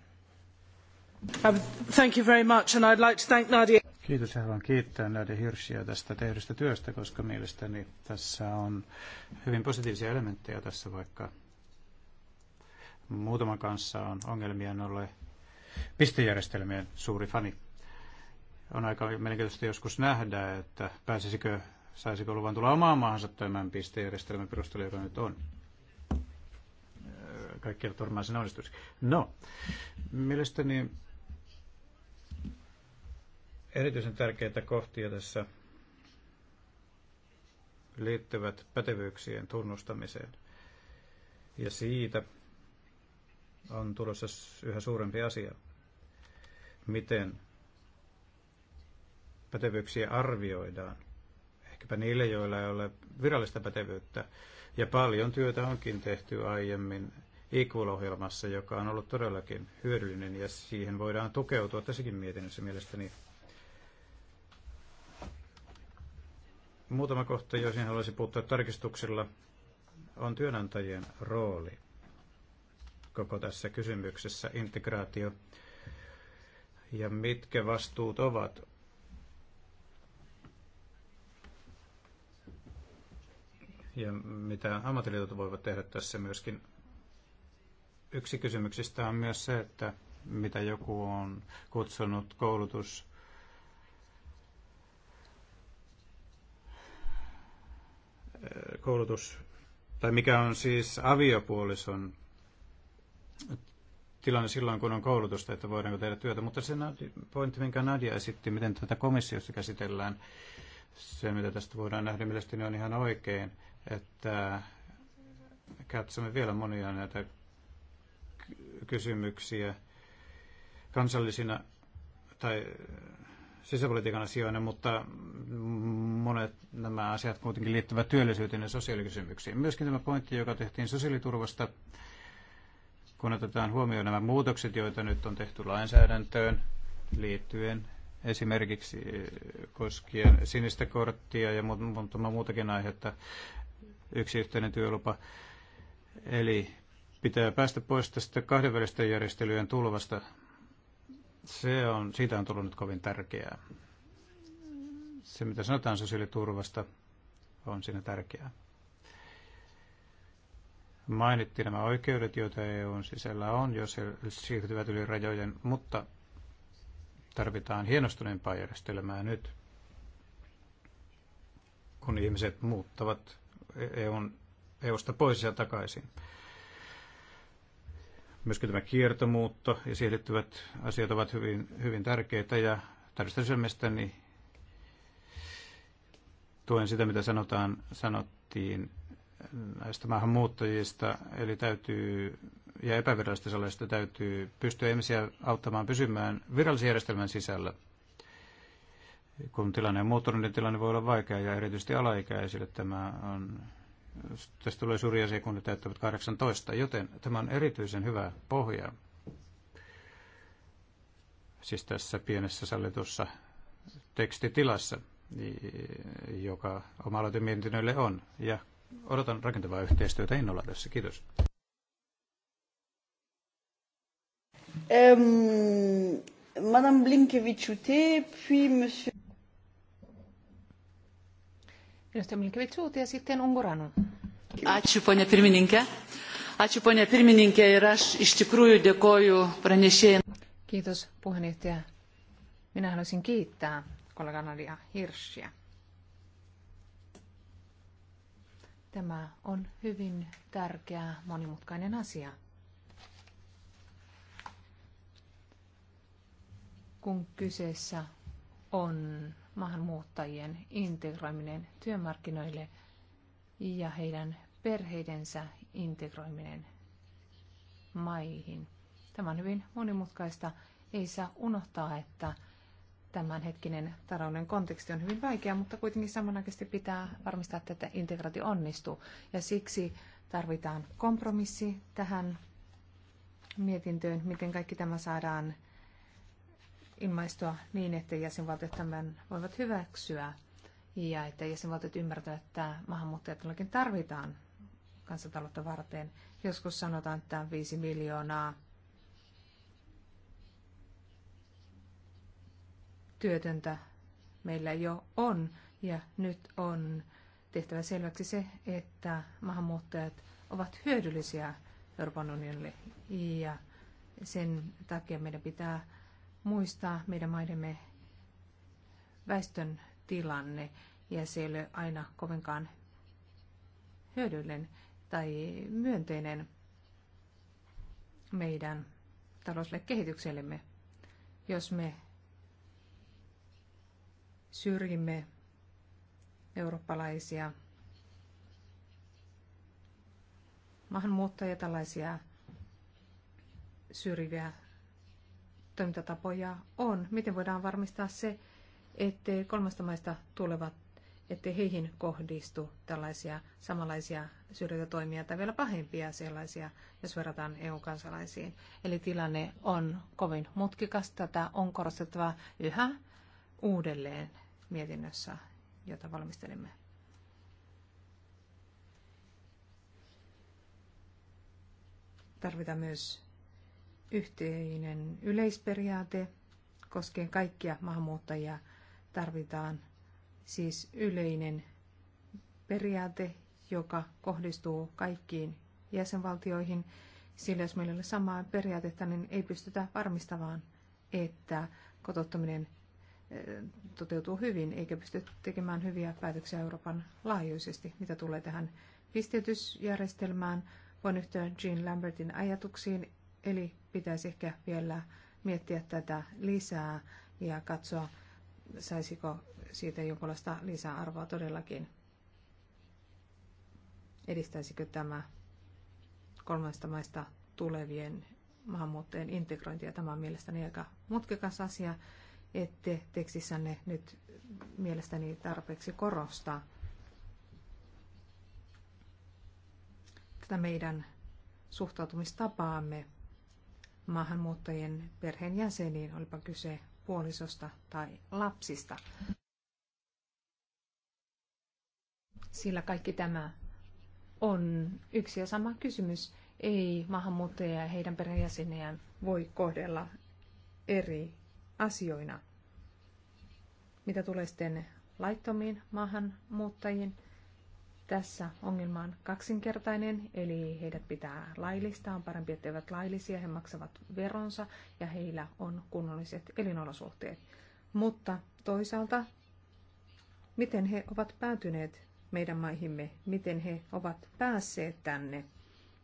Um, thank you very much and I'd like to thank Nadia. Kiitos ja haluan kiittää näiden Hirschiä tästä tehdystä työstä, koska mielestäni tässä on hyvin positiivisia elementtejä tässä, vaikka muutaman kanssa on ongelmia, en ole pistejärjestelmien suuri fani. On aika mielenkiintoista joskus nähdä, että pääsisikö, saisiko luvan tulla omaan maahansa tämän pistejärjestelmän perusteella, joka nyt on. Kaikki eivät varmaan sen onnistuisi. No, mielestäni Erityisen tärkeitä kohtia tässä liittyvät pätevyyksien tunnustamiseen. Ja siitä on tulossa yhä suurempi asia, miten pätevyyksiä arvioidaan. Ehkäpä niille, joilla ei ole virallista pätevyyttä. Ja paljon työtä onkin tehty aiemmin Equal-ohjelmassa, joka on ollut todellakin hyödyllinen ja siihen voidaan tukeutua tässäkin mietinnössä mielestäni. Muutama kohta, joihin haluaisin puuttua tarkistuksilla, on työnantajien rooli koko tässä kysymyksessä, integraatio ja mitkä vastuut ovat. Ja mitä ammattiliitot voivat tehdä tässä myöskin. Yksi kysymyksistä on myös se, että mitä joku on kutsunut koulutus koulutus, tai mikä on siis aviopuolison tilanne silloin, kun on koulutusta, että voidaanko tehdä työtä. Mutta se pointti, minkä Nadia esitti, miten tätä komissiossa käsitellään, se mitä tästä voidaan nähdä, mielestäni on ihan oikein, että katsomme vielä monia näitä kysymyksiä kansallisina tai sisäpolitiikan asioina, mutta monet nämä asiat kuitenkin liittyvät työllisyyteen ja sosiaalikysymyksiin. Myöskin tämä pointti, joka tehtiin sosiaaliturvasta, kun otetaan huomioon nämä muutokset, joita nyt on tehty lainsäädäntöön liittyen esimerkiksi eh, koskien sinistä korttia ja monta muutakin aihetta, yksi yhteinen työlupa. Eli pitää päästä pois tästä kahdenvälisten järjestelyjen tulvasta, se on, siitä on tullut nyt kovin tärkeää. Se, mitä sanotaan sosiaaliturvasta, on siinä tärkeää. Mainittiin nämä oikeudet, joita EUn sisällä on, jos he siirtyvät yli rajojen, mutta tarvitaan hienostuneempaa järjestelmää nyt, kun ihmiset muuttavat EUn, EUsta pois ja takaisin. Myöskin tämä kiertomuutto ja siihen liittyvät asiat ovat hyvin, hyvin tärkeitä ja niin tuen sitä, mitä sanotaan, sanottiin näistä maahanmuuttajista, eli täytyy, ja epävirallisista sellaisista täytyy pystyä ihmisiä auttamaan pysymään virallisen järjestelmän sisällä. Kun tilanne on muuttunut, niin tilanne voi olla vaikea, ja erityisesti alaikäisille tämä on Tästä tulee suuri asia, kun ne täyttävät 18, joten tämä on erityisen hyvä pohja. Siis tässä pienessä sallitussa tekstitilassa, joka oma aloitemietinnöille on. Ja odotan rakentavaa yhteistyötä innolla tässä. Kiitos. Madame blinkevich puis Monsieur... Edustaja Milkevitsuuti ja Unguranu. Ačiū, ponė pirmininkė. Ačiū, ponė pirmininkė, ir aš iš tikrųjų dėkoju pranešėjai. Kiitos, puheenjohtaja. Minä haluaisin kiittää kollega Nadia Hirschia. Tämä on hyvin tärkeä monimutkainen asia. Kun kyseessä on maahanmuuttajien integroiminen työmarkkinoille ja heidän perheidensä integroiminen maihin. Tämä on hyvin monimutkaista. Ei saa unohtaa, että tämänhetkinen talouden konteksti on hyvin vaikea, mutta kuitenkin samanaikaisesti pitää varmistaa, että integraatio onnistuu. Ja siksi tarvitaan kompromissi tähän mietintöön, miten kaikki tämä saadaan ilmaistua niin, että jäsenvaltiot tämän voivat hyväksyä ja että jäsenvaltiot ymmärtävät, että maahanmuuttajat todellakin tarvitaan kansantaloutta varten. Joskus sanotaan, että 5 miljoonaa työtöntä meillä jo on ja nyt on tehtävä selväksi se, että maahanmuuttajat ovat hyödyllisiä Euroopan unionille ja sen takia meidän pitää muistaa meidän maidemme väestön tilanne ja se ei ole aina kovinkaan hyödyllinen tai myönteinen meidän talouselle kehityksellemme, jos me syrjimme eurooppalaisia maahanmuuttajia, tällaisia syrjiviä toimintatapoja on? Miten voidaan varmistaa se, ettei kolmasta maista tulevat, ettei heihin kohdistu tällaisia samanlaisia syrjintätoimia tai vielä pahempia sellaisia, jos verrataan EU-kansalaisiin. Eli tilanne on kovin mutkikas. Tätä on korostettava yhä uudelleen mietinnössä, jota valmistelimme. Tarvitaan myös Yhteinen yleisperiaate koskien kaikkia maahanmuuttajia tarvitaan siis yleinen periaate, joka kohdistuu kaikkiin jäsenvaltioihin, sillä jos meillä ei ole samaa periaatetta, niin ei pystytä varmistamaan, että kotouttaminen eh, toteutuu hyvin, eikä pysty tekemään hyviä päätöksiä Euroopan laajuisesti, mitä tulee tähän pisteytysjärjestelmään. Voin yhtyä Jean Lambertin ajatuksiin, Eli pitäisi ehkä vielä miettiä tätä lisää ja katsoa, saisiko siitä jonkinlaista lisäarvoa todellakin. Edistäisikö tämä kolmesta maista tulevien maahanmuuttajien integrointia? Tämä on mielestäni aika mutkikas asia, ette tekstissänne nyt mielestäni tarpeeksi korostaa tätä meidän suhtautumistapaamme maahanmuuttajien perheenjäseniin, olipa kyse puolisosta tai lapsista. Sillä kaikki tämä on yksi ja sama kysymys. Ei maahanmuuttajia ja heidän perheenjäseniään voi kohdella eri asioina. Mitä tulee sitten laittomiin maahanmuuttajiin, tässä ongelma on kaksinkertainen, eli heidät pitää laillistaa. On parempi, että ovat laillisia. He maksavat veronsa ja heillä on kunnolliset elinolosuhteet. Mutta toisaalta, miten he ovat päätyneet meidän maihimme? Miten he ovat päässeet tänne?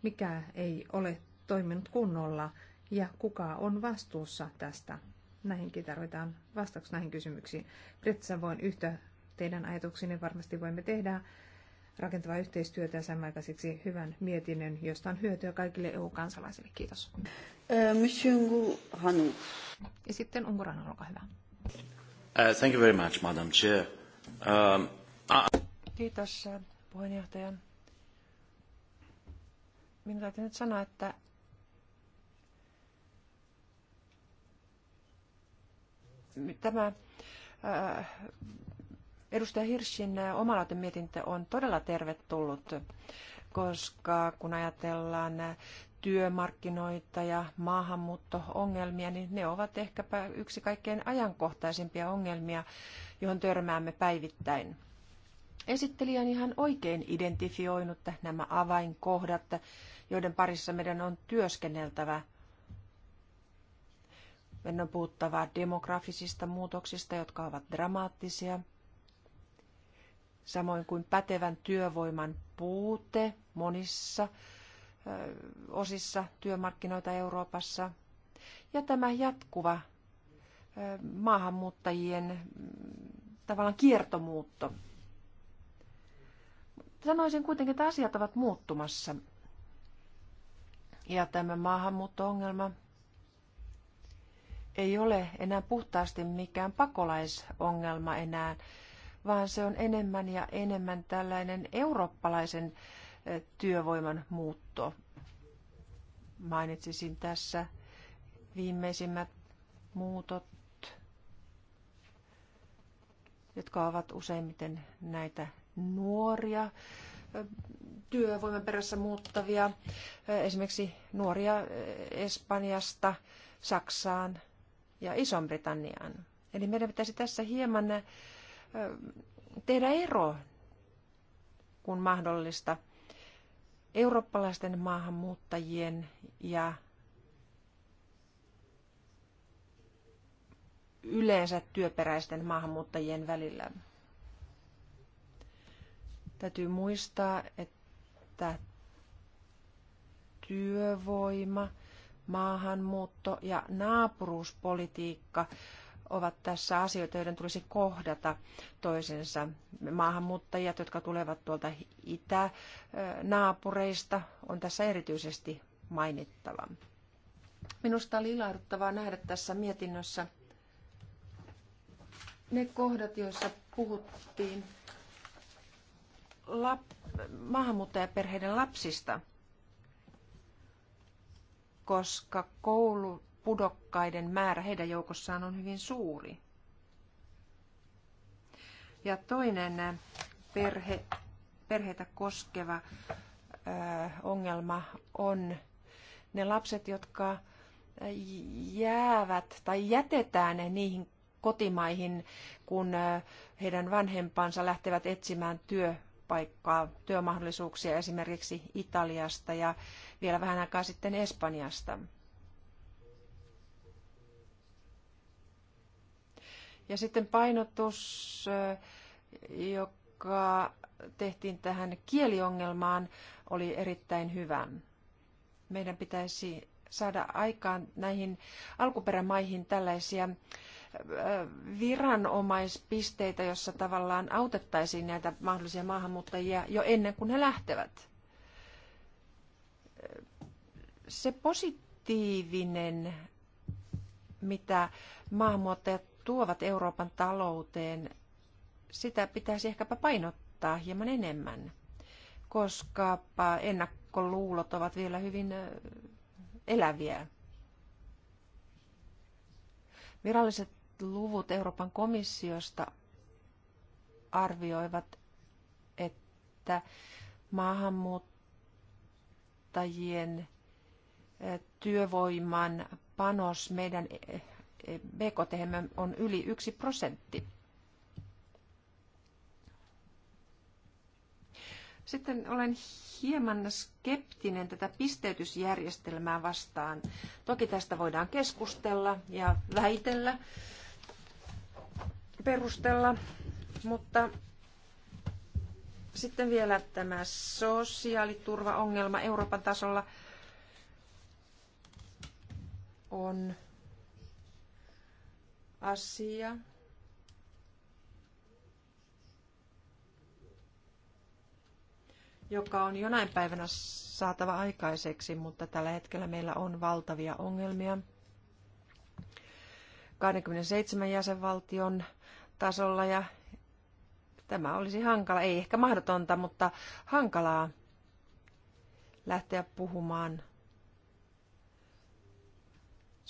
Mikä ei ole toiminut kunnolla? Ja kuka on vastuussa tästä? Näihinkin tarvitaan vastauksia näihin kysymyksiin. Pretsa voin yhtä teidän ajatuksiinne varmasti voimme tehdä rakentavaa yhteistyötä ja saamme aikaiseksi hyvän mietinnön, josta on hyötyä kaikille EU-kansalaisille. Kiitos. Ja sitten Unkuran, olkaa hyvä. thank you very much, Madam Chair. Kiitos, puheenjohtaja. Minun täytyy nyt sanoa, että tämä Edustaja Hirschin mietintö on todella tervetullut, koska kun ajatellaan työmarkkinoita ja maahanmuutto-ongelmia, niin ne ovat ehkäpä yksi kaikkein ajankohtaisimpia ongelmia, johon törmäämme päivittäin. Esittelijä on ihan oikein identifioinut nämä avainkohdat, joiden parissa meidän on työskenneltävä. Meidän on puhuttava demografisista muutoksista, jotka ovat dramaattisia – samoin kuin pätevän työvoiman puute monissa osissa työmarkkinoita Euroopassa ja tämä jatkuva maahanmuuttajien mm, tavallaan kiertomuutto. Sanoisin kuitenkin, että asiat ovat muuttumassa. Ja tämä maahanmuutto-ongelma ei ole enää puhtaasti mikään pakolaisongelma enää, vaan se on enemmän ja enemmän tällainen eurooppalaisen eh, työvoiman muutto. Mainitsisin tässä viimeisimmät muutot, jotka ovat useimmiten näitä nuoria eh, työvoiman perässä muuttavia, eh, esimerkiksi nuoria Espanjasta Saksaan ja Iso-Britanniaan. Eli meidän pitäisi tässä hieman tehdä ero, kun mahdollista, eurooppalaisten maahanmuuttajien ja yleensä työperäisten maahanmuuttajien välillä. Täytyy muistaa, että työvoima, maahanmuutto ja naapuruuspolitiikka ovat tässä asioita, joiden tulisi kohdata toisensa. Maahanmuuttajat, jotka tulevat tuolta itänaapureista, on tässä erityisesti mainittava. Minusta oli ilahduttavaa nähdä tässä mietinnössä ne kohdat, joissa puhuttiin lap, maahanmuuttajaperheiden lapsista, koska koulu, pudokkaiden määrä heidän joukossaan on hyvin suuri. Ja toinen äh, perhe, perheitä koskeva ö, äh, ongelma on ne lapset, jotka jäävät tai jätetään niihin kotimaihin, kun äh, heidän vanhempansa lähtevät etsimään työpaikkaa, työmahdollisuuksia esimerkiksi Italiasta ja vielä vähän aikaa sitten Espanjasta. Ja sitten painotus, joka tehtiin tähän kieliongelmaan, oli erittäin hyvä. Meidän pitäisi saada aikaan näihin alkuperämaihin tällaisia viranomaispisteitä, jossa tavallaan autettaisiin näitä mahdollisia maahanmuuttajia jo ennen kuin he lähtevät. Se positiivinen, mitä maahanmuuttajat tuovat Euroopan talouteen, sitä pitäisi ehkäpä painottaa hieman enemmän, koska ennakkoluulot ovat vielä hyvin eläviä. Viralliset luvut Euroopan komissiosta arvioivat, että maahanmuuttajien työvoiman panos meidän BKT on yli yksi prosentti. Sitten olen hieman skeptinen tätä pisteytysjärjestelmää vastaan. Toki tästä voidaan keskustella ja väitellä, perustella, mutta sitten vielä tämä sosiaaliturvaongelma Euroopan tasolla on asia. joka on jonain päivänä saatava aikaiseksi, mutta tällä hetkellä meillä on valtavia ongelmia. 27 jäsenvaltion tasolla ja tämä olisi hankala, ei ehkä mahdotonta, mutta hankalaa lähteä puhumaan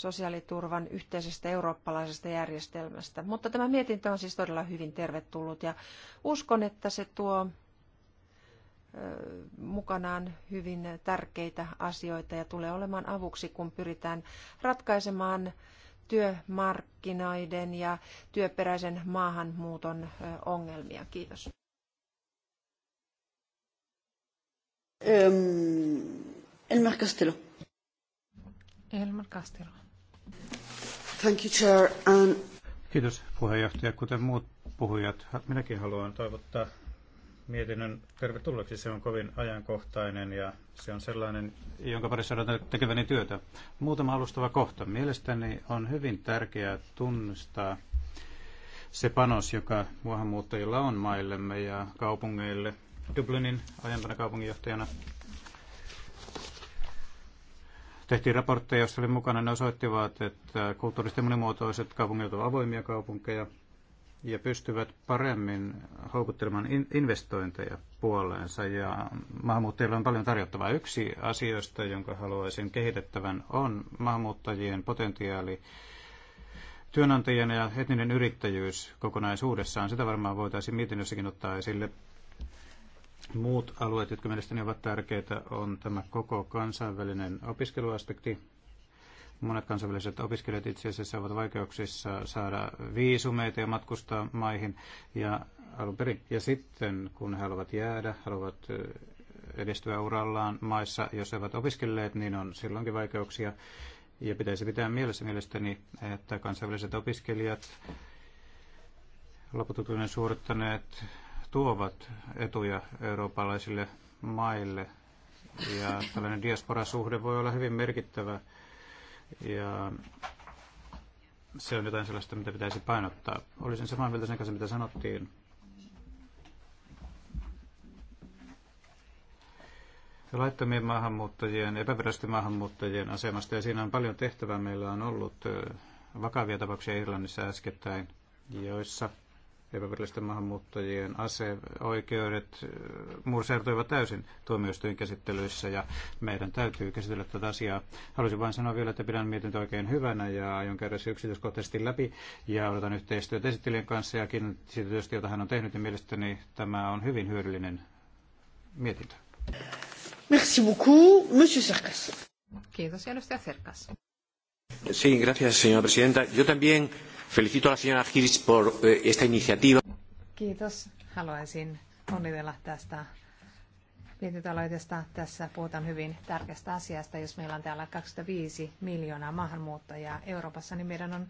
sosiaaliturvan yhteisestä eurooppalaisesta järjestelmästä. Mutta tämä mietintö on siis todella hyvin tervetullut ja uskon, että se tuo mukanaan hyvin tärkeitä asioita ja tulee olemaan avuksi, kun pyritään ratkaisemaan työmarkkinoiden ja työperäisen maahanmuuton ongelmia. Kiitos. Elmar Castelo. Elmar Castelo. Thank you, Chair. Kiitos puheenjohtaja. Kuten muut puhujat, minäkin haluan toivottaa mietinnön tervetulleeksi. Se on kovin ajankohtainen ja se on sellainen, jonka parissa odotan tekeväni työtä. Muutama alustava kohta. Mielestäni on hyvin tärkeää tunnistaa se panos, joka maahanmuuttajilla on maillemme ja kaupungeille. Dublinin aiempana kaupunginjohtajana tehtiin raportteja, joissa oli mukana, ne osoittivat, että kulttuurisesti monimuotoiset kaupungit ovat avoimia kaupunkeja ja pystyvät paremmin houkuttelemaan investointeja puoleensa. Ja maahanmuuttajilla on paljon tarjottavaa. Yksi asioista, jonka haluaisin kehitettävän, on maahanmuuttajien potentiaali työnantajien ja etninen yrittäjyys kokonaisuudessaan. Sitä varmaan voitaisiin mietinnössäkin ottaa esille muut alueet, jotka mielestäni ovat tärkeitä, on tämä koko kansainvälinen opiskeluaspekti. Monet kansainväliset opiskelijat itse asiassa ovat vaikeuksissa saada viisumeita ja matkustaa maihin. Ja, alun perin. ja sitten, kun he haluavat jäädä, haluavat edistyä urallaan maissa, jos he ovat opiskelleet, niin on silloinkin vaikeuksia. Ja pitäisi pitää mielessä mielestäni, että kansainväliset opiskelijat, lopututuneen suorittaneet tuovat etuja eurooppalaisille maille. Ja tällainen diasporasuhde voi olla hyvin merkittävä ja se on jotain sellaista, mitä pitäisi painottaa. Olisin samaa mieltä sen kanssa, mitä sanottiin. Laittomien maahanmuuttajien, epävirallisten maahanmuuttajien asemasta, ja siinä on paljon tehtävää. Meillä on ollut vakavia tapauksia Irlannissa äskettäin, joissa epävirallisten maahanmuuttajien aseoikeudet äh, mursertoivat täysin tuomioistuin käsittelyissä ja meidän täytyy käsitellä tätä asiaa. Haluaisin vain sanoa vielä, että pidän mietintö oikein hyvänä ja aion käydä se yksityiskohtaisesti läpi ja odotan yhteistyötä esittelijän kanssa ja siitä työstä, jota hän on tehnyt ja mielestäni tämä on hyvin hyödyllinen mietintö. Merci beaucoup, Monsieur Serkas. Kiitos, edustaja Serkas. Sí, gracias, señora presidenta. Yo también felicito a la señora Hirsch por eh, esta iniciativa. Kiitos. Haluaisin onnitella tästä mietintöaloitesta. Tässä puhutaan hyvin tärkeästä asiasta. Jos meillä on täällä 25 miljoonaa maahanmuuttajaa Euroopassa, niin meidän on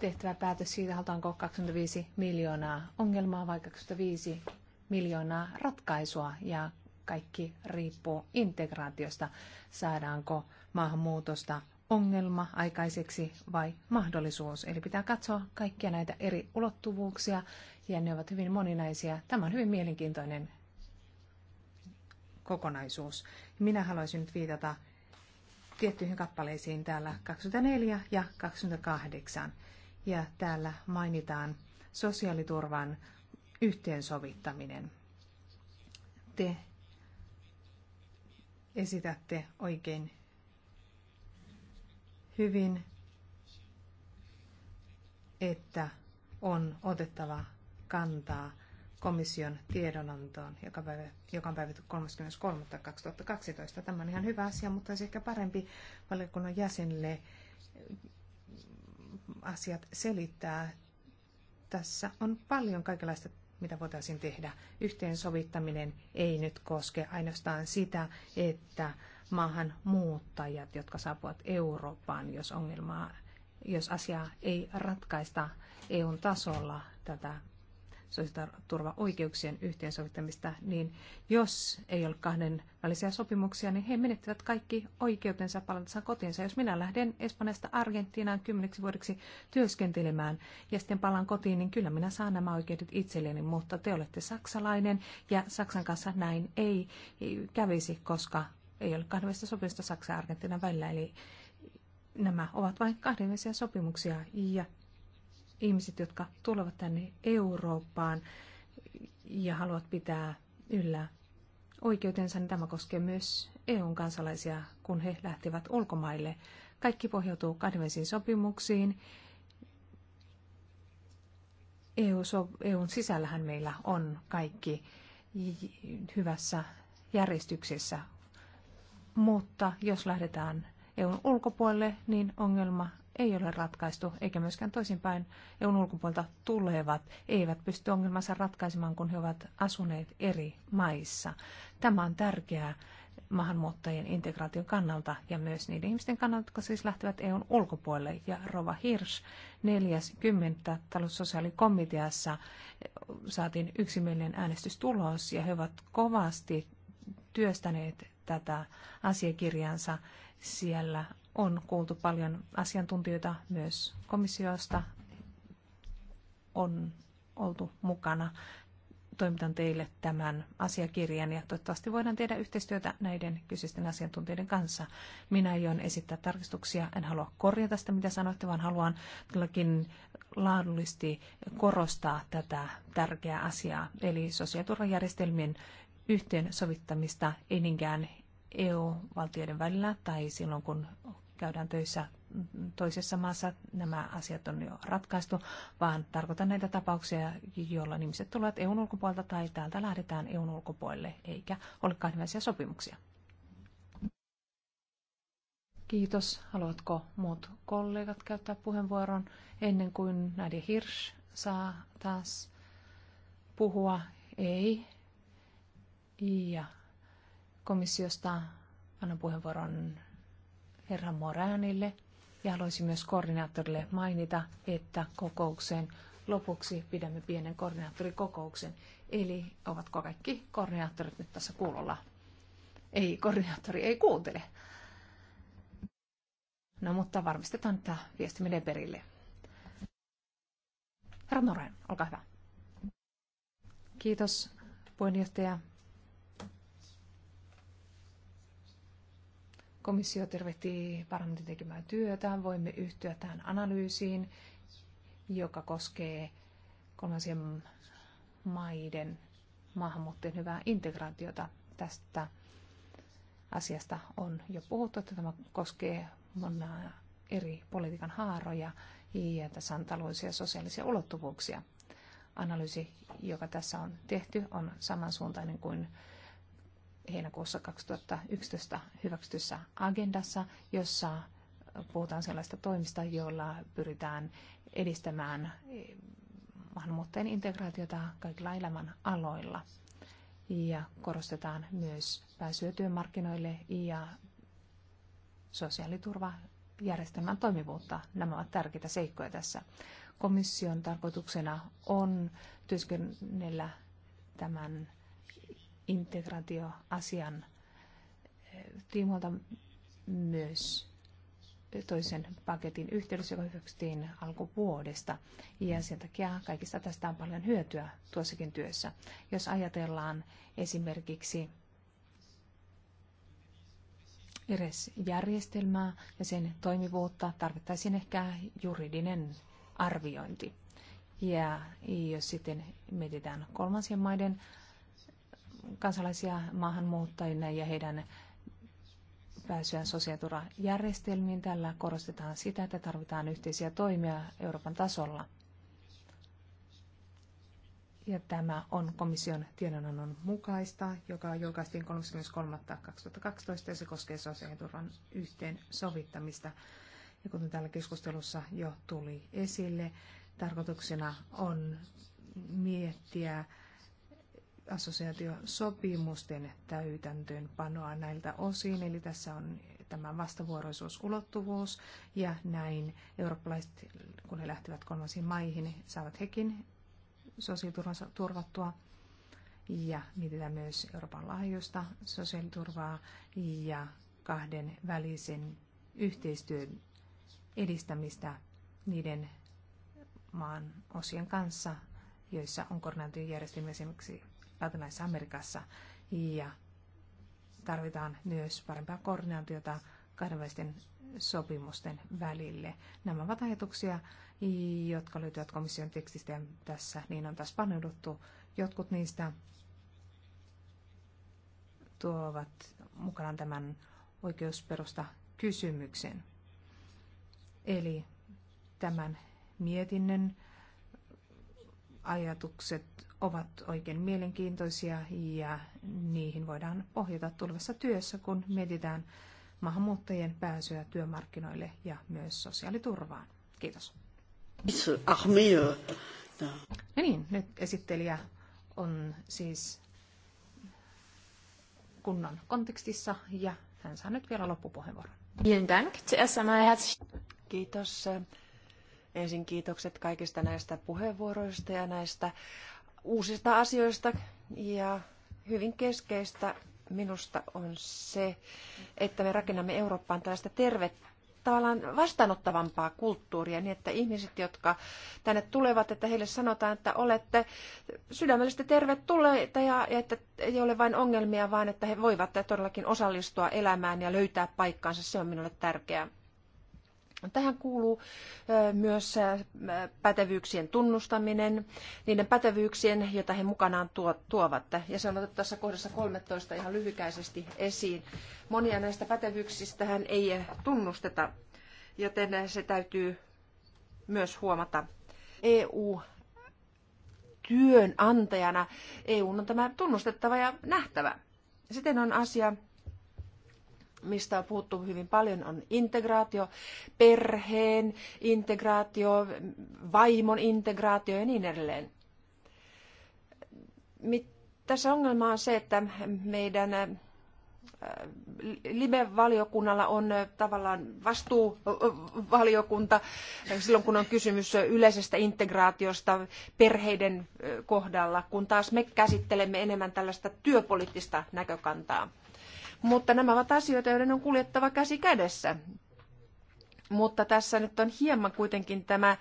tehtävä päätös siitä, halutaanko 25 miljoonaa ongelmaa vai 25 miljoonaa ratkaisua. Ja kaikki riippuu integraatiosta, saadaanko maahanmuutosta ongelma aikaiseksi vai mahdollisuus. Eli pitää katsoa kaikkia näitä eri ulottuvuuksia ja ne ovat hyvin moninaisia. Tämä on hyvin mielenkiintoinen kokonaisuus. Minä haluaisin nyt viitata tiettyihin kappaleisiin täällä 24 ja 28. Ja täällä mainitaan sosiaaliturvan yhteensovittaminen. Te esitätte oikein hyvin, että on otettava kantaa komission tiedonantoon, joka, päivä, joka on päivitetty 33.2012. Tämä on ihan hyvä asia, mutta olisi ehkä parempi valiokunnan jäsenille asiat selittää. Tässä on paljon kaikenlaista, mitä voitaisiin tehdä. Yhteensovittaminen ei nyt koske ainoastaan sitä, että maahanmuuttajat, jotka saapuvat Eurooppaan, jos ongelmaa, jos asia ei ratkaista EUn tasolla tätä sosiaaliturvaoikeuksien yhteensovittamista, niin jos ei ole kahden välisiä sopimuksia, niin he menettävät kaikki oikeutensa palatessaan kotiinsa. Jos minä lähden Espanjasta Argentiinaan kymmeneksi vuodeksi työskentelemään ja sitten palaan kotiin, niin kyllä minä saan nämä oikeudet itselleni, mutta te olette saksalainen ja Saksan kanssa näin ei kävisi, koska ei ole kahdenvälistä sopimusta Saksan ja Argentiinan välillä, eli nämä ovat vain kahdenvälisiä sopimuksia ja ihmiset, jotka tulevat tänne Eurooppaan ja haluavat pitää yllä oikeutensa, niin tämä koskee myös EUn kansalaisia, kun he lähtevät ulkomaille. Kaikki pohjautuu kahdenvälisiin sopimuksiin. EUn e sisällähän meillä on kaikki hyvässä järjestyksessä mutta jos lähdetään EUn ulkopuolelle, niin ongelma ei ole ratkaistu, eikä myöskään toisinpäin EUn ulkopuolelta tulevat eivät pysty ongelmansa ratkaisemaan, kun he ovat asuneet eri maissa. Tämä on tärkeää maahanmuuttajien integraation kannalta ja myös niiden ihmisten kannalta, jotka siis lähtevät EUn ulkopuolelle. Ja Rova Hirsch 40. taloussosiaalikomiteassa saatiin yksimielinen äänestystulos ja he ovat kovasti työstäneet tätä asiakirjansa. Siellä on kuultu paljon asiantuntijoita myös komissiosta. On oltu mukana. Toimitan teille tämän asiakirjan ja toivottavasti voidaan tehdä yhteistyötä näiden kyseisten asiantuntijoiden kanssa. Minä aion esittää tarkistuksia. En halua korjata sitä, mitä sanoitte, vaan haluan todellakin laadullisesti korostaa tätä tärkeää asiaa, eli sosiaaliturvajärjestelmien yhteensovittamista ei niinkään EU-valtioiden välillä tai silloin, kun käydään töissä toisessa maassa, nämä asiat on jo ratkaistu, vaan tarkoitan näitä tapauksia, joilla ihmiset tulevat EUn ulkopuolelta tai täältä lähdetään EUn ulkopuolelle, eikä ole kahdenväisiä sopimuksia. Kiitos. Haluatko muut kollegat käyttää puheenvuoron ennen kuin Nadia Hirsch saa taas puhua? Ei. Ja komissiosta annan puheenvuoron herra Moranille ja haluaisin myös koordinaattorille mainita, että kokouksen lopuksi pidämme pienen koordinaattorikokouksen. Eli ovatko kaikki koordinaattorit nyt tässä kuulolla? Ei, koordinaattori ei kuuntele. No mutta varmistetaan, että viesti menee perille. Herra Moran, olkaa hyvä. Kiitos puheenjohtaja. Komissio tervehtii parlamentin tekemää työtä. Voimme yhtyä tähän analyysiin, joka koskee kolmansien maiden maahanmuuttajien hyvää integraatiota. Tästä asiasta on jo puhuttu, että tämä koskee monia eri politiikan haaroja ja tässä on taloudellisia ja sosiaalisia ulottuvuuksia. Analyysi, joka tässä on tehty, on samansuuntainen kuin heinäkuussa 2011 hyväksytyssä agendassa, jossa puhutaan sellaista toimista, joilla pyritään edistämään maahanmuuttajien integraatiota kaikilla elämän aloilla. Ja korostetaan myös pääsyä työmarkkinoille ja sosiaaliturvajärjestelmän toimivuutta. Nämä ovat tärkeitä seikkoja tässä. Komission tarkoituksena on työskennellä tämän integraatioasian eh, tiimoilta myös toisen paketin yhteydessä, joka hyväksyttiin alkuvuodesta. Ja sen takia kaikista tästä on paljon hyötyä tuossakin työssä. Jos ajatellaan esimerkiksi eräs järjestelmää ja sen toimivuutta, tarvittaisiin ehkä juridinen arviointi. Ja jos sitten mietitään kolmansien maiden kansalaisia maahanmuuttajille ja heidän pääsyään sosiaaliturvajärjestelmiin. Tällä korostetaan sitä, että tarvitaan yhteisiä toimia Euroopan tasolla. Ja tämä on komission tiedonannon mukaista, joka julkaistiin 33.2012 ja se koskee sosiaaliturvan yhteensovittamista. Ja kuten täällä keskustelussa jo tuli esille, tarkoituksena on miettiä assosiaatiosopimusten täytäntöönpanoa näiltä osin. Eli tässä on tämä vastavuoroisuusulottuvuus ja näin eurooppalaiset, kun he lähtevät kolmansiin maihin, saavat hekin sosiaaliturvansa turvattua. Ja mietitään myös Euroopan laajuista sosiaaliturvaa ja kahden välisen yhteistyön edistämistä niiden maan osien kanssa, joissa on koordinaatiojärjestelmä esimerkiksi Latinalaisessa Amerikassa. Ja tarvitaan myös parempaa koordinaatiota kahdenvälisten sopimusten välille. Nämä ovat ajatuksia, jotka löytyvät komission tekstistä ja tässä niin on taas paneuduttu. Jotkut niistä tuovat mukanaan tämän oikeusperusta kysymyksen. Eli tämän mietinnön ajatukset ovat oikein mielenkiintoisia ja niihin voidaan pohjata tulevassa työssä, kun mietitään maahanmuuttajien pääsyä työmarkkinoille ja myös sosiaaliturvaan. Kiitos. Euh, no niin, nyt esittelijä on siis kunnon kontekstissa ja hän saa nyt vielä loppupuheenvuoron. Vielen Kiitos. Ensin kiitokset kaikista näistä puheenvuoroista ja näistä uusista asioista. Ja hyvin keskeistä minusta on se, että me rakennamme Eurooppaan tällaista tervettä tavallaan vastaanottavampaa kulttuuria niin, että ihmiset, jotka tänne tulevat, että heille sanotaan, että olette sydämellisesti tervetulleita ja, ja että ei ole vain ongelmia, vaan että he voivat todellakin osallistua elämään ja löytää paikkaansa. Se on minulle tärkeää. Tähän kuuluu myös pätevyyksien tunnustaminen, niiden pätevyyksien, joita he mukanaan tuovat. Ja se on otettu tässä kohdassa 13 ihan lyhykäisesti esiin. Monia näistä pätevyyksistä hän ei tunnusteta, joten se täytyy myös huomata. EU työnantajana EU on tämä tunnustettava ja nähtävä. Sitten on asia mistä on puhuttu hyvin paljon, on integraatio, perheen integraatio, vaimon integraatio ja niin edelleen. Tässä ongelma on se, että meidän äh, Libe-valiokunnalla on äh, tavallaan vastuuvaliokunta äh, silloin, kun on kysymys yleisestä integraatiosta perheiden kohdalla, kun taas me käsittelemme enemmän tällaista työpoliittista näkökantaa. Mutta nämä ovat asioita, joiden on kuljettava käsi kädessä. Mutta tässä nyt on hieman kuitenkin tämä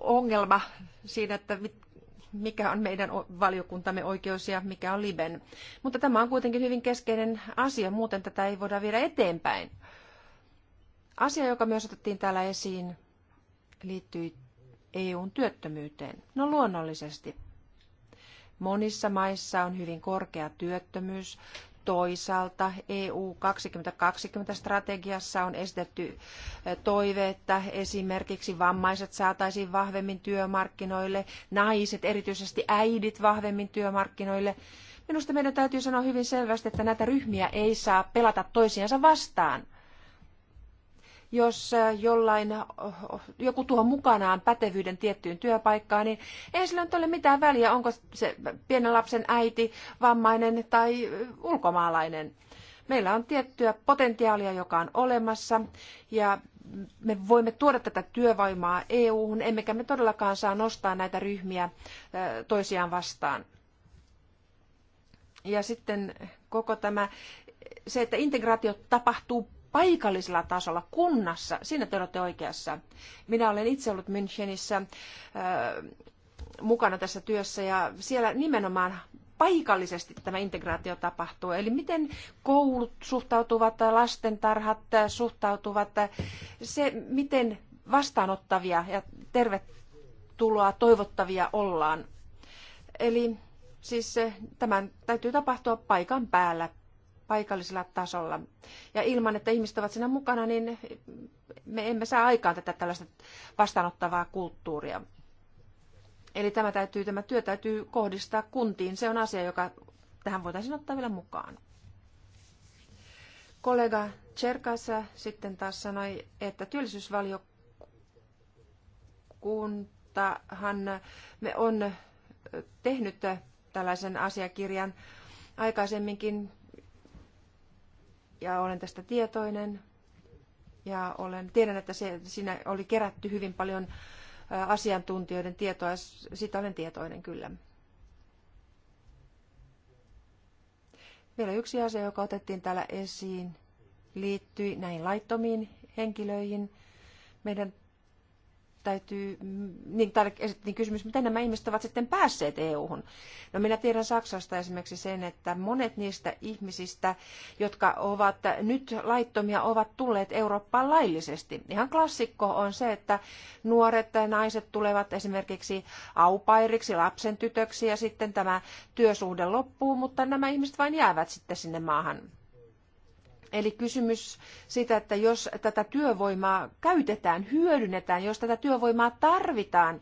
ongelma siinä, että mikä on meidän valiokuntamme oikeus ja mikä on Liben. Mutta tämä on kuitenkin hyvin keskeinen asia, muuten tätä ei voida viedä eteenpäin. Asia, joka myös otettiin täällä esiin, liittyy EUn työttömyyteen. No luonnollisesti. Monissa maissa on hyvin korkea työttömyys, Toisaalta EU 2020-strategiassa on esitetty eh, toive, että esimerkiksi vammaiset saataisiin vahvemmin työmarkkinoille, naiset, erityisesti äidit vahvemmin työmarkkinoille. Minusta meidän täytyy sanoa hyvin selvästi, että näitä ryhmiä ei saa pelata toisiansa vastaan – jos äh, jollain, äh, joku tuo mukanaan pätevyyden tiettyyn työpaikkaan, niin ei sillä nyt ole mitään väliä, onko se pienen lapsen äiti, vammainen tai äh, ulkomaalainen. Meillä on tiettyä potentiaalia, joka on olemassa ja me voimme tuoda tätä työvoimaa EU-hun, emmekä me todellakaan saa nostaa näitä ryhmiä toisiaan vastaan. Ja sitten koko tämä, se, että integraatio tapahtuu paikallisella tasolla, kunnassa, siinä te olette oikeassa. Minä olen itse ollut Münchenissä äh, mukana tässä työssä ja siellä nimenomaan paikallisesti tämä integraatio tapahtuu. Eli miten koulut suhtautuvat, lastentarhat suhtautuvat, se miten vastaanottavia ja tervetuloa toivottavia ollaan. Eli siis eh, tämän täytyy tapahtua paikan päällä paikallisella tasolla. Ja ilman, että ihmiset ovat siinä mukana, niin me emme saa aikaan tätä tällaista vastaanottavaa kulttuuria. Eli tämä, täytyy, tämä työ täytyy kohdistaa kuntiin. Se on asia, joka tähän voitaisiin ottaa vielä mukaan. Kollega Cherkassa sitten taas sanoi, että työllisyysvaliokuntahan me on tehnyt tällaisen asiakirjan aikaisemminkin ja olen tästä tietoinen ja olen, tiedän, että se, siinä oli kerätty hyvin paljon asiantuntijoiden tietoa, siitä olen tietoinen kyllä. Vielä yksi asia, joka otettiin täällä esiin, liittyi näihin laittomiin henkilöihin. Meidän täytyy, mm, niin täällä esitettiin kysymys, miten nämä ihmiset ovat sitten päässeet EU-hun. No minä tiedän Saksasta esimerkiksi sen, että monet niistä ihmisistä, jotka ovat nyt laittomia, ovat tulleet Eurooppaan laillisesti. Ihan klassikko on se, että nuoret naiset tulevat esimerkiksi aupairiksi, lapsen tytöksi ja sitten tämä työsuhde loppuu, mutta nämä ihmiset vain jäävät sitten sinne maahan Eli kysymys siitä, että jos tätä työvoimaa käytetään, hyödynnetään, jos tätä työvoimaa tarvitaan,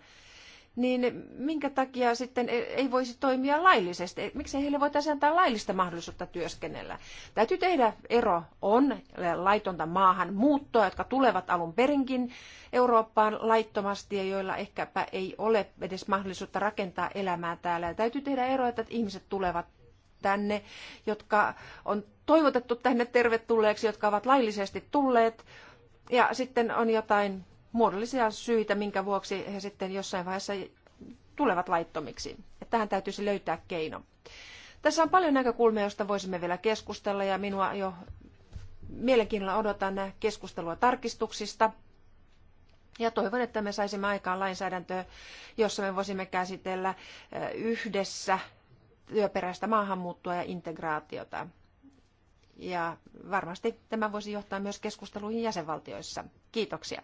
niin minkä takia sitten e- ei voisi toimia laillisesti? E- Miksi heille voitaisiin antaa laillista mahdollisuutta työskennellä? Täytyy tehdä ero on laitonta maahan muuttoa, jotka tulevat alun perinkin Eurooppaan laittomasti ja joilla ehkäpä ei ole edes mahdollisuutta rakentaa elämää täällä. Ja täytyy tehdä ero, että ihmiset tulevat tänne, jotka on toivotettu tänne tervetulleeksi, jotka ovat laillisesti tulleet. Ja sitten on jotain muodollisia syitä, minkä vuoksi he sitten jossain vaiheessa tulevat laittomiksi. Ja tähän täytyisi löytää keino. Tässä on paljon näkökulmia, joista voisimme vielä keskustella ja minua jo mielenkiinnolla odotan keskustelua tarkistuksista. Ja toivon, että me saisimme aikaan lainsäädäntöä, jossa me voisimme käsitellä yhdessä työperäistä maahanmuuttoa ja integraatiota. Ja varmasti tämä voisi johtaa myös keskusteluihin jäsenvaltioissa. Kiitoksia.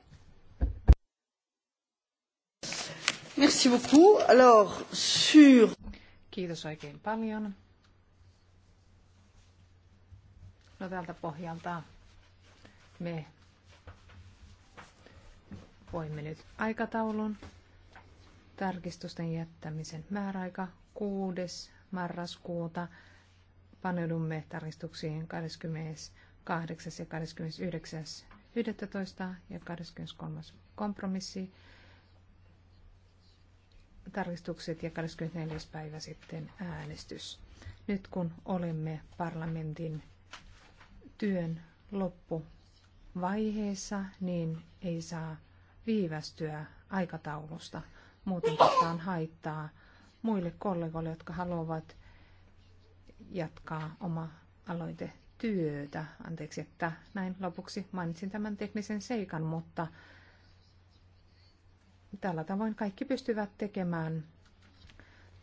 Merci beaucoup. Alors, sur... Kiitos oikein paljon. No tältä pohjalta me voimme nyt aikataulun. Tarkistusten jättämisen määräaika 6 marraskuuta. Paneudumme tarkistuksiin 28. ja 29. 11. ja 23. kompromissi. Tarkistukset ja 24. päivä sitten äänestys. Nyt kun olemme parlamentin työn loppuvaiheessa, niin ei saa viivästyä aikataulusta. Muuten tästä on haittaa muille kollegoille, jotka haluavat jatkaa oma aloite työtä. Anteeksi, että näin lopuksi mainitsin tämän teknisen seikan, mutta tällä tavoin kaikki pystyvät tekemään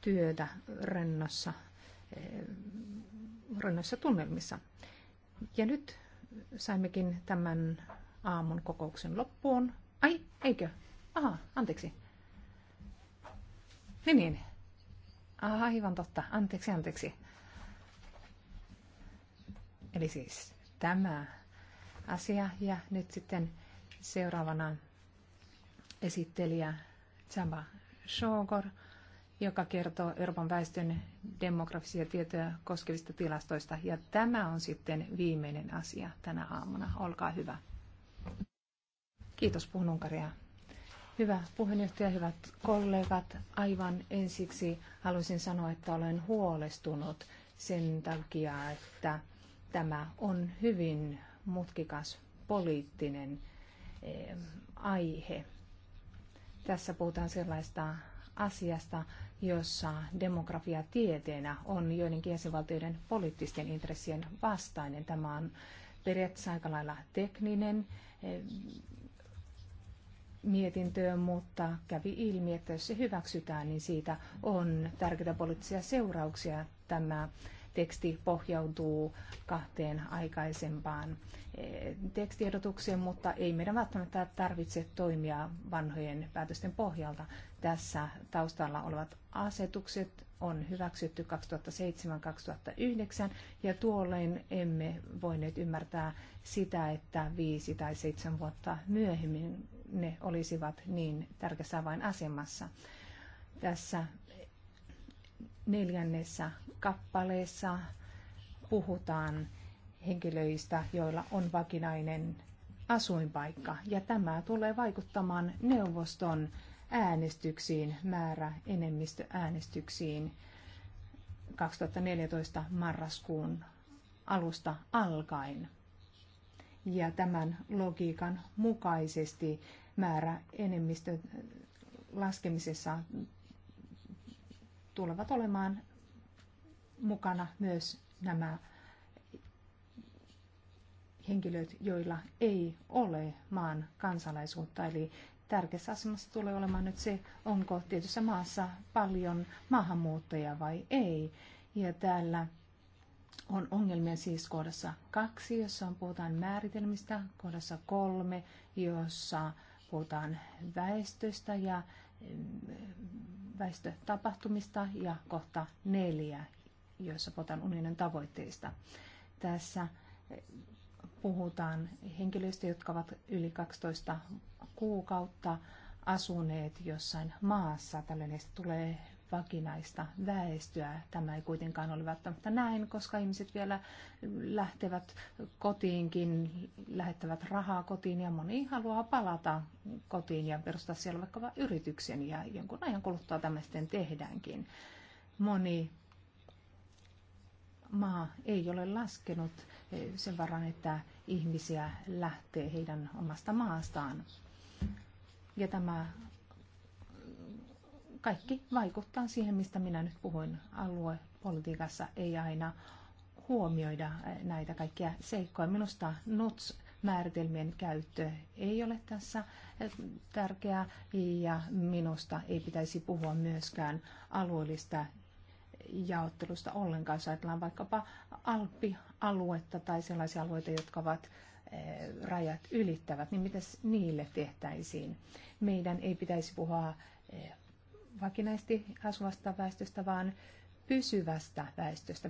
työtä rennossa, eh, rennossa tunnelmissa. Ja nyt saimmekin tämän aamun kokouksen loppuun. Ai, eikö? Aha, anteeksi. Niin niin, Aivan totta. Anteeksi, anteeksi. Eli siis tämä asia ja nyt sitten seuraavana esittelijä Zamba Shogor, joka kertoo Euroopan väestön demografisia tietoja koskevista tilastoista. Ja tämä on sitten viimeinen asia tänä aamuna. Olkaa hyvä. Kiitos, puhun Unkaria. Hyvä puheenjohtaja, hyvät kollegat. Aivan ensiksi haluaisin sanoa, että olen huolestunut sen takia, että tämä on hyvin mutkikas poliittinen eh, aihe. Tässä puhutaan sellaista asiasta, jossa demografia tieteenä on joidenkin jäsenvaltioiden poliittisten intressien vastainen. Tämä on periaatteessa aika lailla tekninen eh, mietintöön, mutta kävi ilmi, että jos se hyväksytään, niin siitä on tärkeitä poliittisia seurauksia. Tämä teksti pohjautuu kahteen aikaisempaan eh, tekstiehdotukseen, mutta ei meidän välttämättä tarvitse toimia vanhojen päätösten pohjalta. Tässä taustalla olevat asetukset on hyväksytty 2007-2009 ja tuolloin emme voineet ymmärtää sitä, että viisi tai seitsemän vuotta myöhemmin ne olisivat niin tärkeässä avainasemassa. Tässä neljännessä kappaleessa puhutaan henkilöistä, joilla on vakinainen asuinpaikka. Ja tämä tulee vaikuttamaan neuvoston äänestyksiin, määrä enemmistöäänestyksiin 2014 marraskuun alusta alkaen. Ja tämän logiikan mukaisesti määrä enemmistö laskemisessa tulevat olemaan mukana myös nämä henkilöt, joilla ei ole maan kansalaisuutta. Eli tärkeässä asemassa tulee olemaan nyt se, onko tietyssä maassa paljon maahanmuuttajia vai ei. Ja täällä on ongelmia siis kohdassa kaksi, jossa on, puhutaan määritelmistä, kohdassa kolme, jossa puhutaan väestöstä ja mm, väestötapahtumista ja kohta neljä, joissa puhutaan unionin tavoitteista. Tässä eh, puhutaan henkilöistä, jotka ovat yli 12 kuukautta asuneet jossain maassa. Tällöin heistä tulee vakinaista väestöä. Tämä ei kuitenkaan ole välttämättä näin, koska ihmiset vielä lähtevät kotiinkin, lähettävät rahaa kotiin ja moni haluaa palata kotiin ja perustaa siellä vaikka yrityksen ja jonkun ajan kuluttua tämä sitten tehdäänkin. Moni maa ei ole laskenut sen varan, että ihmisiä lähtee heidän omasta maastaan. Ja tämä kaikki vaikuttaa siihen, mistä minä nyt puhuin. Aluepolitiikassa ei aina huomioida eh, näitä kaikkia seikkoja. Minusta NUTS määritelmien käyttö ei ole tässä eh, tärkeää ja minusta ei pitäisi puhua myöskään alueellista jaottelusta ollenkaan. Jos ajatellaan vaikkapa Alppi-aluetta tai sellaisia alueita, jotka ovat eh, rajat ylittävät, niin mitäs niille tehtäisiin? Meidän ei pitäisi puhua vakinaisesti asuvasta väestöstä, vaan pysyvästä väestöstä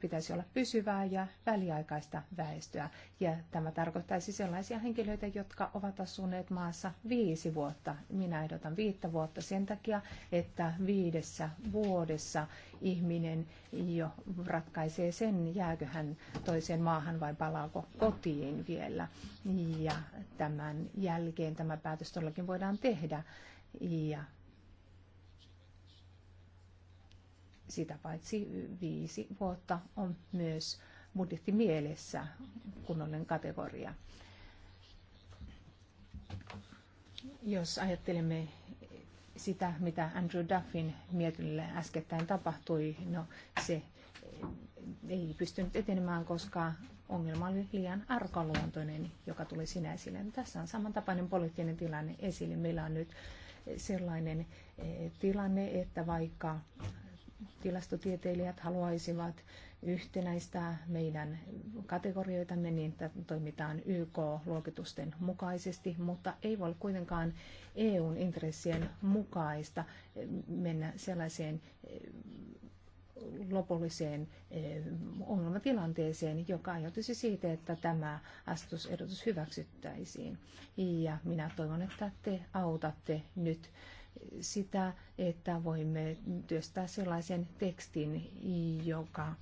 pitäisi olla pysyvää ja väliaikaista väestöä. Ja tämä tarkoittaisi sellaisia henkilöitä, jotka ovat asuneet maassa viisi vuotta. Minä ehdotan viittä vuotta sen takia, että viidessä vuodessa ihminen jo ratkaisee sen, jääkö hän toiseen maahan vai palaako kotiin vielä. Ja tämän jälkeen tämä päätös todellakin voidaan tehdä. Ja sitä paitsi viisi vuotta on myös budjettimielessä kunnollinen kategoria. Jos ajattelemme sitä, mitä Andrew Duffin mietinnölle äskettäin tapahtui, no se ei pystynyt etenemään, koska ongelma oli liian arkaluontoinen, joka tuli sinä esille. Tässä on samantapainen poliittinen tilanne esille. Meillä on nyt sellainen eh, tilanne, että vaikka tilastotieteilijät haluaisivat yhtenäistää meidän kategorioitamme niin, että toimitaan YK-luokitusten mukaisesti, mutta ei voi kuitenkaan EUn intressien mukaista mennä sellaiseen eh, lopulliseen eh, ongelmatilanteeseen, joka aiheutuisi siitä, että tämä asetusehdotus hyväksyttäisiin. Ja minä toivon, että te autatte nyt sitä, että voimme työstää sellaisen tekstin, joka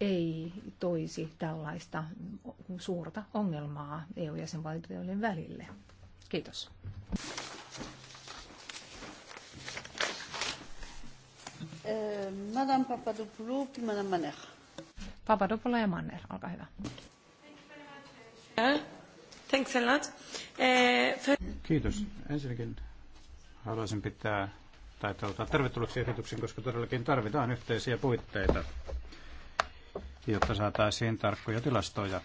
ei toisi tällaista suurta ongelmaa EU-jäsenvaltioiden välille. Kiitos. Eh, Madame Papadopoulou, Madame Manner. Papadopoulou ja Manner, olkaa hyvä. Thanks a lot. Eh, Kiitos. Ensinnäkin haluaisin pitää tai toivottaa tervetulleeksi ehdotuksen, koska todellakin tarvitaan yhteisiä puitteita, jotta saataisiin tarkkoja tilastoja,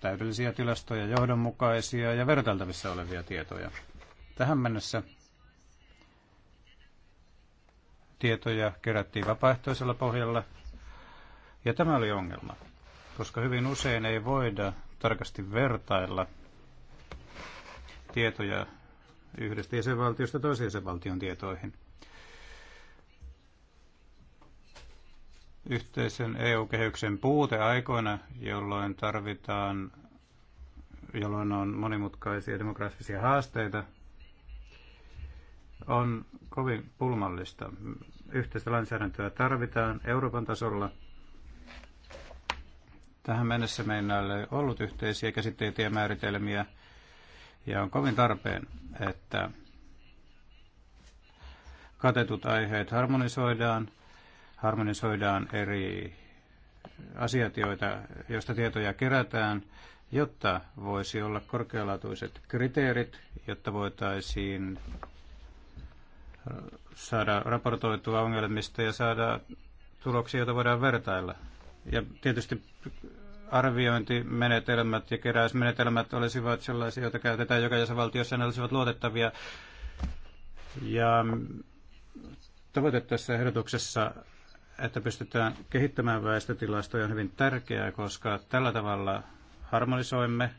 täydellisiä tilastoja, johdonmukaisia ja vertailtavissa olevia tietoja. Tähän mennessä tietoja kerättiin vapaaehtoisella pohjalla, ja tämä oli ongelma, koska hyvin usein ei voida tarkasti vertailla tietoja yhdestä jäsenvaltiosta toisen jäsenvaltion tietoihin. Yhteisen EU-kehyksen puute aikoina, jolloin tarvitaan, jolloin on monimutkaisia demografisia haasteita, on kovin pulmallista. Yhteistä lainsäädäntöä tarvitaan Euroopan tasolla. Tähän mennessä meillä ei ollut yhteisiä käsitteitä ja määritelmiä – ja on kovin tarpeen, että katetut aiheet harmonisoidaan, harmonisoidaan eri asiat, joita, joista tietoja kerätään, jotta voisi olla korkealaatuiset kriteerit, jotta voitaisiin saada raportoitua ongelmista ja saada tuloksia, joita voidaan vertailla. Ja tietysti arviointimenetelmät ja keräysmenetelmät olisivat sellaisia, joita käytetään joka jäsenvaltiossa ja ne olisivat luotettavia. Ja tavoite tässä ehdotuksessa, että pystytään kehittämään väestötilastoja on hyvin tärkeää, koska tällä tavalla harmonisoimme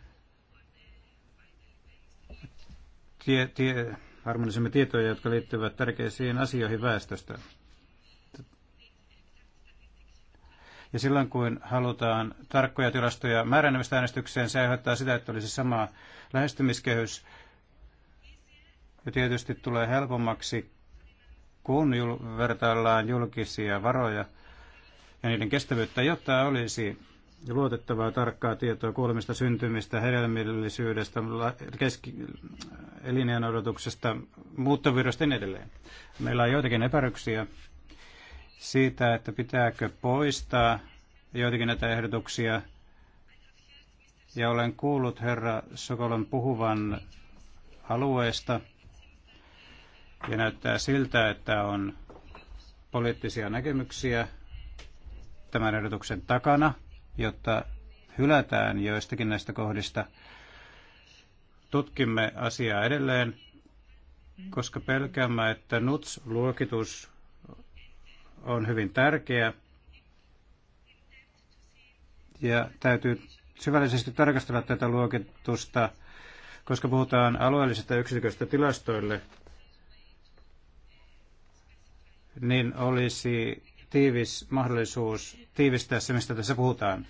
tie, tie, harmonisoimme tietoja, jotka liittyvät tärkeisiin asioihin väestöstä. Ja silloin kun halutaan tarkkoja tilastoja määräenemmistä äänestykseen, se aiheuttaa sitä, että olisi sama lähestymiskehys. Ja tietysti tulee helpommaksi, kun jul- vertaillaan julkisia varoja ja niiden kestävyyttä, jotta olisi luotettavaa tarkkaa tietoa kuolemista, syntymistä, hedelmällisyydestä, keski- elinjään odotuksesta, muuttovirroista ja niin edelleen. Meillä on joitakin epäryksiä siitä, että pitääkö poistaa joitakin näitä ehdotuksia. Ja olen kuullut herra Sokolan puhuvan alueesta. Ja näyttää siltä, että on poliittisia näkemyksiä tämän ehdotuksen takana, jotta hylätään joistakin näistä kohdista. Tutkimme asiaa edelleen, koska pelkäämme, että NUTS-luokitus on hyvin tärkeä. Ja täytyy syvällisesti tarkastella tätä luokitusta, koska puhutaan alueellisesta yksiköstä tilastoille, niin olisi tiivis mahdollisuus tiivistää se, mistä tässä puhutaan.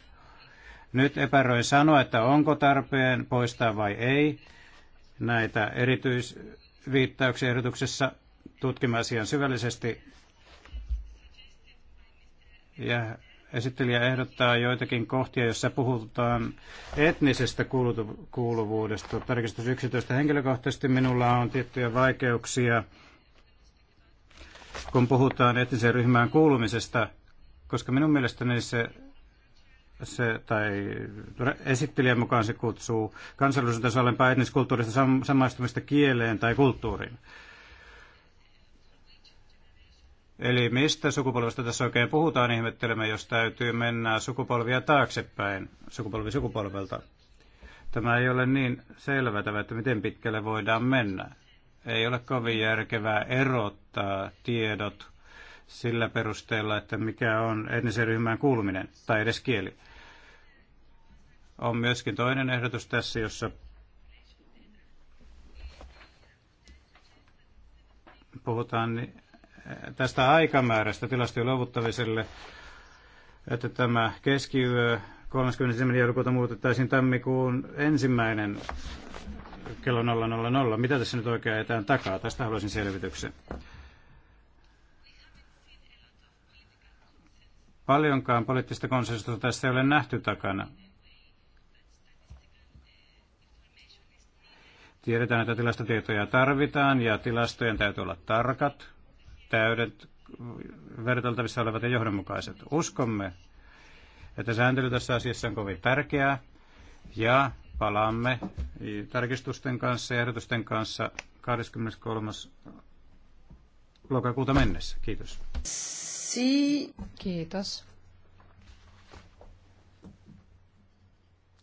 Nyt epäröin sanoa, että onko tarpeen poistaa vai ei näitä erityisviittauksia ehdotuksessa tutkimaan asian syvällisesti ja esittelijä ehdottaa joitakin kohtia, joissa puhutaan etnisestä kuuluvuudesta. Tarkistus 11 henkilökohtaisesti minulla on tiettyjä vaikeuksia, kun puhutaan etniseen ryhmään kuulumisesta, koska minun mielestäni se se, tai esittelijän mukaan se kutsuu kansallisuuden tasolla etniskulttuurista sam- samaistumista kieleen tai kulttuuriin. Eli mistä sukupolvesta tässä oikein puhutaan, niin ihmettelemme, jos täytyy mennä sukupolvia taaksepäin, sukupolvi sukupolvelta. Tämä ei ole niin selvätävä, että miten pitkälle voidaan mennä. Ei ole kovin järkevää erottaa tiedot sillä perusteella, että mikä on etnisen ryhmään kuuluminen tai edes kieli. On myöskin toinen ehdotus tässä, jossa puhutaan niin tästä aikamäärästä tilastojen luovuttamiselle, että tämä keskiyö 31. joulukuuta muutettaisiin tammikuun ensimmäinen kello 000. Mitä tässä nyt oikein etään takaa? Tästä haluaisin selvityksen. Paljonkaan poliittista konsensusta tässä ei ole nähty takana. Tiedetään, että tilastotietoja tarvitaan ja tilastojen täytyy olla tarkat täydet, vertailtavissa olevat ja johdonmukaiset. Uskomme, että sääntely tässä asiassa on kovin tärkeää ja palaamme tarkistusten kanssa ja ehdotusten kanssa 23. lokakuuta mennessä. Kiitos. Si- Kiitos.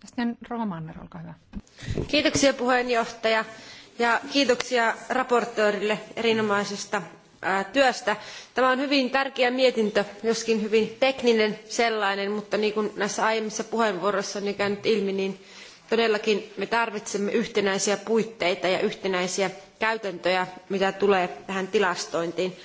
Sitten Roomanner, olkaa hyvä. Kiitoksia puheenjohtaja ja kiitoksia raportöörille erinomaisesta työstä. Tämä on hyvin tärkeä mietintö, joskin hyvin tekninen sellainen, mutta niin kuin näissä aiemmissa puheenvuoroissa on jo käynyt ilmi, niin todellakin me tarvitsemme yhtenäisiä puitteita ja yhtenäisiä käytäntöjä, mitä tulee tähän tilastointiin.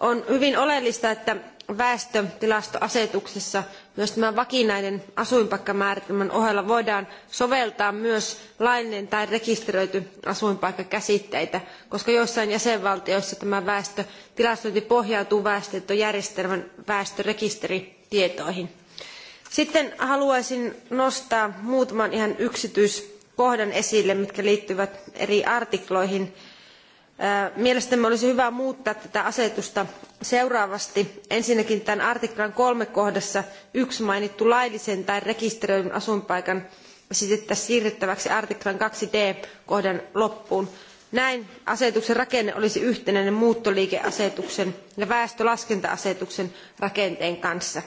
On hyvin oleellista, että väestötilastoasetuksessa myös tämän vakinainen asuinpaikkamääritelmän ohella voidaan soveltaa myös laillinen tai rekisteröity asuinpaikka käsitteitä koska joissain jäsenvaltioissa tämä väestötilastointi pohjautuu väestötietojärjestelmän väestörekisteritietoihin. sitten haluaisin nostaa muutaman ihan yksityiskohdan esille mitkä liittyvät eri artikloihin. Mielestämme olisi hyvä muuttaa tätä asetusta seuraavasti. Ensinnäkin tämän artiklan kolme kohdassa yksi mainittu laillisen tai rekisteröidyn asuinpaikan esitettäisiin siirrettäväksi artiklan 2d kohdan loppuun. Näin asetuksen rakenne olisi yhtenäinen muuttoliikeasetuksen ja väestölaskenta-asetuksen rakenteen kanssa.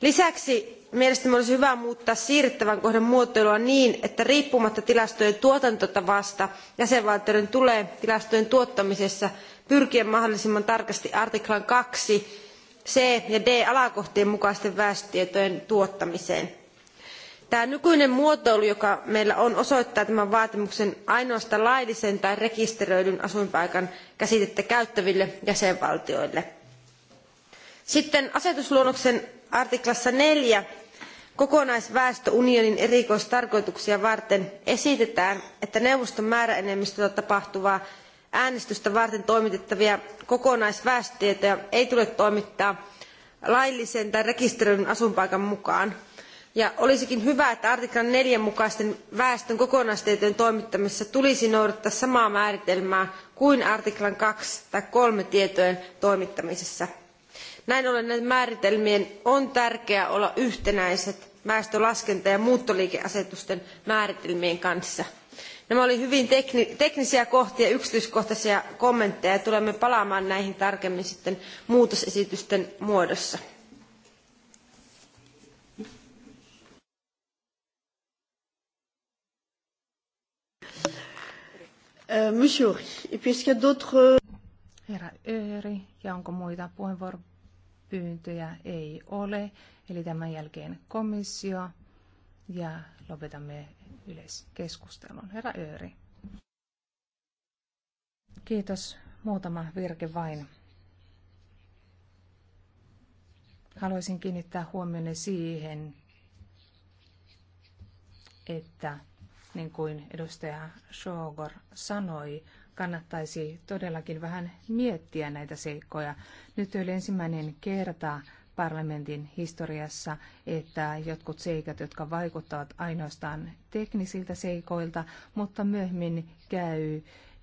Lisäksi mielestäni olisi hyvä muuttaa siirrettävän kohdan muotoilua niin että riippumatta tilastojen tuotantotavasta jäsenvaltioiden tulee tilastojen tuottamisessa pyrkiä mahdollisimman tarkasti artiklan kaksi c ja d alakohtien mukaisten väestötietojen tuottamiseen. tämä nykyinen muotoilu joka meillä on osoittaa tämän vaatimuksen ainoastaan laillisen tai rekisteröidyn asuinpaikan käsitettä käyttäville jäsenvaltioille. sitten asetusluonnoksen artiklassa neljä kokonaisväestö unionin erikoistarkoituksia varten esitetään että neuvoston määräenemmistöllä tapahtuvaa äänestystä varten toimitettavia kokonaisväestötietoja ei tule toimittaa laillisen tai rekisteröidyn asuinpaikan mukaan. Ja olisikin hyvä että artiklan 4 mukaisten väestön kokonaistietojen toimittamisessa tulisi noudattaa samaa määritelmää kuin artiklan 2 tai kolme tietojen toimittamisessa näin ollen näiden määritelmien on tärkeää olla yhtenäiset väestölaskenta ja muuttoliikeasetusten määritelmien kanssa. nämä olivat hyvin teknisiä kohtia yksityiskohtaisia kommentteja ja tulemme palaamaan näihin tarkemmin sitten muutosesitysten muodossa. Euh, monsieur, et d'autres... Herra Öri, ja onko muita puheenvuoropyyntöjä? pyyntöjä ei ole. Eli tämän jälkeen komissio ja lopetamme yleiskeskustelun. Herra Ööri. Kiitos. Muutama virke vain. Haluaisin kiinnittää huomioon siihen, että niin kuin edustaja Shogor sanoi, kannattaisi todellakin vähän miettiä näitä seikkoja. Nyt oli ensimmäinen kerta parlamentin historiassa, että jotkut seikat, jotka vaikuttavat ainoastaan teknisiltä seikoilta, mutta myöhemmin käy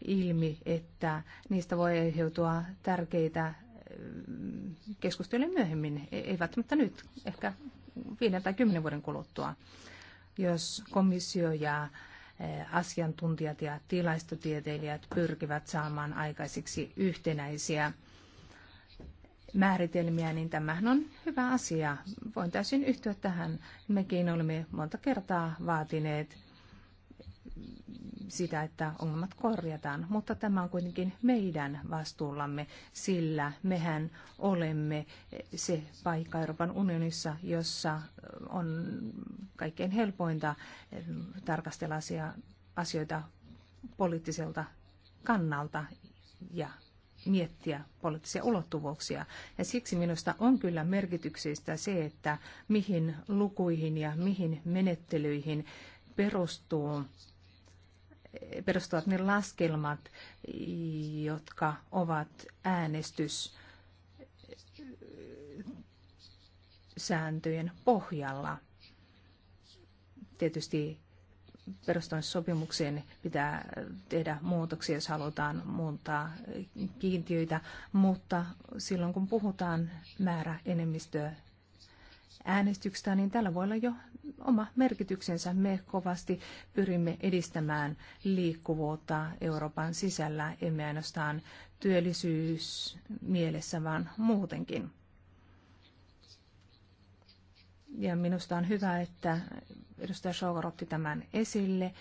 ilmi, että niistä voi aiheutua tärkeitä mm, keskusteluja myöhemmin, e-, ei välttämättä nyt, ehkä viiden tai kymmenen vuoden kuluttua. Jos komissio ja Eh, asiantuntijat ja tilastotieteilijät pyrkivät saamaan aikaisiksi yhtenäisiä määritelmiä, niin tämähän on hyvä asia. Voin täysin yhtyä tähän. Mekin olemme monta kertaa vaatineet sitä, että ongelmat korjataan, mutta tämä on kuitenkin meidän vastuullamme, sillä mehän olemme se paikka Euroopan unionissa, jossa on kaikkein helpointa eh, tarkastella asioita poliittiselta kannalta ja miettiä poliittisia ulottuvuuksia. Ja siksi minusta on kyllä merkityksistä se, että mihin lukuihin ja mihin menettelyihin perustuu perustuvat ne laskelmat, jotka ovat äänestys sääntöjen pohjalla. Tietysti perustamissopimukseen pitää tehdä muutoksia, jos halutaan muuttaa kiintiöitä, mutta silloin kun puhutaan määräenemmistöä, äänestyksestä, niin tällä voi olla jo oma merkityksensä. Me kovasti pyrimme edistämään liikkuvuutta Euroopan sisällä, emme ainoastaan työllisyys mielessä, vaan muutenkin. Ja minusta on hyvä, että edustaja Shogar otti tämän esille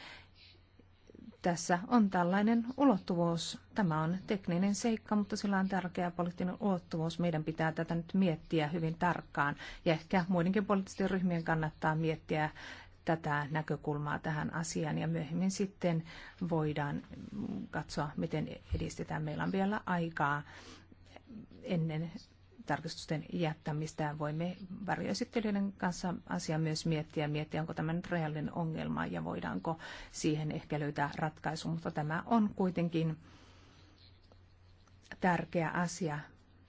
tässä on tällainen ulottuvuus. Tämä on tekninen seikka, mutta sillä on tärkeä poliittinen ulottuvuus. Meidän pitää tätä nyt miettiä hyvin tarkkaan ja ehkä muidenkin poliittisten ryhmien kannattaa miettiä tätä näkökulmaa tähän asiaan ja myöhemmin sitten voidaan katsoa, miten edistetään. Meillä on vielä aikaa ennen tarkistusten jättämistä. Voimme varjoesittelijöiden kanssa asiaa myös miettiä, miettiä onko tämä nyt rajallinen ongelma ja voidaanko siihen ehkä löytää ratkaisu, mutta tämä on kuitenkin tärkeä asia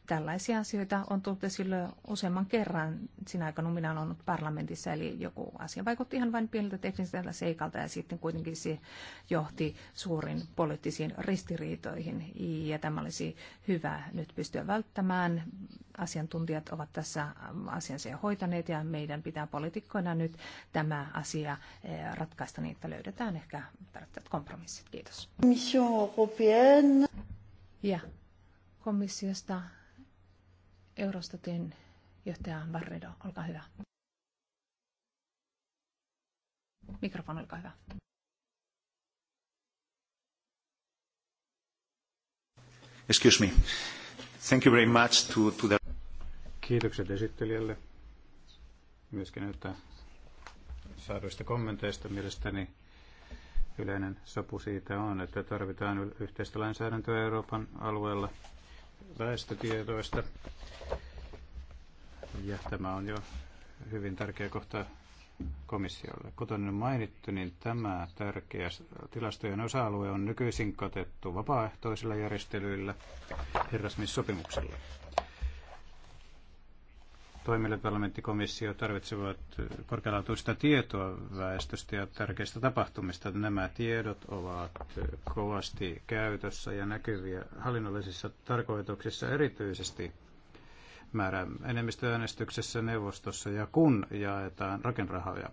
Tällaisia asioita on tullut esille useamman kerran sinä aikana, kun minä olen ollut parlamentissa, eli joku asia vaikutti ihan vain pieneltä tekniseltä seikalta ja sitten kuitenkin se johti suurin poliittisiin ristiriitoihin ja tämä olisi hyvä nyt pystyä välttämään. Asiantuntijat ovat tässä asiansa jo hoitaneet ja meidän pitää poliitikkoina nyt tämä asia eh, ratkaista niin, että löydetään ehkä tarvittavat kompromissit. Kiitos. Européenne. Ja komissiosta Eurostatin johtaja Barredo, olkaa hyvä. Mikrofon, olkaa hyvä. Excuse me. Thank you very much to, to the... Kiitokset esittelijälle myöskin näyttää saaduista kommenteista. Mielestäni yleinen sopu siitä on, että tarvitaan yhteistä lainsäädäntöä Euroopan alueella väestötietoista. Ja tämä on jo hyvin tärkeä kohta komissiolle. Kuten on mainittu, niin tämä tärkeä tilastojen osa-alue on nykyisin katettu vapaaehtoisilla järjestelyillä herrasmissopimuksella. Toimille parlamenttikomissio tarvitsevat korkealaatuista tietoa väestöstä ja tärkeistä tapahtumista. Nämä tiedot ovat kovasti käytössä ja näkyviä hallinnollisissa tarkoituksissa erityisesti – määrä enemmistöäänestyksessä neuvostossa ja kun jaetaan rakenrahoja.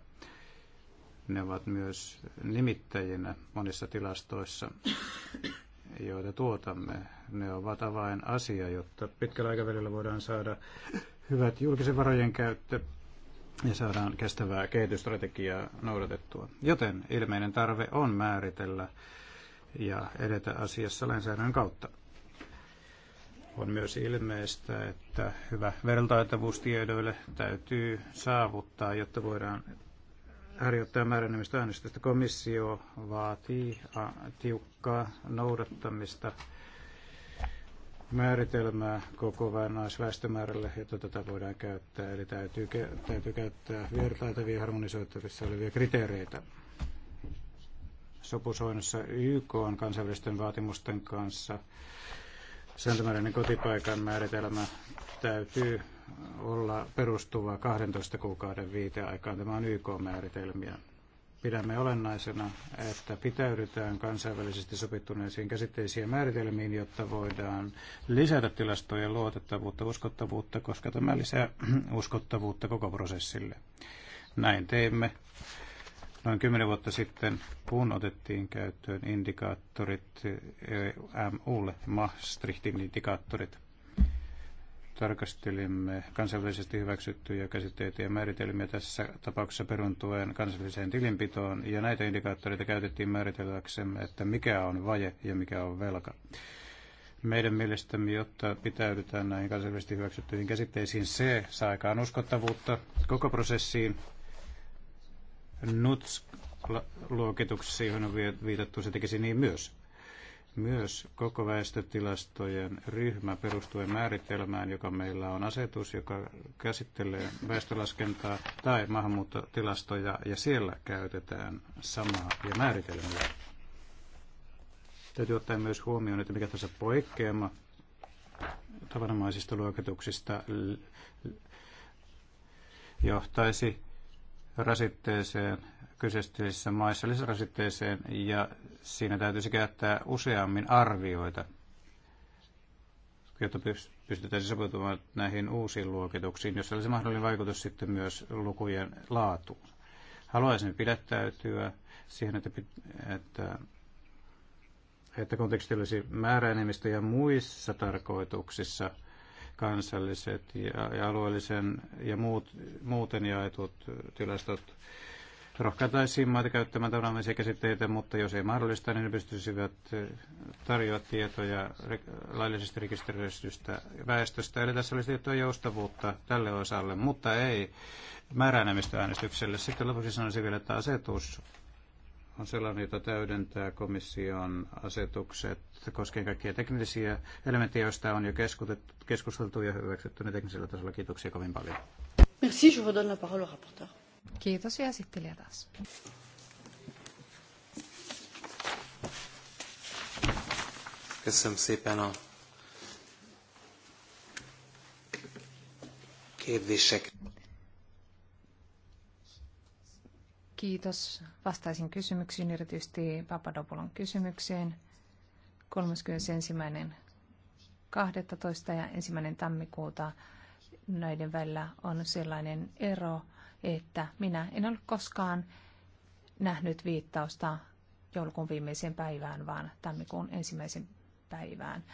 Ne ovat myös nimittäjinä monissa tilastoissa, joita tuotamme. Ne ovat avain asia, jotta pitkällä aikavälillä voidaan saada hyvät julkisen varojen käyttö ja saadaan kestävää kehitysstrategiaa noudatettua. Joten ilmeinen tarve on määritellä ja edetä asiassa lainsäädännön kautta. On myös ilmeistä, että hyvä vertailtavuus tiedoille täytyy saavuttaa, jotta voidaan harjoittaa määräenemmistä äänestystä. Komissio vaatii tiukkaa noudattamista määritelmää koko väestömäärälle, jotta tätä voidaan käyttää. Eli täytyy, täytyy käyttää vertailtavia harmonisoitavissa olevia kriteereitä sopusoinnussa YK on kansainvälisten vaatimusten kanssa sääntömääräinen kotipaikan määritelmä täytyy olla perustuva 12 kuukauden viiteaikaan. Tämä on YK-määritelmiä. Pidämme olennaisena, että pitäydytään kansainvälisesti sopittuneisiin käsitteisiin ja määritelmiin, jotta voidaan lisätä tilastojen luotettavuutta, uskottavuutta, koska tämä lisää uskottavuutta koko prosessille. Näin teemme. Noin kymmenen vuotta sitten, kun otettiin käyttöön indikaattorit EMUlle, Maastrichtin indikaattorit, tarkastelimme kansainvälisesti hyväksyttyjä käsitteitä ja määritelmiä tässä tapauksessa peruntuen kansalliseen tilinpitoon, ja näitä indikaattoreita käytettiin määritelläksemme, että mikä on vaje ja mikä on velka. Meidän mielestämme, jotta pitäydytään näihin kansainvälisesti hyväksyttyihin käsitteisiin, se saa aikaan uskottavuutta koko prosessiin, NUTS-luokituksessa, johon on viitattu, se tekisi niin myös. Myös koko väestötilastojen ryhmä perustuen määritelmään, joka meillä on asetus, joka käsittelee väestölaskentaa tai maahanmuuttotilastoja, ja siellä käytetään samaa ja määritelmää. Täytyy ottaa myös huomioon, että mikä tässä poikkeama tavanomaisista luokituksista johtaisi rasitteeseen kyseisissä maissa lisärasitteeseen ja siinä täytyisi käyttää useammin arvioita, jotta pystytään sopeutumaan näihin uusiin luokituksiin, jossa olisi mahdollinen vaikutus sitten myös lukujen laatuun. Haluaisin pidättäytyä siihen, että, että, että konteksti olisi määräenemmistö ja muissa tarkoituksissa – kansalliset ja, ja alueellisen ja muut, muuten jaetut tilastot rohkataisiin, maita käyttämään tavallisia käsitteitä, mutta jos ei mahdollista, niin ne pystyisivät tarjoa tietoja laillisesti rekisteröidystä väestöstä. Eli tässä olisi tiettyä joustavuutta tälle osalle, mutta ei määräenemmistöäänestykselle. Sitten lopuksi sanoisin vielä, että asetus on sellainen, jota täydentää komission asetukset koskien kaikkia teknisiä elementtejä, joista on jo keskusteltu ja hyväksytty ne teknisellä tasolla. Kiitoksia kovin paljon. Merci, je vous donne la parole au rapporteur. Kiitos ja esittelijä taas. Köszönöm szépen a kérdések. Kiitos. Vastaisin kysymyksiin, erityisesti Papadopolon kysymykseen. 31.12. ja 1. tammikuuta näiden välillä on sellainen ero, että minä en ole koskaan nähnyt viittausta joulukuun viimeiseen päivään, vaan tammikuun ensimmäisen päivään.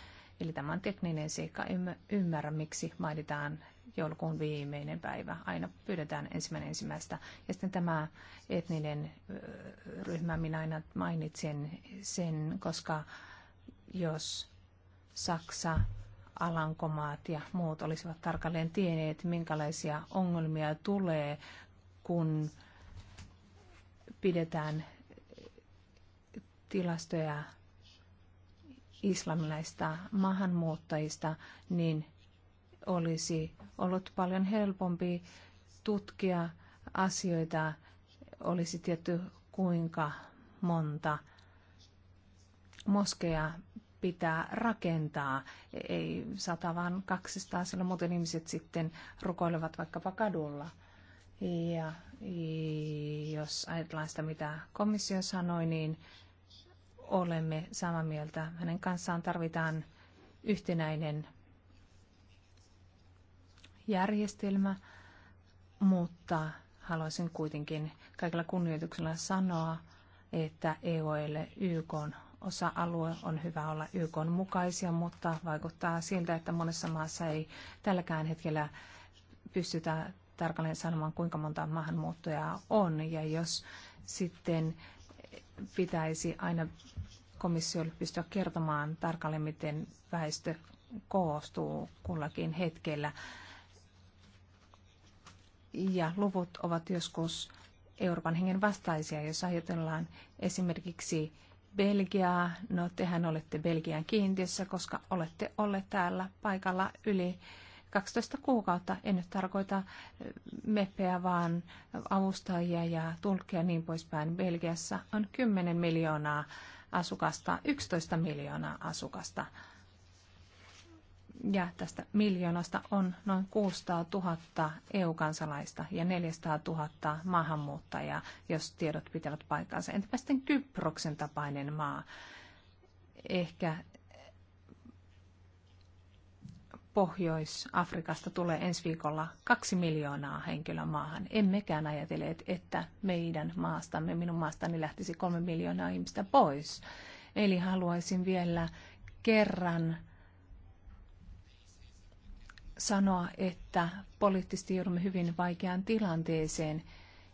Eli tämä on tekninen seikka. En ymmärrä, miksi mainitaan joulukuun viimeinen päivä. Aina pyydetään ensimmäinen ensimmäistä. Ja sitten tämä etninen ryhmä, minä aina mainitsen sen, koska jos Saksa, Alankomaat ja muut olisivat tarkalleen tienneet, minkälaisia ongelmia tulee, kun pidetään tilastoja islamilaista maahanmuuttajista, niin olisi ollut paljon helpompi tutkia asioita, olisi tietty kuinka monta moskeja pitää rakentaa. Ei sata vaan 200, sillä muuten ihmiset sitten rukoilevat vaikkapa kadulla. Ja jos ajatellaan sitä, mitä komissio sanoi, niin olemme samaa mieltä. Hänen kanssaan tarvitaan yhtenäinen järjestelmä, mutta haluaisin kuitenkin kaikilla kunnioituksella sanoa, että EUlle YK osa-alue on hyvä olla YK mukaisia, mutta vaikuttaa siltä, että monessa maassa ei tälläkään hetkellä pystytä tarkalleen sanomaan, kuinka monta maahanmuuttajaa on. Ja jos sitten pitäisi aina komissiolle pystyä kertomaan tarkalleen, miten väestö koostuu kullakin hetkellä, ja luvut ovat joskus Euroopan hengen vastaisia, jos ajatellaan esimerkiksi Belgiaa. No, tehän olette Belgian kiintiössä, koska olette olleet täällä paikalla yli 12 kuukautta. En nyt tarkoita äh, meppeä, vaan avustajia ja tulkkeja niin poispäin. Belgiassa on 10 miljoonaa asukasta, 11 miljoonaa asukasta ja tästä miljoonasta on noin 600 000 EU-kansalaista ja 400 000 maahanmuuttajaa, jos tiedot pitävät paikkaansa. Entäpä sitten Kyproksen tapainen maa? Ehkä Pohjois-Afrikasta tulee ensi viikolla kaksi miljoonaa henkilöä maahan. Emmekään ajatelleet, että meidän maastamme, minun maastani lähtisi kolme miljoonaa ihmistä pois. Eli haluaisin vielä kerran sanoa, että poliittisesti joudumme hyvin vaikeaan tilanteeseen,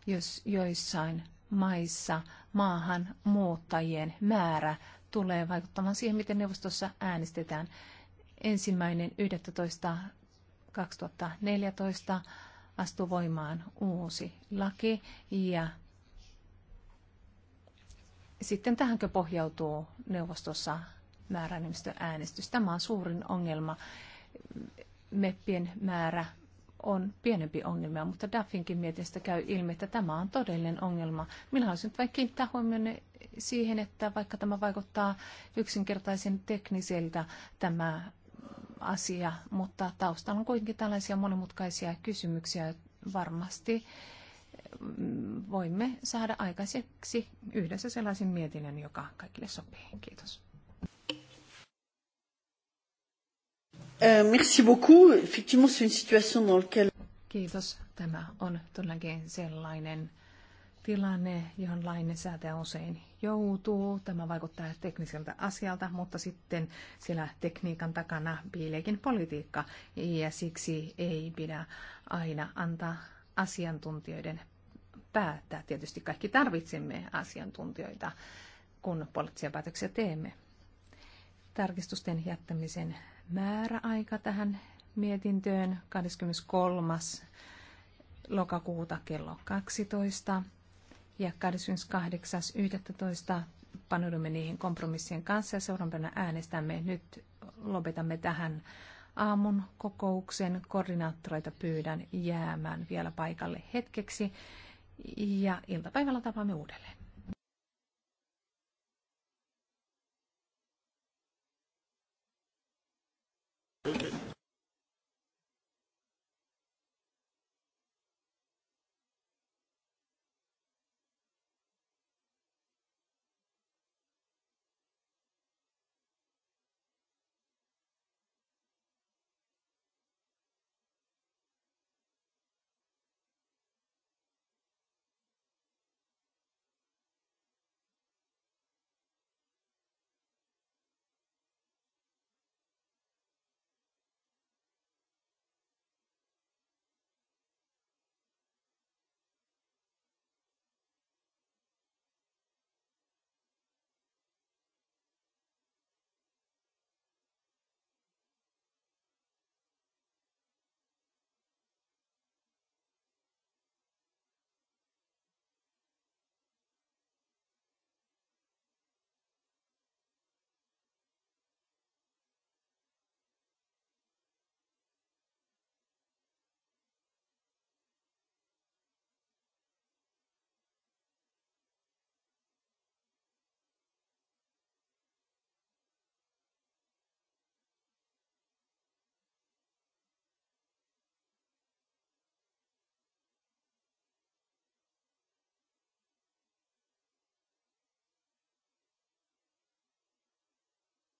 jos joissain maissa maahan muuttajien määrä tulee vaikuttamaan siihen, miten neuvostossa äänestetään. Ensimmäinen 11. 2014 astui voimaan uusi laki ja sitten tähänkö pohjautuu neuvostossa määräenemmistöäänestys. Tämä on suurin ongelma meppien määrä on pienempi ongelma, mutta Daffinkin mietistä käy ilmi, että tämä on todellinen ongelma. Minä haluaisin nyt vain kiinnittää huomioon siihen, että vaikka tämä vaikuttaa yksinkertaisen tekniseltä tämä asia, mutta taustalla on kuitenkin tällaisia monimutkaisia kysymyksiä varmasti voimme saada aikaiseksi yhdessä sellaisen mietinnön, joka kaikille sopii. Kiitos. Euh, merci beaucoup. Effectivement, c'est une situation dans laquelle... Kiitos. Tämä on todellakin sellainen tilanne, johon lainsäätäjä usein joutuu. Tämä vaikuttaa tekniseltä asialta, mutta sitten siellä tekniikan takana piileekin politiikka ja siksi ei pidä aina antaa asiantuntijoiden päättää. Tietysti kaikki tarvitsemme asiantuntijoita, kun poliittisia päätöksiä teemme. Tarkistusten jättämisen määräaika tähän mietintöön 23. lokakuuta kello 12 ja 28.11. paneudumme niihin kompromissien kanssa ja seuraavana äänestämme. Nyt lopetamme tähän aamun kokouksen. Koordinaattoreita pyydän jäämään vielä paikalle hetkeksi ja iltapäivällä tapaamme uudelleen.